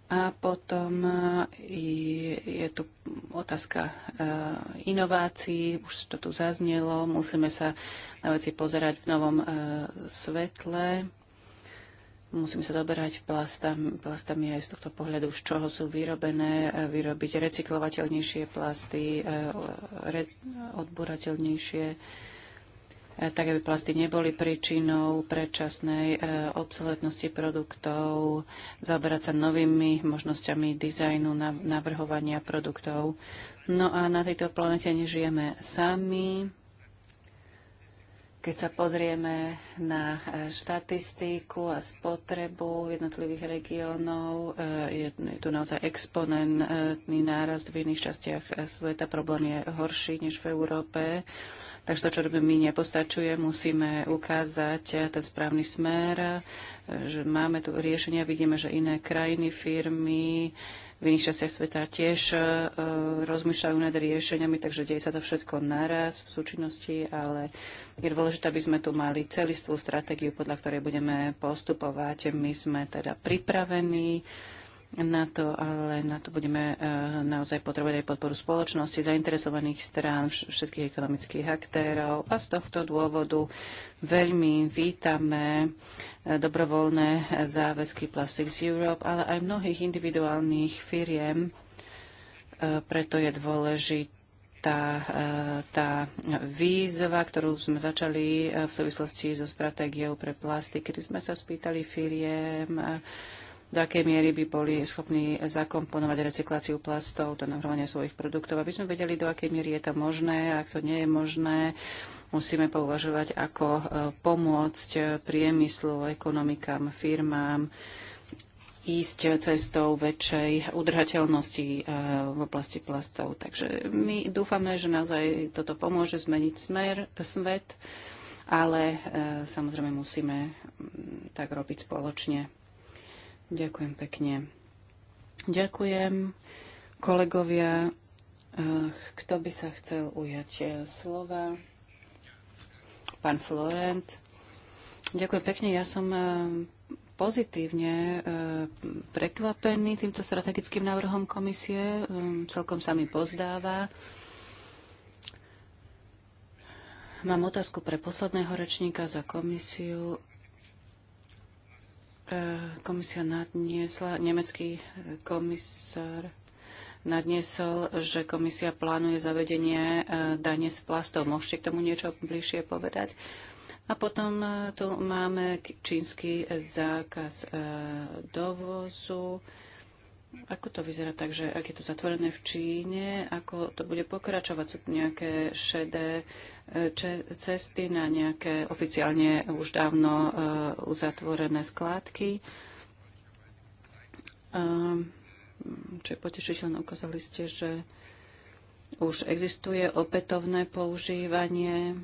A: A potom e, je tu otázka e, inovácií, už to tu zaznelo, musíme sa na veci pozerať v novom svetle, musíme sa doberať plastami, plastami aj z tohto pohľadu, z čoho sú vyrobené, vyrobiť recyklovateľnejšie plasty, odburateľnejšie, e, tak aby plasty neboli príčinou predčasnej e, obsoletnosti produktov, zaoberať sa novými možnosťami dizajnu, navrhovania produktov. No a na tejto planete nežijeme sami, keď sa pozrieme na e, štatistiku a spotrebu jednotlivých regiónov, e, je tu naozaj exponentný nárast v iných častiach e, sveta. Problém je horší než v Európe. Takže to, čo robíme my, nepostačuje. Musíme ukázať ten správny smer, že máme tu riešenia. Vidíme, že iné krajiny, firmy, v iných častiach sveta tiež uh, rozmýšľajú nad riešeniami, takže deje sa to všetko naraz v súčinnosti, ale je dôležité, aby sme tu mali celistvú stratégiu, podľa ktorej budeme postupovať. My sme teda pripravení na to, ale na to budeme e, naozaj potrebovať aj podporu spoločnosti, zainteresovaných strán, všetkých ekonomických aktérov a z tohto dôvodu veľmi vítame e, dobrovoľné e, záväzky Plastics Europe, ale aj mnohých individuálnych firiem. Preto je dôležité tá, tá výzva, ktorú sme začali v súvislosti so stratégiou pre plasty, kedy sme sa spýtali firiem, do akej miery by boli schopní zakomponovať recykláciu plastov do navrhovania svojich produktov, aby sme vedeli, do akej miery je to možné. A ak to nie je možné, musíme pouvažovať, ako e, pomôcť e, priemyslu, ekonomikám, firmám ísť cestou väčšej udržateľnosti e, v oblasti plastov. Takže my dúfame, že naozaj toto pomôže zmeniť smer, svet, ale samozrejme musíme tak robiť spoločne. Ďakujem pekne. Ďakujem kolegovia. Eh, kto by sa chcel ujať eh, slova? Pán Florent. Ďakujem pekne. Ja som eh, pozitívne prekvapený týmto strategickým návrhom komisie. Celkom sa mi pozdáva. Mám otázku pre posledného rečníka za komisiu. Eh, komisia nadniesla, nemecký eh, komisár nadniesol, že komisia plánuje zavedenie eh, dane z plastov. Môžete k tomu niečo bližšie povedať? A potom tu máme čínsky zákaz dovozu. Ako to vyzerá tak, že ak je to zatvorené v Číne, ako to bude pokračovať? Sú tu nejaké šedé cesty na nejaké oficiálne už dávno e, uzatvorené skládky. E, Čo je potešiteľné, ukázali ste, že už existuje opätovné používanie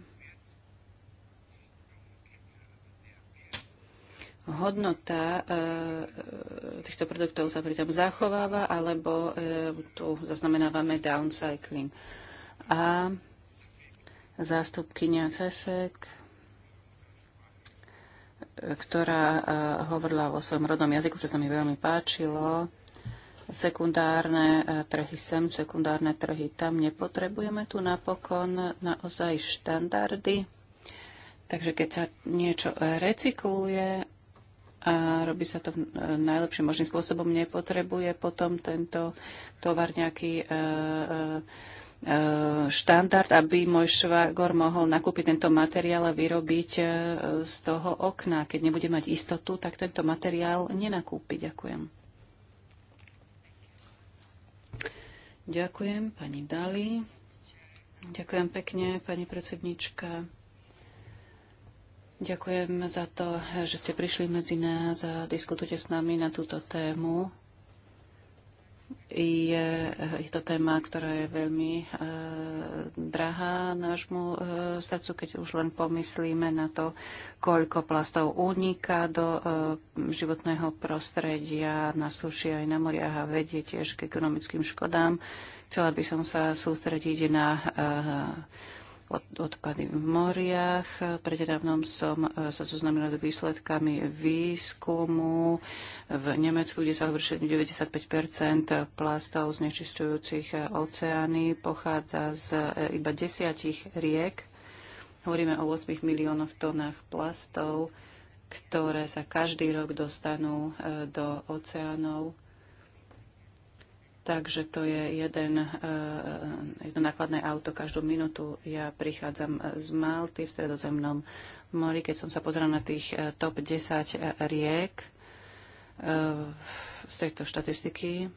A: hodnota e, týchto produktov sa pritom zachováva, alebo tu zaznamenávame downcycling. A zástupkynia Cefek, ktorá e, hovorila vo svojom rodnom jazyku, čo sa mi veľmi páčilo. Sekundárne e, trhy sem, sekundárne trhy tam. Nepotrebujeme tu napokon naozaj štandardy. Takže keď sa niečo recykluje a robí sa to e, najlepším možným spôsobom, nepotrebuje potom tento tovar nejaký uh, uh, Eh, štandard, aby môj švagor mohol nakúpiť tento materiál a vyrobiť eh, z toho okna. Keď nebude mať istotu, tak tento materiál nenakúpi. Ďakujem. Ďakujem pani Dali. Ďakujem pekne, pani predsednička. Ďakujem za to, že ste prišli medzi nás a diskutujte s nami na túto tému je, eh, je to téma, ktorá je veľmi e, drahá nášmu e, eh, srdcu, keď už len pomyslíme na to, koľko plastov uniká do e, životného prostredia na suši aj na moriach a vedie tiež k ekonomickým škodám. Chcela by som sa sústrediť na e, od, odpady v moriach. Prededávnom som e, sa zoznamila s výsledkami výskumu v Nemecku, kde sa hovorí, 95 plastov znečistujúcich oceány pochádza z e, iba desiatich riek. Hovoríme o 8 miliónoch tonách plastov, ktoré sa každý rok dostanú e, do oceánov Takže to je jeden, eh, jedno nákladné auto každú minútu. Ja prichádzam eh, z Malty v stredozemnom mori. Keď som sa pozrela na tých eh, top 10 riek z tejto štatistiky,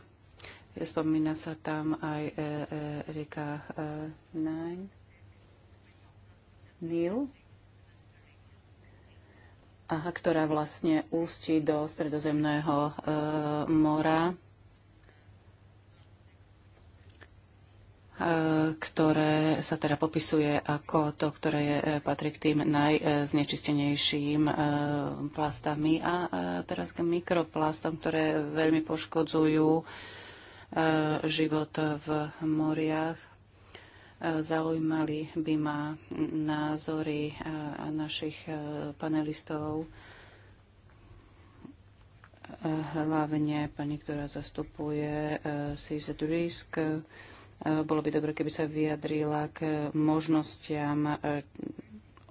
A: spomína sa tam aj rieka Nine, Nil, aha, ktorá vlastne ústí do stredozemného mora ktoré sa teda popisuje ako to, ktoré je, e, patrí k tým najznečistenejším e, plastami a e, teraz k mikroplastom, ktoré veľmi poškodzujú život v moriach. Zaujímali by ma názory našich panelistov, hlavne pani, ktorá zastupuje CZ Risk, Eh, bolo by dobre, keby sa vyjadrila k možnostiam eh,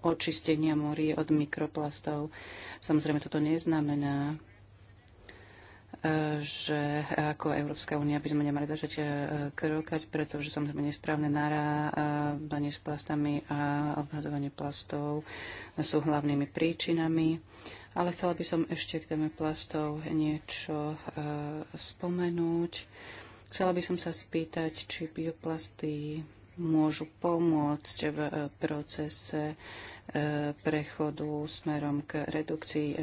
A: očistenia morí od mikroplastov. Samozrejme, toto neznamená, eh, že ako Európska únia by sme nemali začať krokať, pretože samozrejme nesprávne narábanie s plastami a obhadovanie plastov sú hlavnými príčinami. Ale chcela by som ešte k téme plastov niečo spomenúť Chcela by som sa spýtať, či bioplasty môžu pomôcť v e, procese e, prechodu smerom k redukcii e,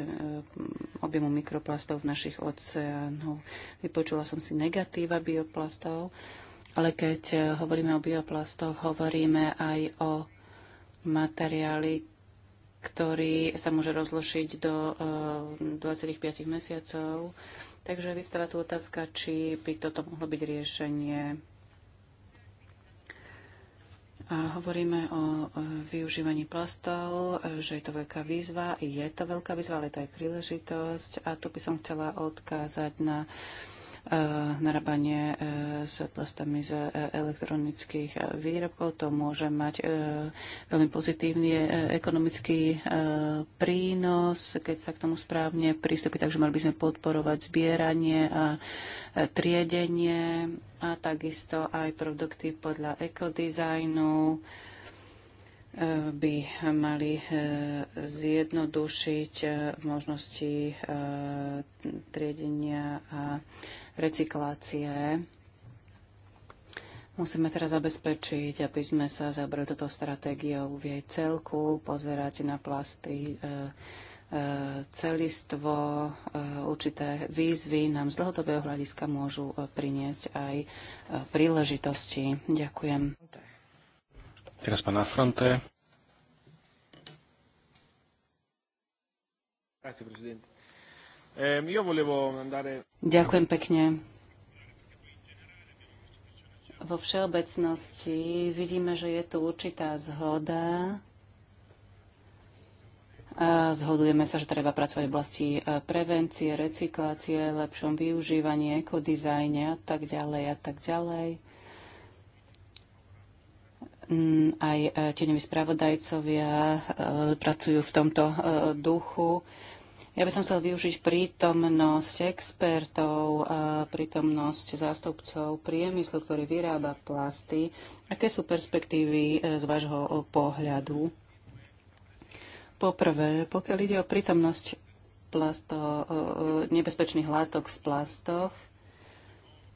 A: objemu mikroplastov v našich oceánoch. Vypočula som si negatíva bioplastov, ale keď hovoríme o bioplastoch, hovoríme aj o materiáli, ktorý sa môže rozlošiť do 25 eh, mesiacov. Takže vyvstáva tu otázka, či by toto mohlo byť riešenie. A hovoríme o využívaní plastov, že je to veľká výzva. Je to veľká výzva, ale je to aj príležitosť. A tu by som chcela odkázať na uh, E, narábanie e, s plastami z e, elektronických výrobkov. To môže mať veľmi pozitívny ekonomický prínos, keď sa k tomu správne prístupí. Takže mali by sme podporovať zbieranie a triedenie a takisto aj produkty podľa ekodizajnu by mali zjednodušiť možnosti triedenia a recyklácie. Musíme teraz zabezpečiť, aby sme sa zabrali toto stratégiou v jej celku, pozerať na plasty e, e celistvo, e, určité výzvy nám z dlhodobého hľadiska môžu e, priniesť aj príležitosti. Ďakujem.
B: Teraz pán Afronte. Grazie, Presidente. Ehm,
A: Ďakujem pekne. Vo všeobecnosti vidíme, že je tu určitá zhoda. Zhodujeme sa, že treba pracovať v oblasti e, prevencie, recyklácie, lepšom využívaní, ekodizajne a tak ďalej a tak ďalej. Mm, aj e, tieňoví spravodajcovia e, pracujú v tomto duchu. Ja by som chcel využiť prítomnosť expertov, prítomnosť zástupcov priemyslu, ktorý vyrába plasty. Aké sú perspektívy e, z vášho pohľadu? Poprvé, pokiaľ ide o prítomnosť plasto, e, e, nebezpečných látok v plastoch,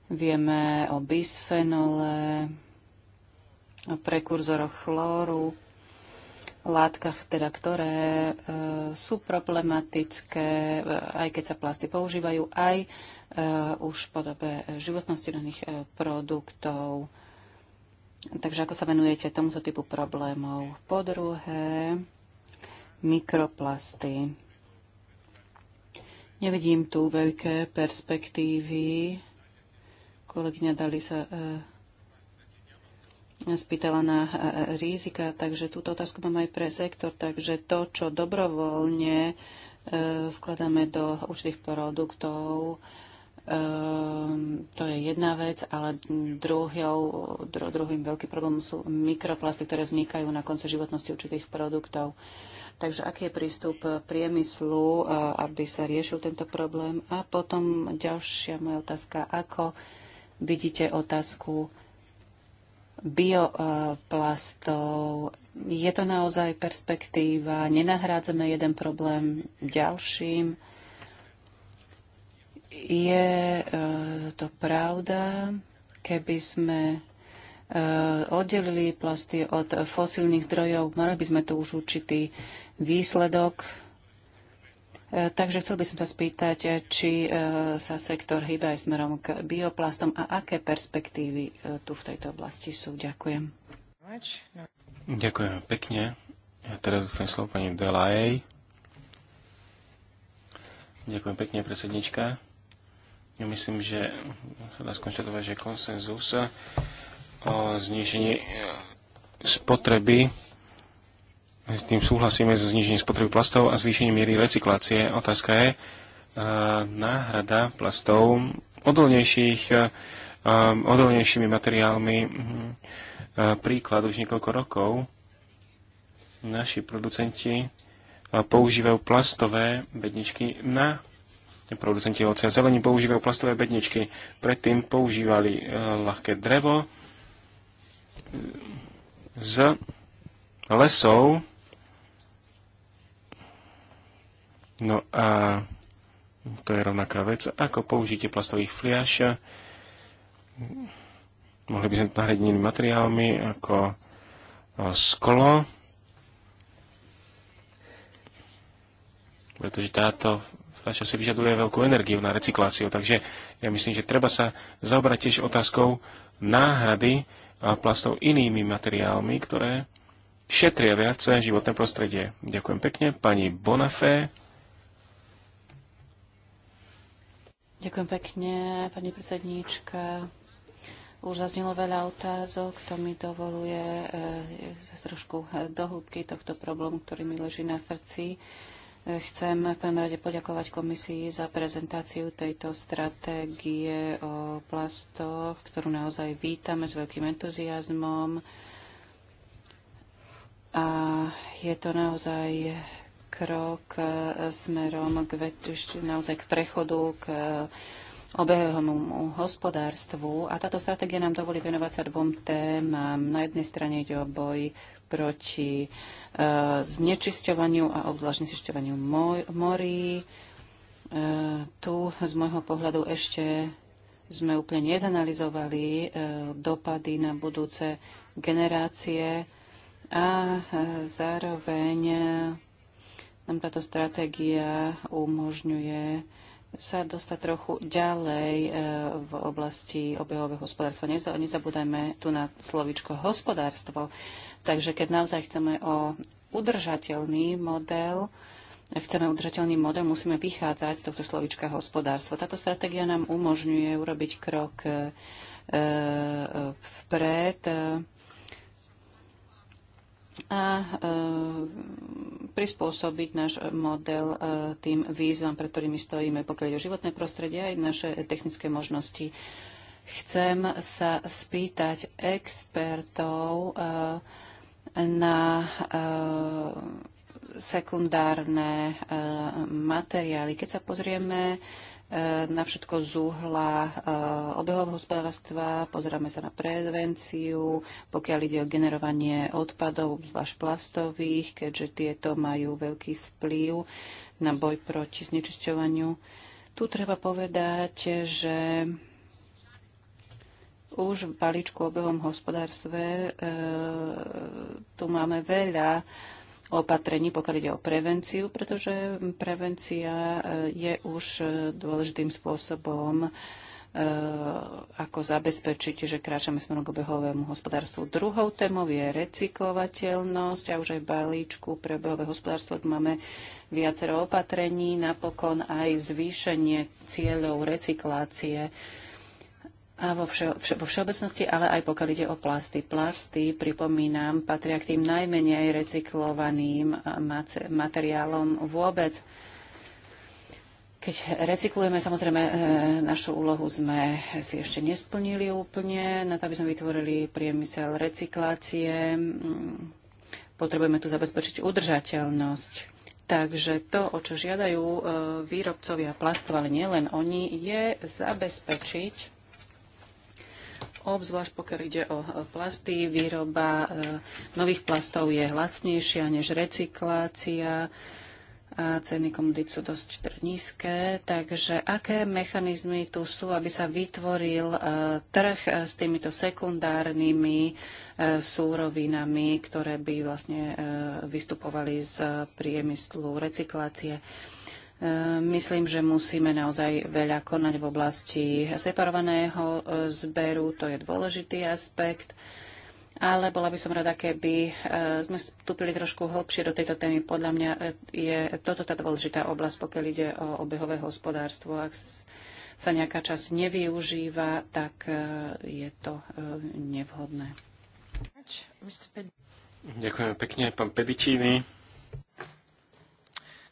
A: vieme o bisfenole, o prekurzoroch chlóru, látkach, teda, ktoré e, sú problematické, e, aj keď sa plasty používajú, aj e, už v podobe životnosti daných e, produktov. Takže ako sa venujete tomuto typu problémov? Po druhé, mikroplasty. Nevidím tu veľké perspektívy. Kolegyňa Dali sa e, spýtala na e, e, rizika, takže túto otázku mám aj pre sektor. Takže to, čo dobrovoľne e, vkladáme do určitých produktov, to je jedna vec, ale druhou, druhým veľkým problémom sú mikroplasty, ktoré vznikajú na konci životnosti určitých produktov. Takže aký je prístup priemyslu, aby sa riešil tento problém? A potom ďalšia moja otázka, ako vidíte otázku bioplastov. Je to naozaj perspektíva, nenahrádzame jeden problém ďalším. Je eh, to pravda, keby sme eh, oddelili plasty od fosílnych zdrojov, mali by sme tu už určitý výsledok, E, takže chcel by som sa spýtať, e, či e, sa sektor hýba aj smerom k bioplastom a aké perspektívy tu v tejto oblasti sú. Ďakujem.
B: Ďakujem pekne. Ja teraz som slovo pani Delajej. Ďakujem pekne, predsednička. Ja myslím, že sa dá skonštatovať, že konsenzus o znižení spotreby s tým súhlasíme so znižením spotreby plastov a zvýšením miery recyklácie. Otázka je náhrada plastov odolnejších, odolnejšími materiálmi. Mhm, príklad už niekoľko rokov naši producenti používajú plastové bedničky na producenti ovoce a zelení používajú plastové bedničky. Predtým používali e, ľahké drevo z lesov No a to je rovnaká vec, ako použitie plastových fliaš. Mohli by sme to nahradiť inými materiálmi, ako sklo, pretože táto fľaša si vyžaduje veľkú energiu na recykláciu. Takže ja myslím, že treba sa zaobrať tiež otázkou náhrady plastov inými materiálmi, ktoré šetria viacej životné prostredie. Ďakujem pekne. Pani Bonafé.
A: Ďakujem pekne, pani predsedníčka. Už zaznelo veľa otázok, to mi dovoluje e, trošku e, hĺbky tohto problému, ktorý mi leží na srdci. E, chcem v prvom rade poďakovať komisii za prezentáciu tejto stratégie o plastoch, ktorú naozaj vítame s veľkým entuziasmom. A je to naozaj krok e, smerom k naozaj k prechodu k e, obehovému hospodárstvu. A táto stratégia nám dovolí venovať sa dvom témam. Na jednej strane ide o boj proti uh, znečisťovaniu a obzvlášť znečisťovaniu morí. Uh, tu z môjho pohľadu ešte sme úplne nezanalizovali uh, dopady na budúce generácie a zároveň nám táto stratégia umožňuje sa dostať trochu ďalej e, v oblasti obehového hospodárstva. Nezabúdajme tu na slovičko hospodárstvo. Takže keď naozaj chceme o udržateľný model, chceme udržateľný model, musíme vychádzať z tohto slovička hospodárstvo. Táto stratégia nám umožňuje urobiť krok e, e, vpred a e, prispôsobiť náš model e, tým výzvam, pre ktorými stojíme, pokiaľ o životné prostredie aj naše technické možnosti. Chcem sa spýtať expertov e, na sekundárne materiály. Keď sa pozrieme E, na všetko z uhla e, obehového hospodárstva, pozeráme sa na prevenciu, pokiaľ ide o generovanie odpadov, zvlášť plastových, keďže tieto majú veľký vplyv na boj proti znečisťovaniu. Tu treba povedať, že už v balíčku obehom hospodárstve e, tu máme veľa opatrení, pokiaľ ide o prevenciu, pretože prevencia e, je už e, dôležitým spôsobom e, ako zabezpečiť, že kráčame smerom k obehovému hospodárstvu. Druhou témou je recyklovateľnosť a už aj balíčku pre obehové hospodárstvo. Tu máme viacero opatrení, napokon aj zvýšenie cieľov recyklácie a vo, vše, vše, vo všeobecnosti, ale aj pokiaľ ide o plasty. Plasty, pripomínam, patria k tým najmenej recyklovaným eh, materiálom vôbec. Keď recyklujeme, samozrejme, eh, našu úlohu sme si ešte nesplnili úplne, na to, aby sme vytvorili priemysel recyklácie. Mm, potrebujeme tu zabezpečiť udržateľnosť. Takže to, o čo žiadajú eh, výrobcovia plastov, ale nielen oni, je zabezpečiť obzvlášť pokiaľ ide o e, plasty. Výroba e, nových plastov je lacnejšia než recyklácia a ceny komodít sú dosť nízke. Takže aké mechanizmy tu sú, aby sa vytvoril e, trh s týmito sekundárnymi súrovinami, ktoré by vlastne vystupovali z priemyslu recyklácie? Myslím, že musíme naozaj veľa konať v oblasti separovaného e, zberu, to je dôležitý aspekt. Ale bola by som rada, keby e, sme vstúpili trošku hlbšie do tejto témy. Podľa mňa e, je toto tá dôležitá oblasť, pokiaľ ide o obehové hospodárstvo. Ak sa nejaká časť nevyužíva, tak je to nevhodné.
B: Ďakujem pekne, pán Pedičíny.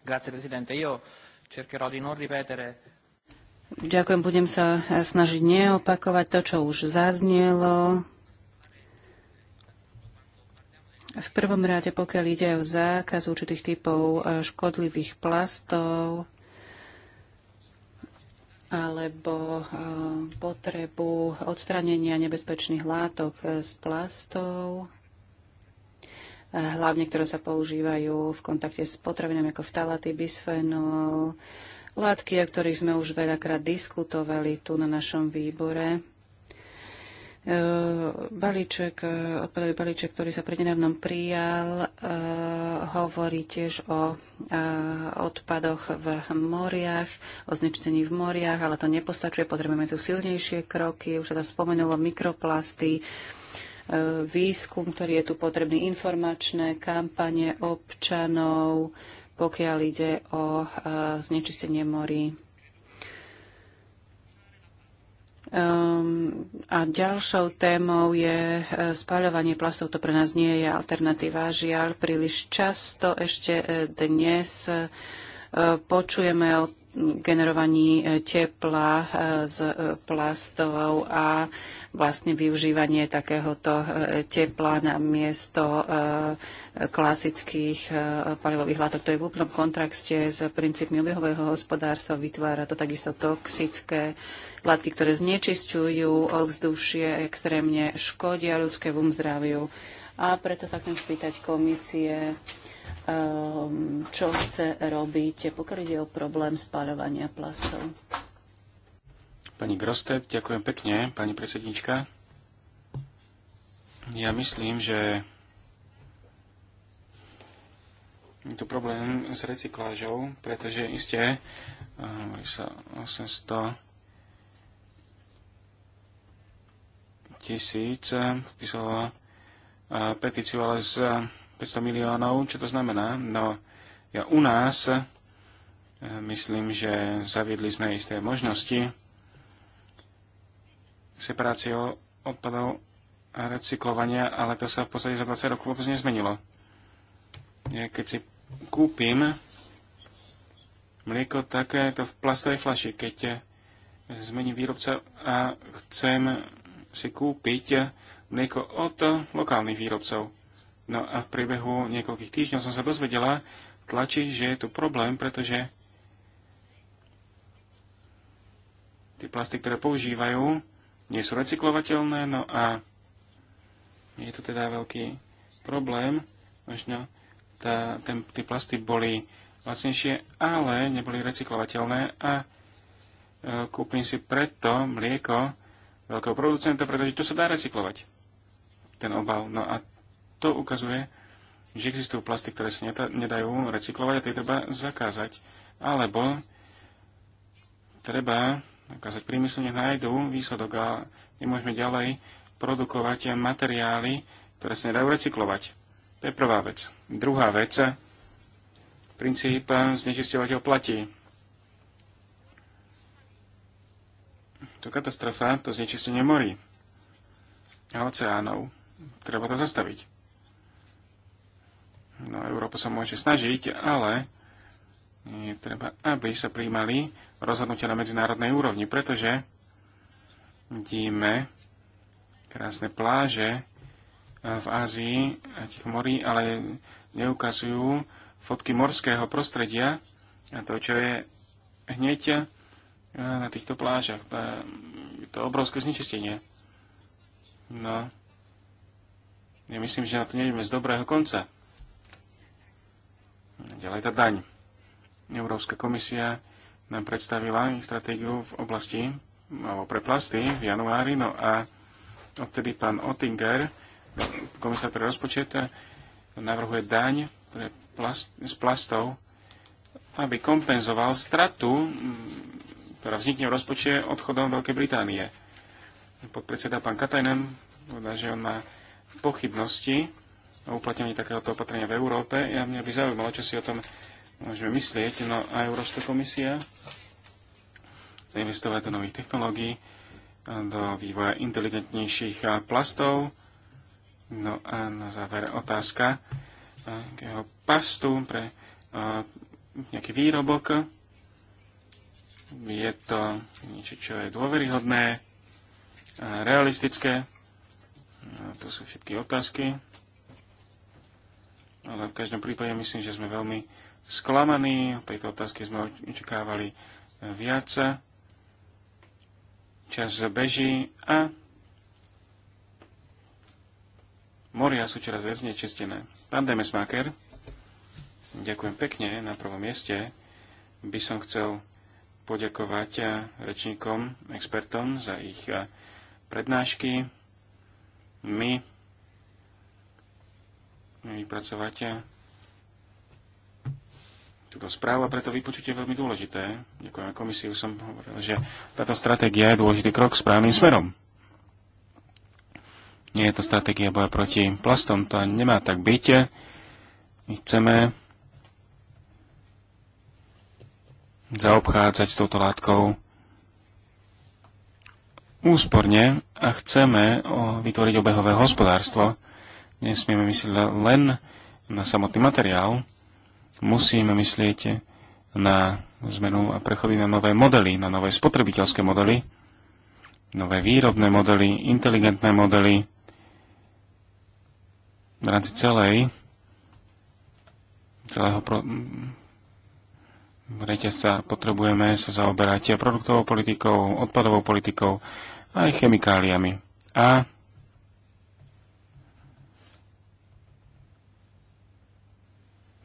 C: Grazie Presidente. Io cercherò di non ripetere
A: Ďakujem, budem sa snažiť neopakovať to, čo už zaznelo. V prvom rade, pokiaľ ide o zákaz určitých typov e, škodlivých plastov, alebo e, potrebu odstranenia nebezpečných látok z plastov hlavne ktoré sa používajú v kontakte s potravinami ako vtalaty, bisfenol, látky, o ktorých sme už veľakrát diskutovali tu na našom výbore. E, balíček, odpadový balíček, ktorý sa prednedávnom prijal, e, hovorí tiež o e, odpadoch v moriach, o znečtení v moriach, ale to nepostačuje, potrebujeme tu silnejšie kroky. Už sa to spomenulo mikroplasty, výskum, ktorý je tu potrebný, informačné kampane občanov, pokiaľ ide o e, znečistenie morí. Um, a ďalšou témou je e, spaľovanie plastov. To pre nás nie je alternatíva. Žiaľ, príliš často ešte e, dnes počujeme o generovaní e, tepla e, z e, plastov a vlastne využívanie takéhoto tepla na miesto klasických palivových látok. To je v úplnom kontrakste s princípmi obehového hospodárstva. Vytvára to takisto toxické látky, ktoré znečisťujú ovzdušie, extrémne škodia ľudskému zdraviu. A preto sa chcem spýtať komisie, Um, čo chce robiť, pokiaľ ide o problém spáľovania plastov.
B: Pani Grosted, ďakujem pekne, pani predsednička. Ja myslím, že je tu problém s recyklážou, pretože isté hovorí sa 800 tisíc písalo petíciu, ale z 500 miliónov. Čo to znamená? No, ja u nás eh, myslím, že zaviedli sme isté možnosti separácie odpadov a recyklovania, ale to sa v podstate za 20 rokov vôbec nezmenilo. Ja keď si kúpim mlieko, tak eh, to v plastovej flaši. Keď eh, zmením výrobca a chcem si kúpiť mlieko od lokálnych výrobcov. No a v priebehu niekoľkých týždňov som sa dozvedela tlači, že je tu problém, pretože tie plasty, ktoré používajú, nie sú recyklovateľné, no a je tu teda veľký problém. Možno tá, ten, tie plasty boli lacnejšie, ale neboli recyklovateľné a e, kúpim si preto mlieko veľkého producenta, pretože to sa dá recyklovať, ten obal. No a to ukazuje, že existujú plasty, ktoré sa nedajú recyklovať a tie treba zakázať. Alebo treba zakázať priemyslu, nech nájdú výsledok a nemôžeme ďalej produkovať materiály, ktoré sa nedajú recyklovať. To je prvá vec. Druhá vec, princíp znečisťovateľ platí. To katastrofa, to znečistenie morí a oceánov. Treba to zastaviť. No, Európa sa môže snažiť, ale je treba, aby sa príjmali rozhodnutia na medzinárodnej úrovni, pretože vidíme krásne pláže v Ázii a tých morí, ale neukazujú fotky morského prostredia a to, čo je hneď eh, na týchto plážach. To je, to obrovské znečistenie. No, ja myslím, že na to nevíme z dobrého konca. Ďalej tá daň. Európska komisia nám predstavila stratégiu v oblasti alebo pre plasty v januári, no a odtedy pán Ottinger, komisár pre rozpočet, navrhuje daň pre plast, z plastov, aby kompenzoval stratu, ktorá vznikne v rozpočte odchodom Veľkej Británie. Podpredseda pán Katajnen povedal, že on má pochybnosti, uplatňovaní takéhoto opatrenia v Európe. Ja mňa by zaujímalo, čo si o tom môžeme myslieť. No a Európska komisia zainvestovať do nových technológií, do vývoja inteligentnejších plastov. No a na záver otázka nejakého eh, pastu pre eh, nejaký výrobok. Je to niečo, čo je dôveryhodné, eh, realistické. No, to sú všetky otázky ale v každom prípade myslím, že sme veľmi sklamaní. Pri tejto otázke sme očakávali viac. Čas beží a moria sú čoraz viac nečistené. Pán Demesmaker, ďakujem pekne. Na prvom mieste by som chcel poďakovať rečníkom, expertom za ich prednášky. My vypracovať túto správu a preto vypočutie je veľmi dôležité. Ďakujem komisiu, som hovoril, že táto stratégia je dôležitý krok správnym smerom. Nie je to stratégia boja proti plastom, to nemá tak byť. My chceme zaobchádzať s touto látkou úsporne a chceme vytvoriť obehové hospodárstvo nesmieme myslieť len na samotný materiál, musíme myslieť na zmenu a prechody na nové modely, na nové spotrebiteľské modely, nové výrobné modely, inteligentné modely v rámci celej celého pro, reťazca potrebujeme sa zaoberať produktovou politikou, odpadovou politikou aj chemikáliami. A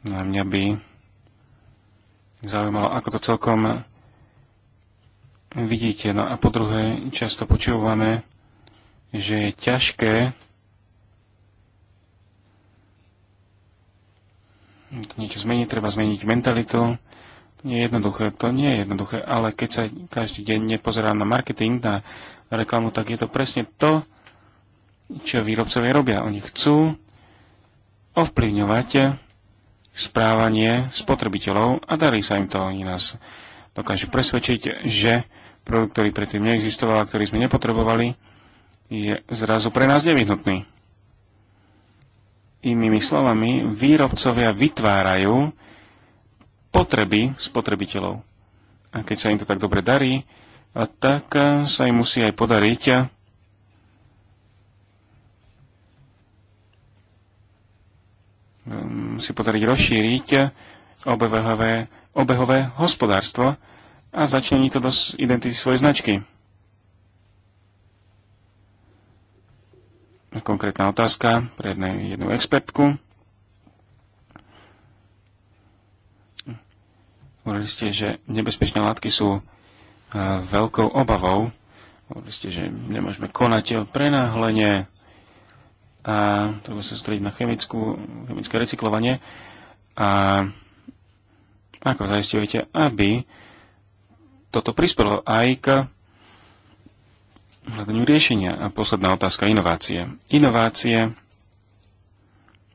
B: No a mňa by zaujímalo, ako to celkom vidíte. No a po druhé, často počúvame, že je ťažké niečo zmeniť, treba zmeniť mentalitu. Nie je jednoduché, to nie je jednoduché, ale keď sa každý deň nepozerá na marketing, na reklamu, tak je to presne to, čo výrobcovia robia. Oni chcú ovplyvňovať správanie spotrebiteľov a darí sa im to. Oni nás dokážu presvedčiť, že produkt, ktorý predtým neexistoval a ktorý sme nepotrebovali, je zrazu pre nás nevyhnutný. Inými slovami, výrobcovia vytvárajú potreby spotrebiteľov. A keď sa im to tak dobre darí, tak sa im musí aj podariť Ehm, si podariť rozšíriť obehové, obehové hospodárstvo a začlení to do identity svojej značky. Konkrétna otázka pre jednej, jednu expertku. Hovorili ste, že nebezpečné látky sú e, veľkou obavou. Hovorili ste, že nemôžeme konať prenáhlenie a treba sa sústrediť na chemickú, chemické recyklovanie a ako zaistujete, aby toto prispelo aj k hľadaniu riešenia. A posledná otázka, inovácie. Inovácie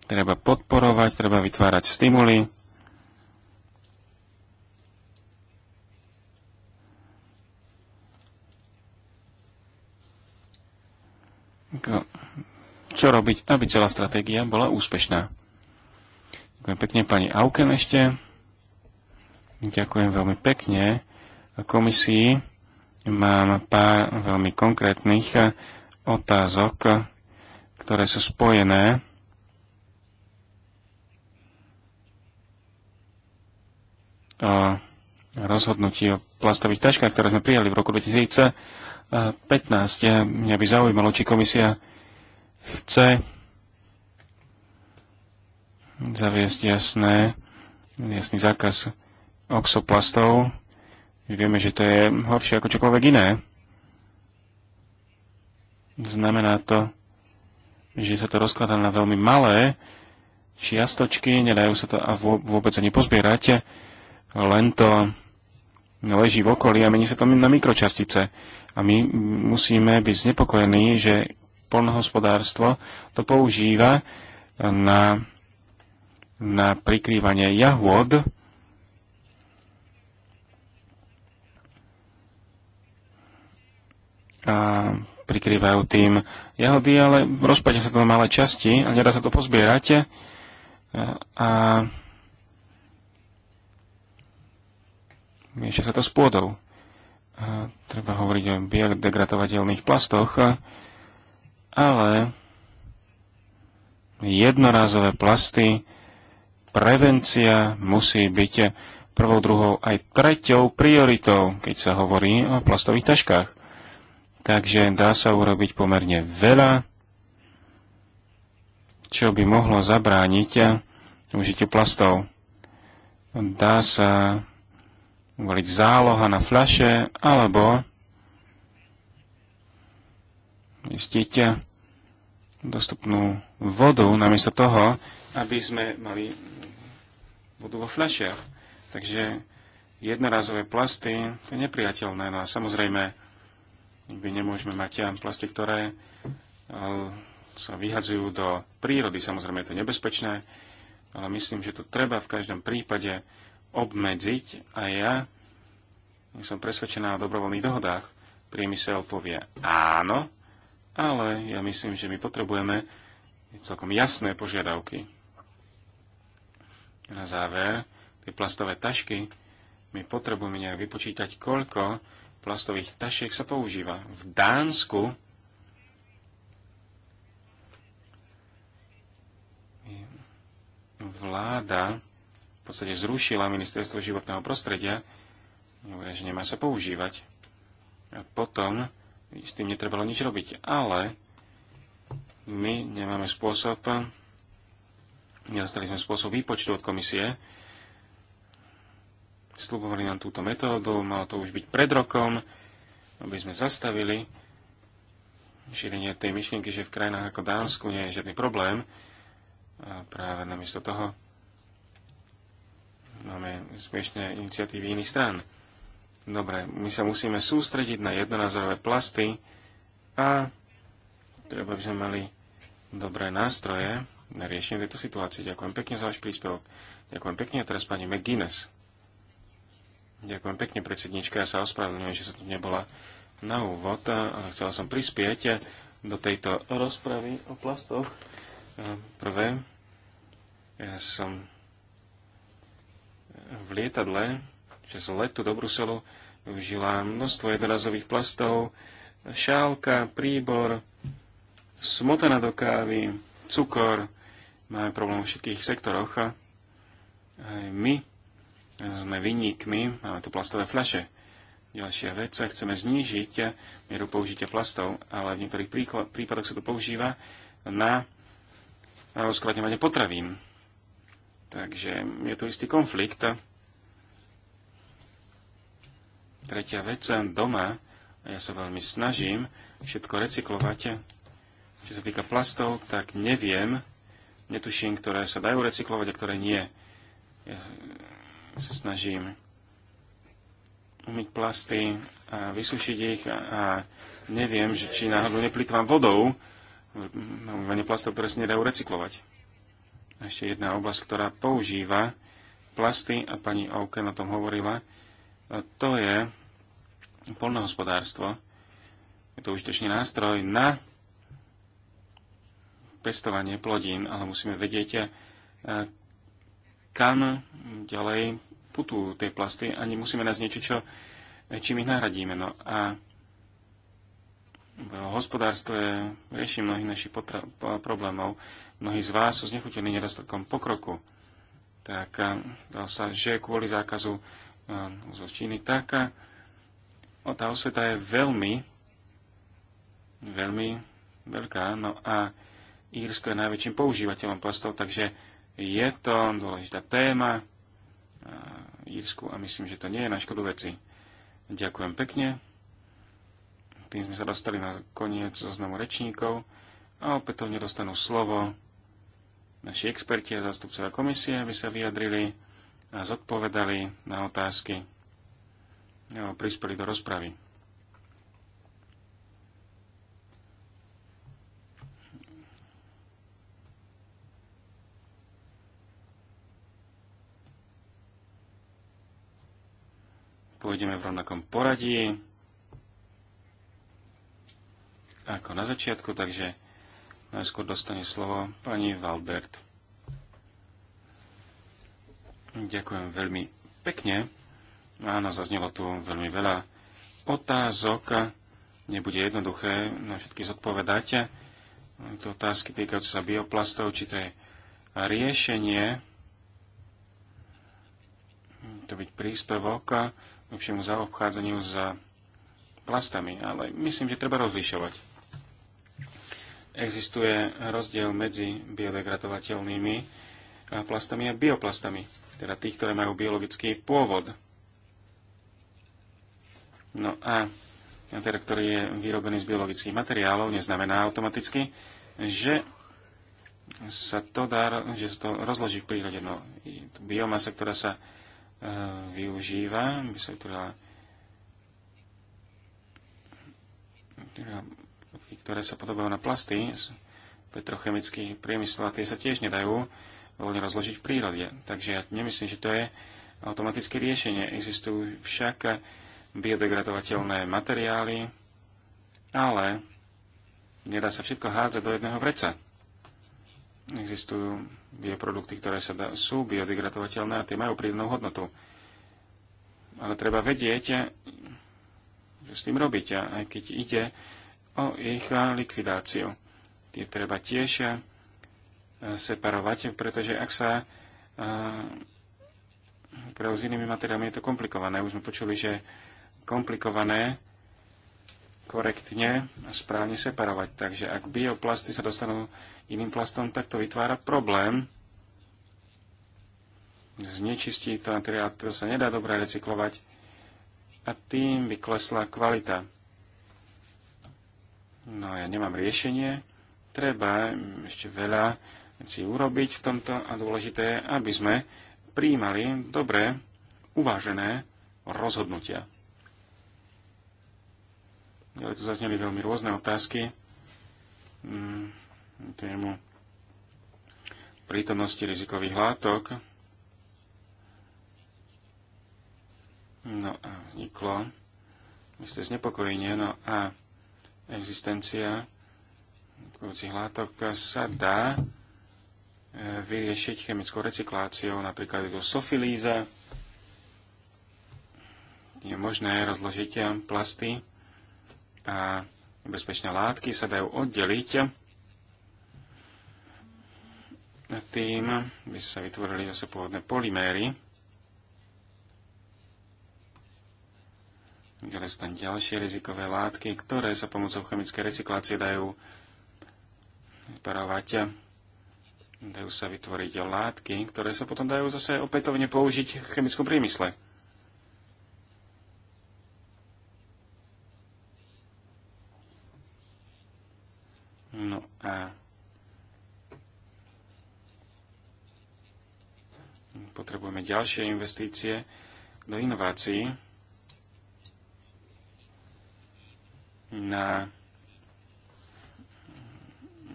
B: treba podporovať, treba vytvárať stimuly. Go čo robiť, aby celá stratégia bola úspešná. Ďakujem pekne pani Auken ešte. Ďakujem veľmi pekne komisii. Mám pár veľmi konkrétnych otázok, ktoré sú spojené o rozhodnutí o plastových taškách, ktoré sme prijali v roku 2015. Mňa by zaujímalo, či komisia chce zaviesť jasné, jasný zákaz oxoplastov. My vieme, že to je horšie ako čokoľvek iné. Znamená to, že sa to rozkladá na veľmi malé čiastočky, nedajú sa to a vôbec ani pozbierať, len to leží v okolí a mení sa to na mikročastice. A my musíme byť znepokojení, že polnohospodárstvo to používa na, na prikrývanie jahôd, a prikrývajú tým jahody, ale rozpadne sa to na malé časti a nedá sa to pozbierať. A mieša sa to s pôdou. A treba hovoriť o biodegradovateľných plastoch ale jednorazové plasty, prevencia musí byť prvou, druhou aj treťou prioritou, keď sa hovorí o plastových taškách. Takže dá sa urobiť pomerne veľa, čo by mohlo zabrániť užitiu plastov. Dá sa uvoliť záloha na fľaše alebo zistiť dostupnú vodu, namiesto toho, aby sme mali vodu vo fľašiach. Takže jednorazové plasty, to je nepriateľné. No a samozrejme, nikdy nemôžeme mať plasty, ktoré eh, sa vyhadzujú do prírody. Samozrejme, je to nebezpečné, ale myslím, že to treba v každom prípade obmedziť a ja som presvedčená o dobrovoľných dohodách. Priemysel povie áno, ale ja myslím, že my potrebujeme celkom jasné požiadavky. Na záver, tie plastové tašky, my potrebujeme nejak vypočítať, koľko plastových tašiek sa používa. V Dánsku vláda v podstate zrušila ministerstvo životného prostredia, že nemá sa používať. A potom s tým netrebalo nič robiť. Ale my nemáme spôsob, nedostali sme spôsob výpočtu od komisie. Slubovali nám túto metódu, malo to už byť pred rokom, aby sme zastavili šírenie tej myšlienky, že v krajinách ako Dánsku nie je žiadny problém. A práve namiesto toho máme smiešné iniciatívy iných strán. Dobre, my sa musíme sústrediť na jednorazové plasty a treba by sme mali dobré nástroje na riešenie tejto situácie. Ďakujem pekne za váš príspevok. Ďakujem pekne a teraz pani McGuinness. Ďakujem pekne, predsednička. Ja sa ospravedlňujem, že som tu nebola na úvod, ale chcela som prispieť do tejto rozpravy o plastoch. Prvé, ja som v lietadle že z letu do Bruselu využila množstvo jednorazových plastov, šálka, príbor, smotana do kávy, cukor. Máme problém v všetkých sektoroch. Aj my sme vinníkmi, máme tu plastové fľaše. Ďalšia vec, chceme znížiť mieru použitia plastov, ale v niektorých prípadoch sa to používa na rozkladňovanie potravín. Takže je tu istý konflikt Tretia vec, doma, a ja sa veľmi snažím všetko recyklovať. Čo sa týka plastov, tak neviem, netuším, ktoré sa dajú recyklovať a ktoré nie. Ja sa snažím umyť plasty a vysušiť ich a, a neviem, že či náhodou neplýtvam vodou, mám veľa plastov, ktoré sa nedajú recyklovať. Ešte jedna oblasť, ktorá používa plasty, a pani Auke na tom hovorila, to je polnohospodárstvo. Je to užitočný nástroj na pestovanie plodín, ale musíme vedieť, eh, kam ďalej putujú tie plasty a musíme nájsť niečo, čo, eh, čím ich nahradíme. No a v hospodárstve rieši mnohých našich problémov. Mnohí z vás sú znechutení nedostatkom pokroku. Tak eh, dal sa, že kvôli zákazu zo Číny, tak o, tá osveta je veľmi, veľmi veľká. No a Írsko je najväčším používateľom plastov, takže je to dôležitá téma Írsku a myslím, že to nie je na škodu veci. Ďakujem pekne. Tým sme sa dostali na koniec zoznamu rečníkov a opätovne dostanú slovo naši experti a zástupcovia komisie, aby sa vyjadrili a zodpovedali na otázky prispeli do rozpravy. Pôjdeme v rovnakom poradí ako na začiatku, takže najskôr dostane slovo pani Valbert. Ďakujem veľmi pekne. Áno, zaznelo tu veľmi veľa otázok. Nebude jednoduché na všetky zodpovedať. To otázky týkajúce sa bioplastov, či to je riešenie, to byť príspevok k lepšiemu zaobchádzaniu za plastami, ale myslím, že treba rozlišovať. Existuje rozdiel medzi biodegradovateľnými plastami a bioplastami, teda tých, ktoré majú biologický pôvod. No a ten, ktorý je vyrobený z biologických materiálov, neznamená automaticky, že sa to dá, že sa to rozloží v prírode. No, biomasa, ktorá sa e, využíva, by sa ktorá, ktoré sa podobajú na plasty z petrochemických priemyslov a tie sa tiež nedajú voľne rozložiť v prírode. Takže ja nemyslím, že to je automatické riešenie. Existujú však biodegradovateľné materiály, ale nedá sa všetko hádzať do jedného vreca. Existujú bioprodukty, ktoré sa dá, sú biodegradovateľné a tie majú prídenú hodnotu. Ale treba vedieť, čo s tým robiť, aj keď ide o ich likvidáciu. Tie treba tiež e, separovať, pretože ak sa e, pre s inými materiálmi je to komplikované. Už sme počuli, že komplikované korektne a správne separovať. Takže ak bioplasty sa dostanú iným plastom, tak to vytvára problém. Znečistí to materiál, to sa nedá dobre recyklovať a tým by klesla kvalita. No ja nemám riešenie, treba ešte veľa vecí urobiť v tomto a dôležité je, aby sme príjmali dobre uvážené rozhodnutia ale tu zazneli veľmi rôzne otázky mm, tému prítomnosti rizikových látok. No a vzniklo isté znepokojenie, no a existencia kúcich látok sa dá e, vyriešiť chemickou recykláciou, napríklad do sofilíza, je možné rozložiť plasty a bezpečné látky sa dajú oddeliť tým, by sa vytvorili zase pôvodné poliméry. Ďalej sú tam ďalšie rizikové látky, ktoré sa pomocou chemickej recyklácie dajú parovať. Dajú sa vytvoriť látky, ktoré sa potom dajú zase opätovne použiť v chemickom priemysle. a potrebujeme ďalšie investície do inovácií na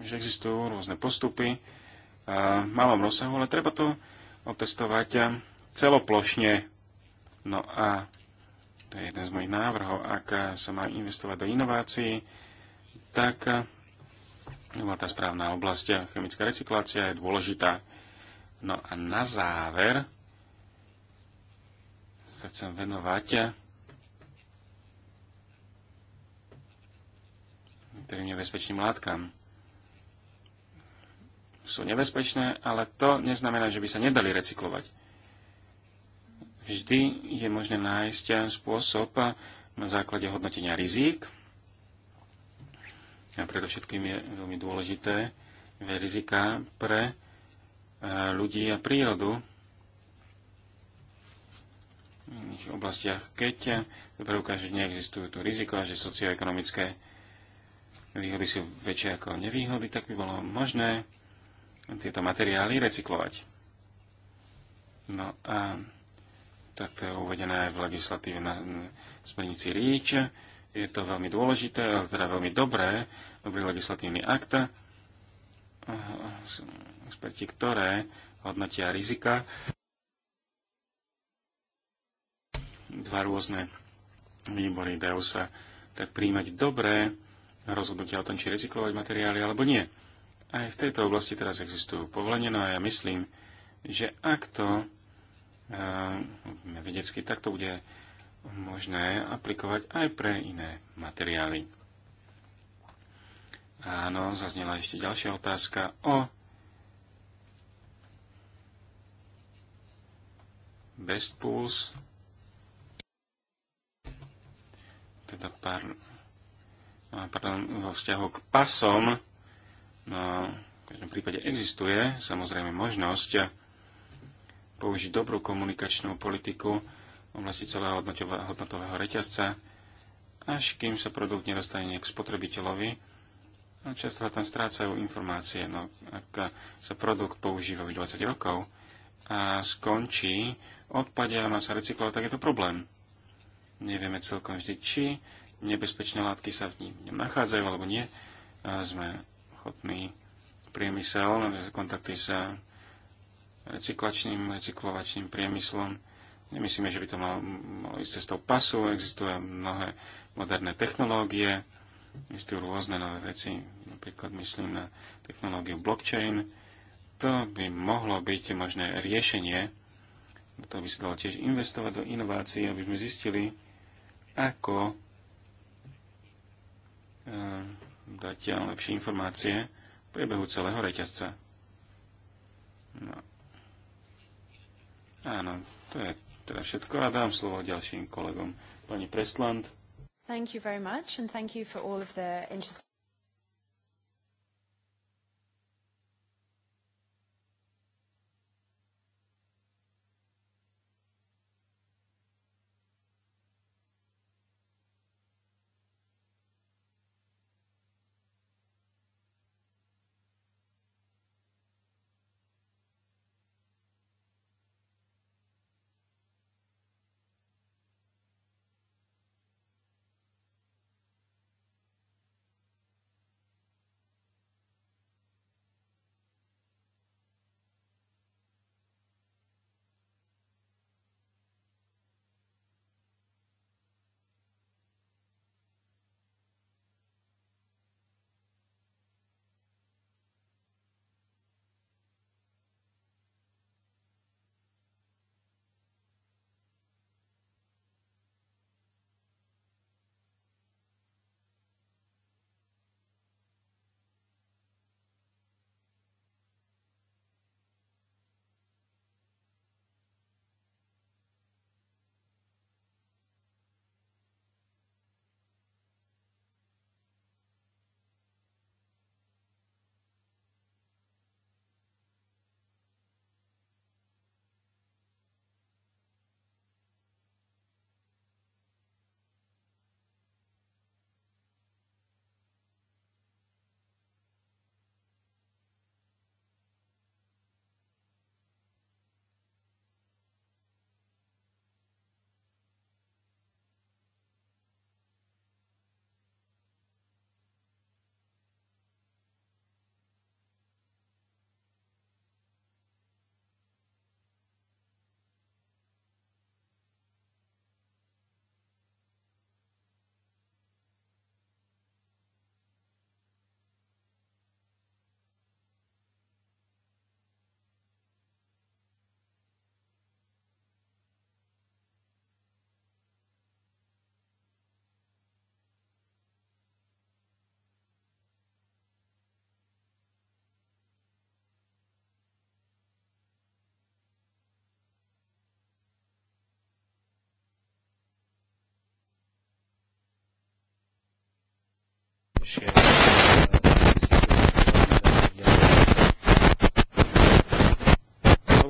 B: že existujú rôzne postupy v malom rozsahu, ale treba to otestovať celoplošne. No a to je jeden z mojich návrhov, ak sa má investovať do inovácií, tak Nebola tá správna oblasť. Chemická recyklácia je dôležitá. No a na záver sa chcem venovať tým nebezpečným látkam. Sú nebezpečné, ale to neznamená, že by sa nedali recyklovať. Vždy je možné nájsť spôsob na základe hodnotenia rizík, a predovšetkým je veľmi dôležité rizika pre e, ľudí a prírodu v iných oblastiach, keď preukáže, že neexistujú tu riziko a že socioekonomické výhody sú väčšie ako nevýhody, tak by bolo možné tieto materiály recyklovať. No a tak to je uvedené aj v legislatíve na smernici REACH, je to veľmi dôležité, ale teda veľmi dobré, dobrý legislatívny akt, eh, experti, ktoré hodnotia rizika. Dva rôzne výbory dajú sa tak príjmať dobré rozhodnutia o tom, či rizikovať materiály alebo nie. Aj v tejto oblasti teraz existujú povolenia, no a ja myslím, že ak to uh, vedecky, tak to bude možné aplikovať aj pre iné materiály. Áno, zaznela ešte ďalšia otázka o Best Pools, teda pár, pardon, vo vzťahu k pasom, no, v každom prípade existuje samozrejme možnosť použiť dobrú komunikačnú politiku, oblasti celého hodnotového reťazca, až kým sa produkt nedostane k spotrebiteľovi. A často sa tam strácajú informácie. No, ak sa produkt používa už 20 rokov a skončí odpade a má sa recyklovať, tak je to problém. Nevieme celkom vždy, či nebezpečné látky sa v ňom nachádzajú alebo nie. A sme ochotní priemysel, kontakty sa recyklačným, recyklovačným priemyslom, Nemyslíme, že by to malo, malo ísť cestou pasu. Existujú mnohé moderné technológie, existujú rôzne nové veci. Napríklad myslím na technológiu blockchain. To by mohlo byť možné riešenie. Do toho by sa dalo tiež investovať do inovácií, aby sme zistili, ako eh, dať lepšie informácie v priebehu celého reťazca. No. Áno, to je teda všetko a dám slovo ďalším kolegom. Pani Presland.
A: Thank you very much and thank you for all of the interesting...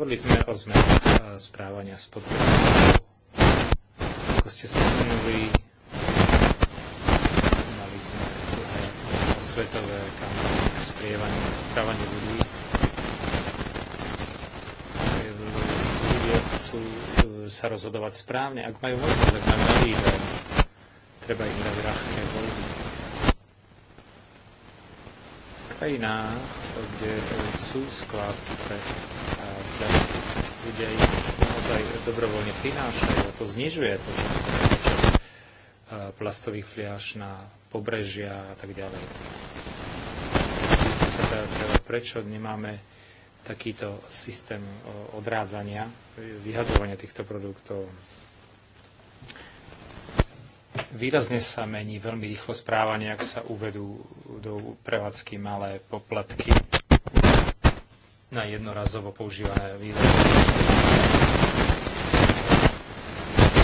C: Hovorili sme o zmenách e, správania spotrebiteľov. Ako ste spomenuli, mali sme tu aj svetové kampane k správaniu ľudí. Ľudia chcú e, sa rozhodovať správne. Ak majú možnosť, ak majú na výber, treba im dať ľahké voľby. Krajina, kde sú skládky pre ľudia ich naozaj dobrovoľne prinášajú a to znižuje počet, eh, plastových fliaž na pobrežia a tak ďalej. sa teda, teda, prečo nemáme takýto systém eh, odrádzania, vyhadzovania týchto produktov. Výrazne sa mení veľmi rýchlo správanie, ak sa uvedú do prevádzky malé poplatky na jednorazovo používané výrobky.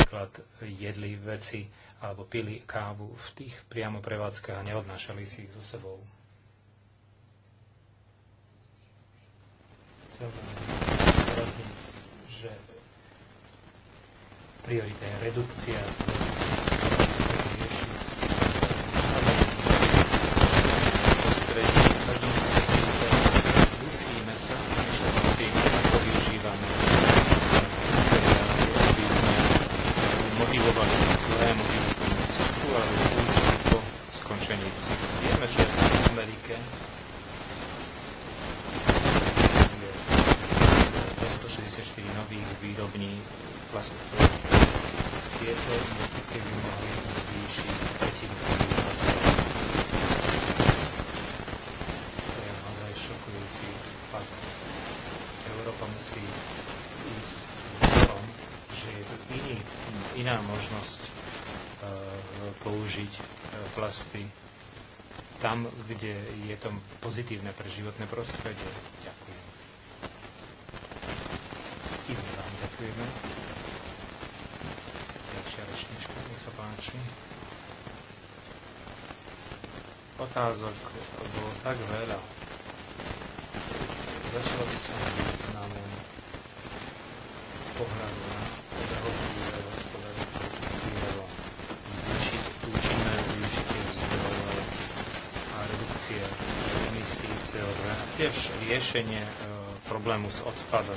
C: Napríklad jedli veci alebo pili kávu v tých priamo prevádzkach a neodnášali si ich so sebou. Chcem zdôrazniť, že priorita je redukcia oblasti, tam, kde je to pozitívne pre životné prostredie. Ďakujem. I my vám ďakujeme. Ďalšia rečnička, nech sa páči. Otázok bolo tak veľa. Začalo by som riešenie e, problému s odpadom.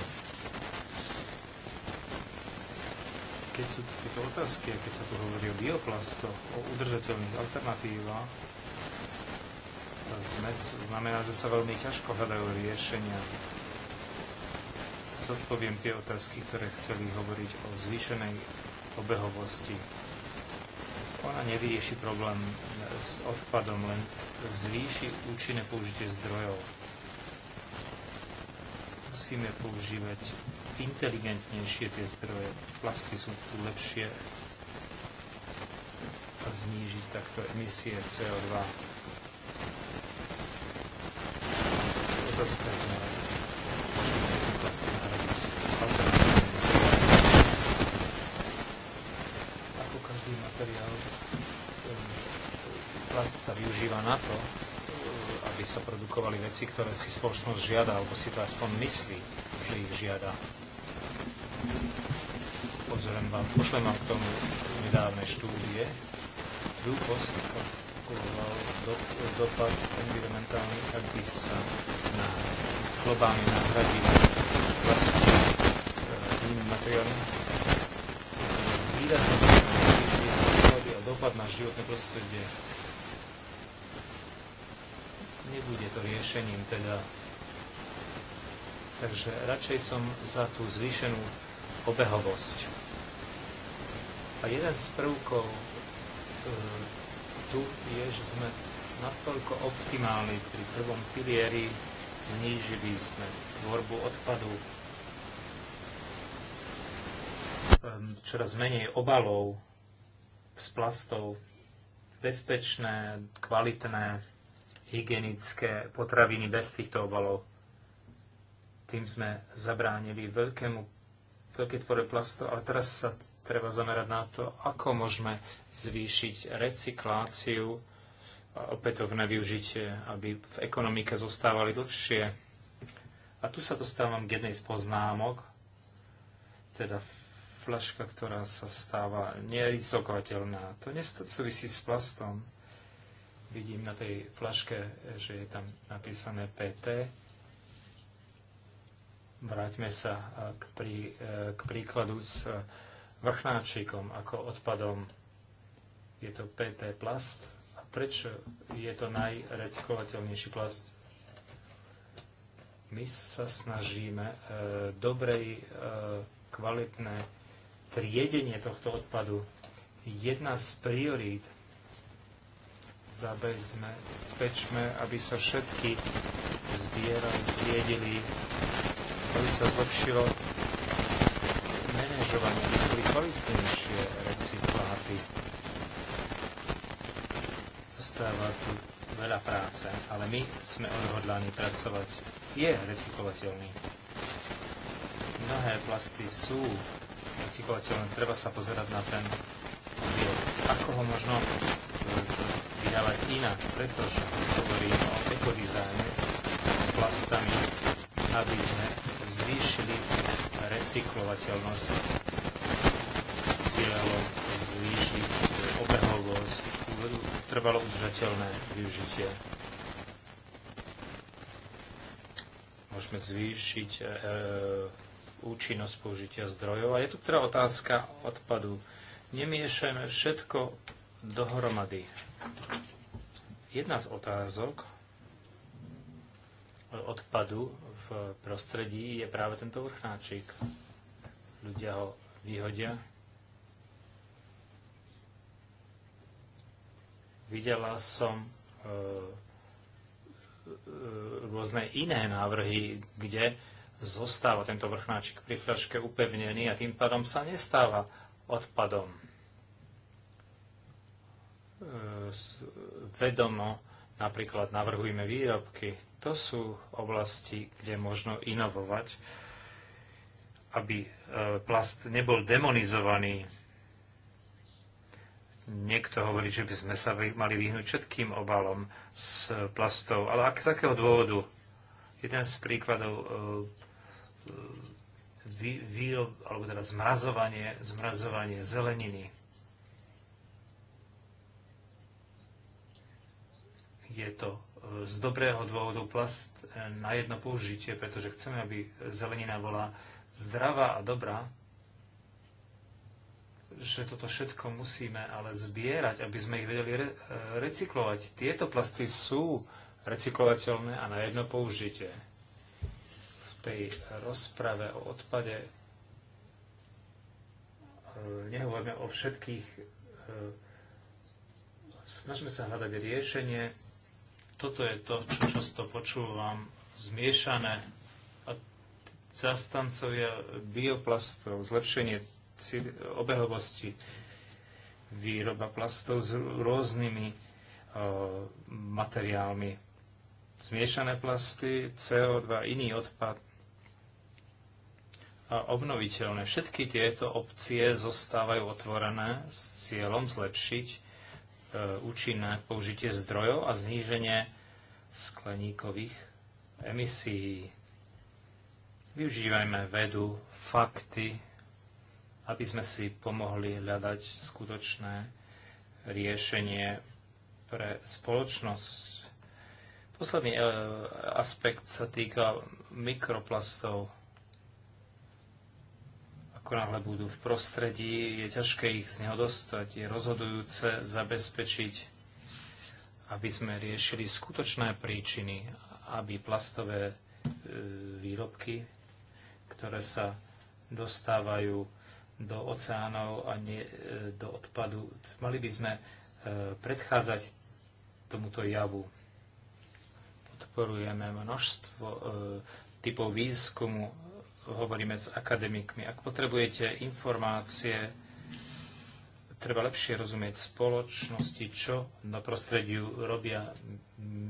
C: Keď sú tieto otázky, keď sa tu hovorí o bioplastoch, o udržateľných alternatívach, zmes znamená, že sa veľmi ťažko hľadajú riešenia. Zodpoviem tie otázky, ktoré chceli hovoriť o zvýšenej obehovosti. Ona nevyrieši problém s odpadom, len zvýši účinné použitie zdrojov musíme používať inteligentnejšie tie zdroje. Plasty sú tu lepšie a znížiť takto emisie CO2. Otázka znova. plasty Ako každý materiál, plast sa využíva na to, aby sa produkovali veci, ktoré si spoločnosť žiada, alebo si to aspoň myslí, že ich žiada. Pozriem vám, pošlem vám k tomu nedávne štúdie. Dúpost kalkuloval do, dopad environmentálny, ak by sa na globálne náhrady vlastne e, iným materiálom. E, Výrazne dopad na životné prostredie nebude to riešením teda. Takže radšej som za tú zvýšenú obehovosť. A jeden z prvkov e, tu je, že sme natoľko optimálni pri prvom pilieri, znížili sme tvorbu odpadu, čoraz menej obalov z plastov, bezpečné, kvalitné, hygienické potraviny bez týchto obalov. Tým sme zabránili veľkému, veľké tvore plastu, ale teraz sa treba zamerať na to, ako môžeme zvýšiť recykláciu a opätovné využitie, aby v ekonomike zostávali dlhšie. A tu sa dostávam k jednej z poznámok, teda flaška, ktorá sa stáva nerecyklovateľná. To nesúvisí s plastom. Vidím na tej flaške, že je tam napísané PT. Vráťme sa eh, k, prí, eh, k príkladu s vrchnáčikom ako odpadom. Je to PT plast. A prečo je to najrecyklovateľnejší plast? My sa snažíme e, dobrej, e, kvalitné triedenie tohto odpadu. Jedna z priorít zabezme, spečme, aby sa všetky zbierali, triedili, aby sa zlepšilo manažovanie, aby boli kvalitnejšie recykláty. Zostáva tu veľa práce, ale my sme odhodlani pracovať. Je recyklovateľný. Mnohé plasty sú recyklovateľné, treba sa pozerať na ten objekt. Ako ho možno vydáva Čína, pretože hovorí o ekodizajne s plastami, aby sme zvýšili recyklovateľnosť s cieľom zvýšiť obehovosť, trvalo udržateľné využitie. Môžeme zvýšiť e, e účinnosť použitia zdrojov. A je tu teda otázka odpadu. Nemiešajme všetko dohromady. Jedna z otázok odpadu v prostredí je práve tento vrchnáčik. Ľudia ho vyhodia. Videla som e, e, rôzne iné návrhy, kde zostáva tento vrchnáčik pri fľaške upevnený a tým pádom sa nestáva odpadom vedomo napríklad navrhujeme výrobky. To sú oblasti, kde možno inovovať, aby e, plast nebol demonizovaný. Niekto hovorí, že by sme sa mali vyhnúť všetkým obalom s plastov, ale ak, z akého dôvodu? Jeden z príkladov e, e, vý, výrob, alebo teda zmrazovanie, zmrazovanie zeleniny je to e, z dobrého dôvodu plast e, na jedno použitie, pretože chceme, aby zelenina bola zdravá a dobrá, že toto všetko musíme ale zbierať, aby sme ich vedeli re- e, recyklovať. Tieto plasty sú recyklovateľné a na jedno použitie. V tej rozprave o odpade nehovoríme o všetkých. Snažme sa hľadať riešenie, toto je to, čo často počúvam, zmiešané a zastancovia bioplastov, zlepšenie obehovosti, výroba plastov s rôznymi materiálmi. Zmiešané plasty, CO2, iný odpad a obnoviteľné. Všetky tieto opcie zostávajú otvorené s cieľom zlepšiť E, účinné použitie zdrojov a zníženie skleníkových emisí. Využívajme vedu, fakty, aby sme si pomohli hľadať skutočné riešenie pre spoločnosť. Posledný e, aspekt sa týkal mikroplastov ako náhle budú v prostredí, je ťažké ich z neho dostať. Je rozhodujúce zabezpečiť, aby sme riešili skutočné príčiny, aby plastové e, výrobky, ktoré sa dostávajú do oceánov a nie e, do odpadu. Mali by sme e, predchádzať tomuto javu. Podporujeme množstvo typov výskumu hovoríme s akademikmi. Ak potrebujete informácie, treba lepšie rozumieť spoločnosti, čo na prostrediu robia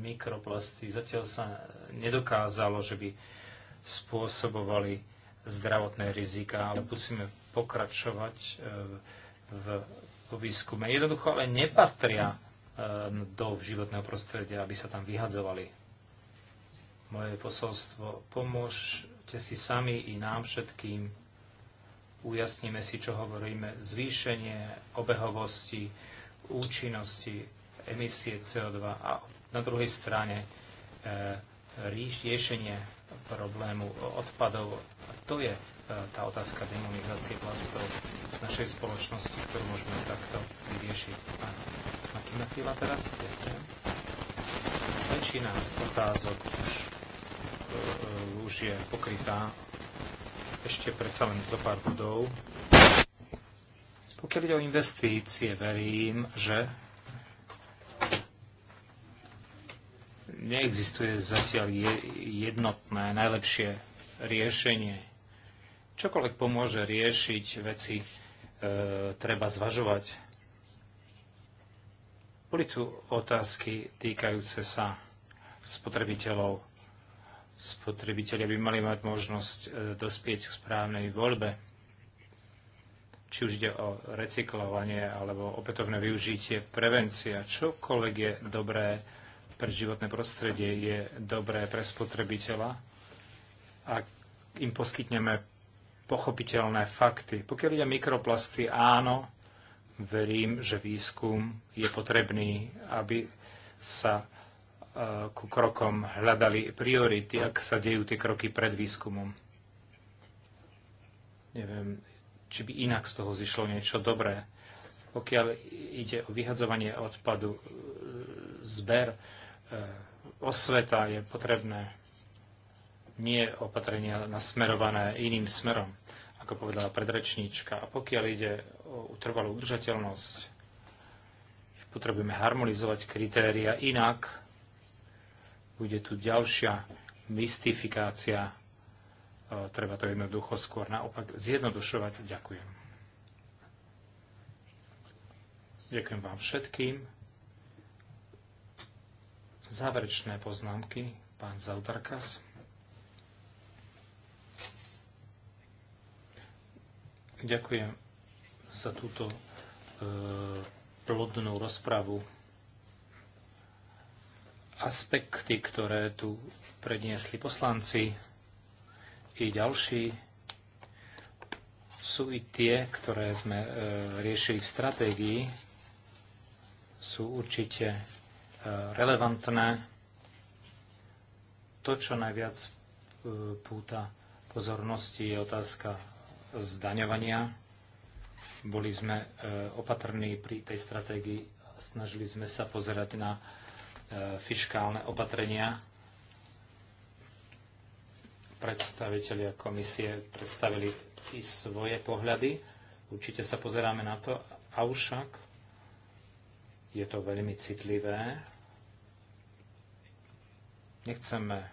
C: mikroplasty. Zatiaľ sa nedokázalo, že by spôsobovali zdravotné rizika, musíme pokračovať e, v výskume. Jednoducho ale nepatria e, do životného prostredia, aby sa tam vyhadzovali. Moje posolstvo pomôž Te si sami i nám všetkým ujasníme si, čo hovoríme. Zvýšenie obehovosti, účinnosti, emisie CO2 a na druhej strane e, riešenie problému odpadov. To je e, tá otázka demonizácie plastov v našej spoločnosti, ktorú môžeme takto vyriešiť. A aký na teraz? Väčšina z otázok už E, už je pokrytá ešte predsa len do pár bodov. Pokiaľ ide o investície, verím, že neexistuje zatiaľ jednotné, najlepšie riešenie. Čokoľvek pomôže riešiť veci, e, treba zvažovať. Boli tu otázky týkajúce sa spotrebiteľov Spotrebitelia by mali mať možnosť e, dospieť k správnej voľbe, či už ide o recyklovanie alebo opätovné využitie, prevencia, čokoľvek je dobré pre životné prostredie, je dobré pre spotrebiteľa, ak im poskytneme pochopiteľné fakty. Pokiaľ ide mikroplasty, áno, verím, že výskum je potrebný, aby sa Eh, ku krokom hľadali priority, ak sa dejú tie kroky pred výskumom. Neviem, či by inak z toho zišlo niečo dobré. Pokiaľ ide o vyhadzovanie odpadu, eh, zber, eh, osveta je potrebné, nie opatrenia nasmerované iným smerom, ako povedala predrečníčka. A pokiaľ ide o utrvalú udržateľnosť, potrebujeme harmonizovať kritéria inak, bude tu ďalšia mystifikácia. E, treba to jednoducho skôr naopak zjednodušovať. Ďakujem. Ďakujem vám všetkým. Záverečné poznámky, pán Zautarkas. Ďakujem za túto e, plodnú rozpravu aspekty, ktoré tu predniesli poslanci i ďalší, sú i tie, ktoré sme e, riešili v stratégii, sú určite e, relevantné. To, čo najviac e, púta pozornosti, je otázka zdaňovania. Boli sme e, opatrní pri tej stratégii a snažili sme sa pozerať na E, fiškálne opatrenia. Predstavitelia komisie predstavili i svoje pohľady. Určite sa pozeráme na to, avšak je to veľmi citlivé. Nechceme e,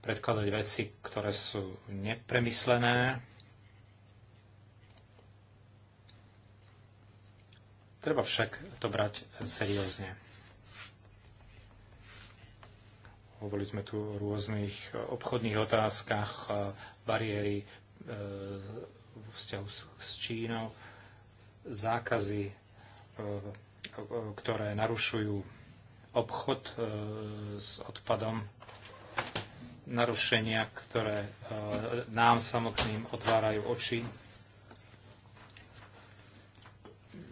C: predkladať veci, ktoré sú nepremyslené. Treba však to brať seriózne. Hovorili sme tu o rôznych e, obchodných otázkach, e, bariéry e, vzťahu s Čínou, zákazy, ktoré narušujú obchod s odpadom, narušenia, ktoré nám samotným otvárajú oči.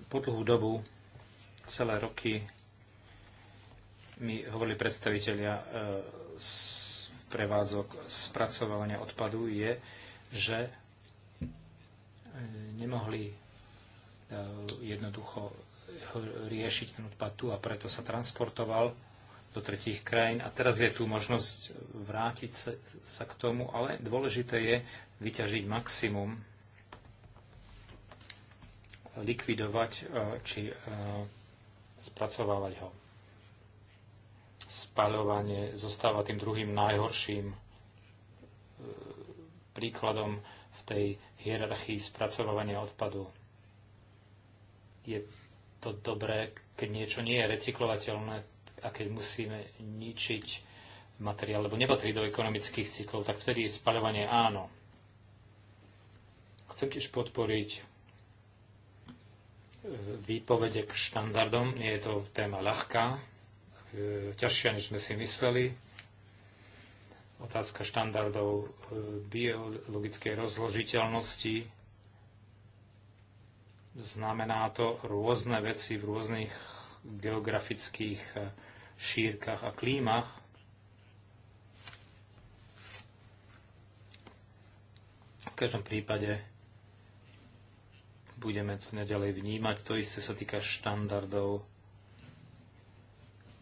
C: Po dlhú dobu, celé roky, mi hovorili predstavitelia z e, prevádzok spracovania odpadu, je, že e, nemohli e, jednoducho riešiť ten odpad tu a preto sa transportoval do tretích krajín. A teraz je tu možnosť vrátiť sa k tomu, ale dôležité je vyťažiť maximum, likvidovať či spracovávať ho spaľovanie zostáva tým druhým najhorším e, príkladom v tej hierarchii spracovania odpadu. Je to dobré, keď niečo nie je recyklovateľné a keď musíme ničiť materiál, lebo nepatrí do ekonomických cyklov, tak vtedy je spaľovanie áno. Chcem tiež podporiť e, výpovede k štandardom. Nie je to téma ľahká, E, ťažšia, než sme si mysleli. Otázka štandardov e, biologickej rozložiteľnosti. Znamená to rôzne veci v rôznych geografických e, šírkach a klímach. V každom prípade budeme to nedalej vnímať. To isté sa týka štandardov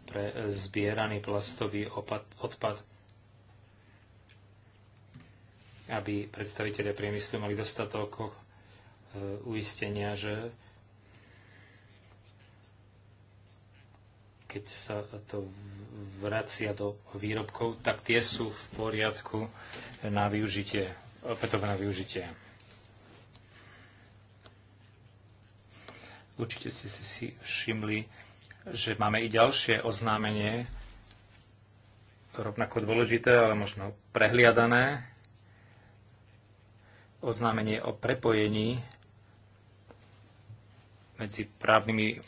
C: pre zbieraný plastový opad, odpad, aby predstavitelia priemyslu mali dostatok eh, uistenia, že keď sa to vracia do výrobkov, tak tie sú v poriadku na využitie, opätovné využitie. Určite ste si všimli, že máme i ďalšie oznámenie, rovnako dôležité, ale možno prehliadané, oznámenie o prepojení medzi právnymi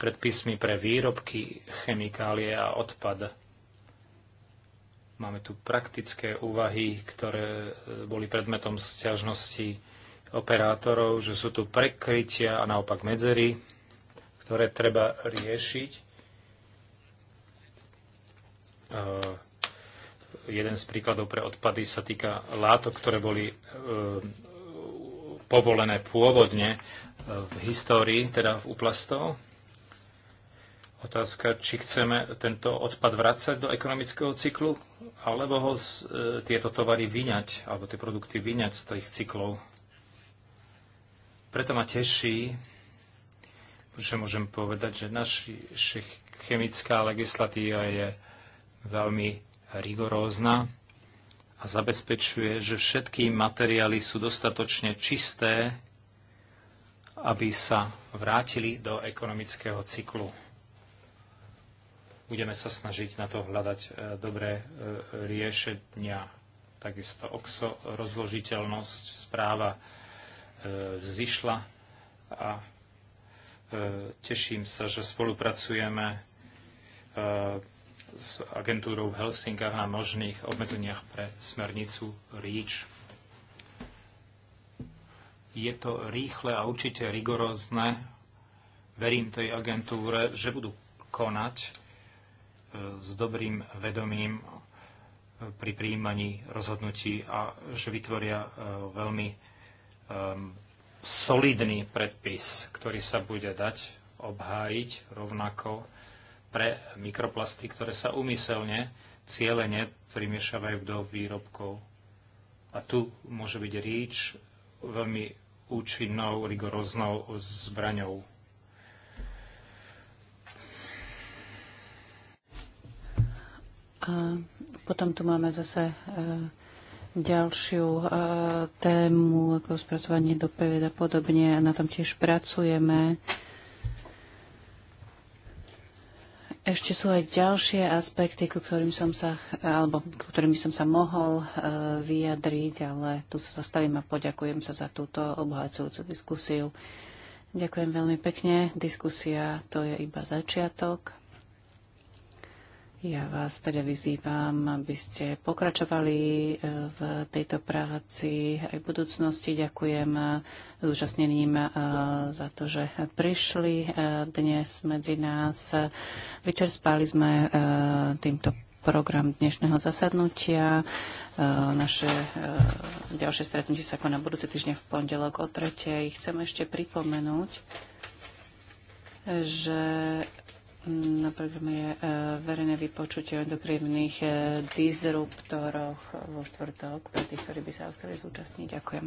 C: predpismi pre výrobky, chemikálie a odpad. Máme tu praktické úvahy, ktoré e, boli predmetom sťažnosti operátorov, že sú tu prekrytia a naopak medzery ktoré treba riešiť. Jeden z príkladov pre odpady sa týka látok, ktoré boli e, povolené pôvodne e, v histórii, teda v uplastov. Otázka, či chceme tento odpad vrácať do ekonomického cyklu, alebo ho z, e, tieto tovary vyňať, alebo tie produkty vyňať z tých cyklov. Preto ma teší, že môžem povedať, že naša chemická legislatíva je veľmi rigorózna a zabezpečuje, že všetky materiály sú dostatočne čisté, aby sa vrátili do ekonomického cyklu. Budeme sa snažiť na to hľadať e, dobré e, riešenia. Takisto OXO, rozložiteľnosť, správa e, zišla a E, teším sa, že spolupracujeme e, s agentúrou v Helsinkách na možných obmedzeniach pre smernicu REACH. Je to rýchle a určite rigorózne. Verím tej agentúre, že budú konať e, s dobrým vedomím pri príjmaní rozhodnutí a že vytvoria veľmi solidný predpis, ktorý sa bude dať obhájiť rovnako pre mikroplasty, ktoré sa umyselne, cieľene primiešavajú do výrobkov. A tu môže byť ríč veľmi účinnou, rigoróznou zbraňou.
A: A potom tu máme zase e, ďalšiu e, tému, ako spracovanie do a podobne. Na tom tiež pracujeme. Ešte sú aj ďalšie aspekty, ku ktorým som sa, alebo ku ktorým som sa mohol e, vyjadriť, ale tu sa zastavím a poďakujem sa za túto obohacujúcu diskusiu. Ďakujem veľmi pekne. Diskusia to je iba začiatok. Ja vás teda vyzývam, aby ste pokračovali eh, v tejto práci aj v budúcnosti. Ďakujem zúčastneným eh, eh, za to, že prišli dnes medzi nás. Vyčerpali sme týmto program dnešného zasadnutia. Naše ďalšie stretnutie sa koná budúci týždeň v pondelok o tretej. Chcem ešte pripomenúť, že na programe je e, verejné vypočutie o endokrívnych e, disruptoroch vo štvrtok pre tých, ktorí by sa chceli zúčastniť. Ďakujem.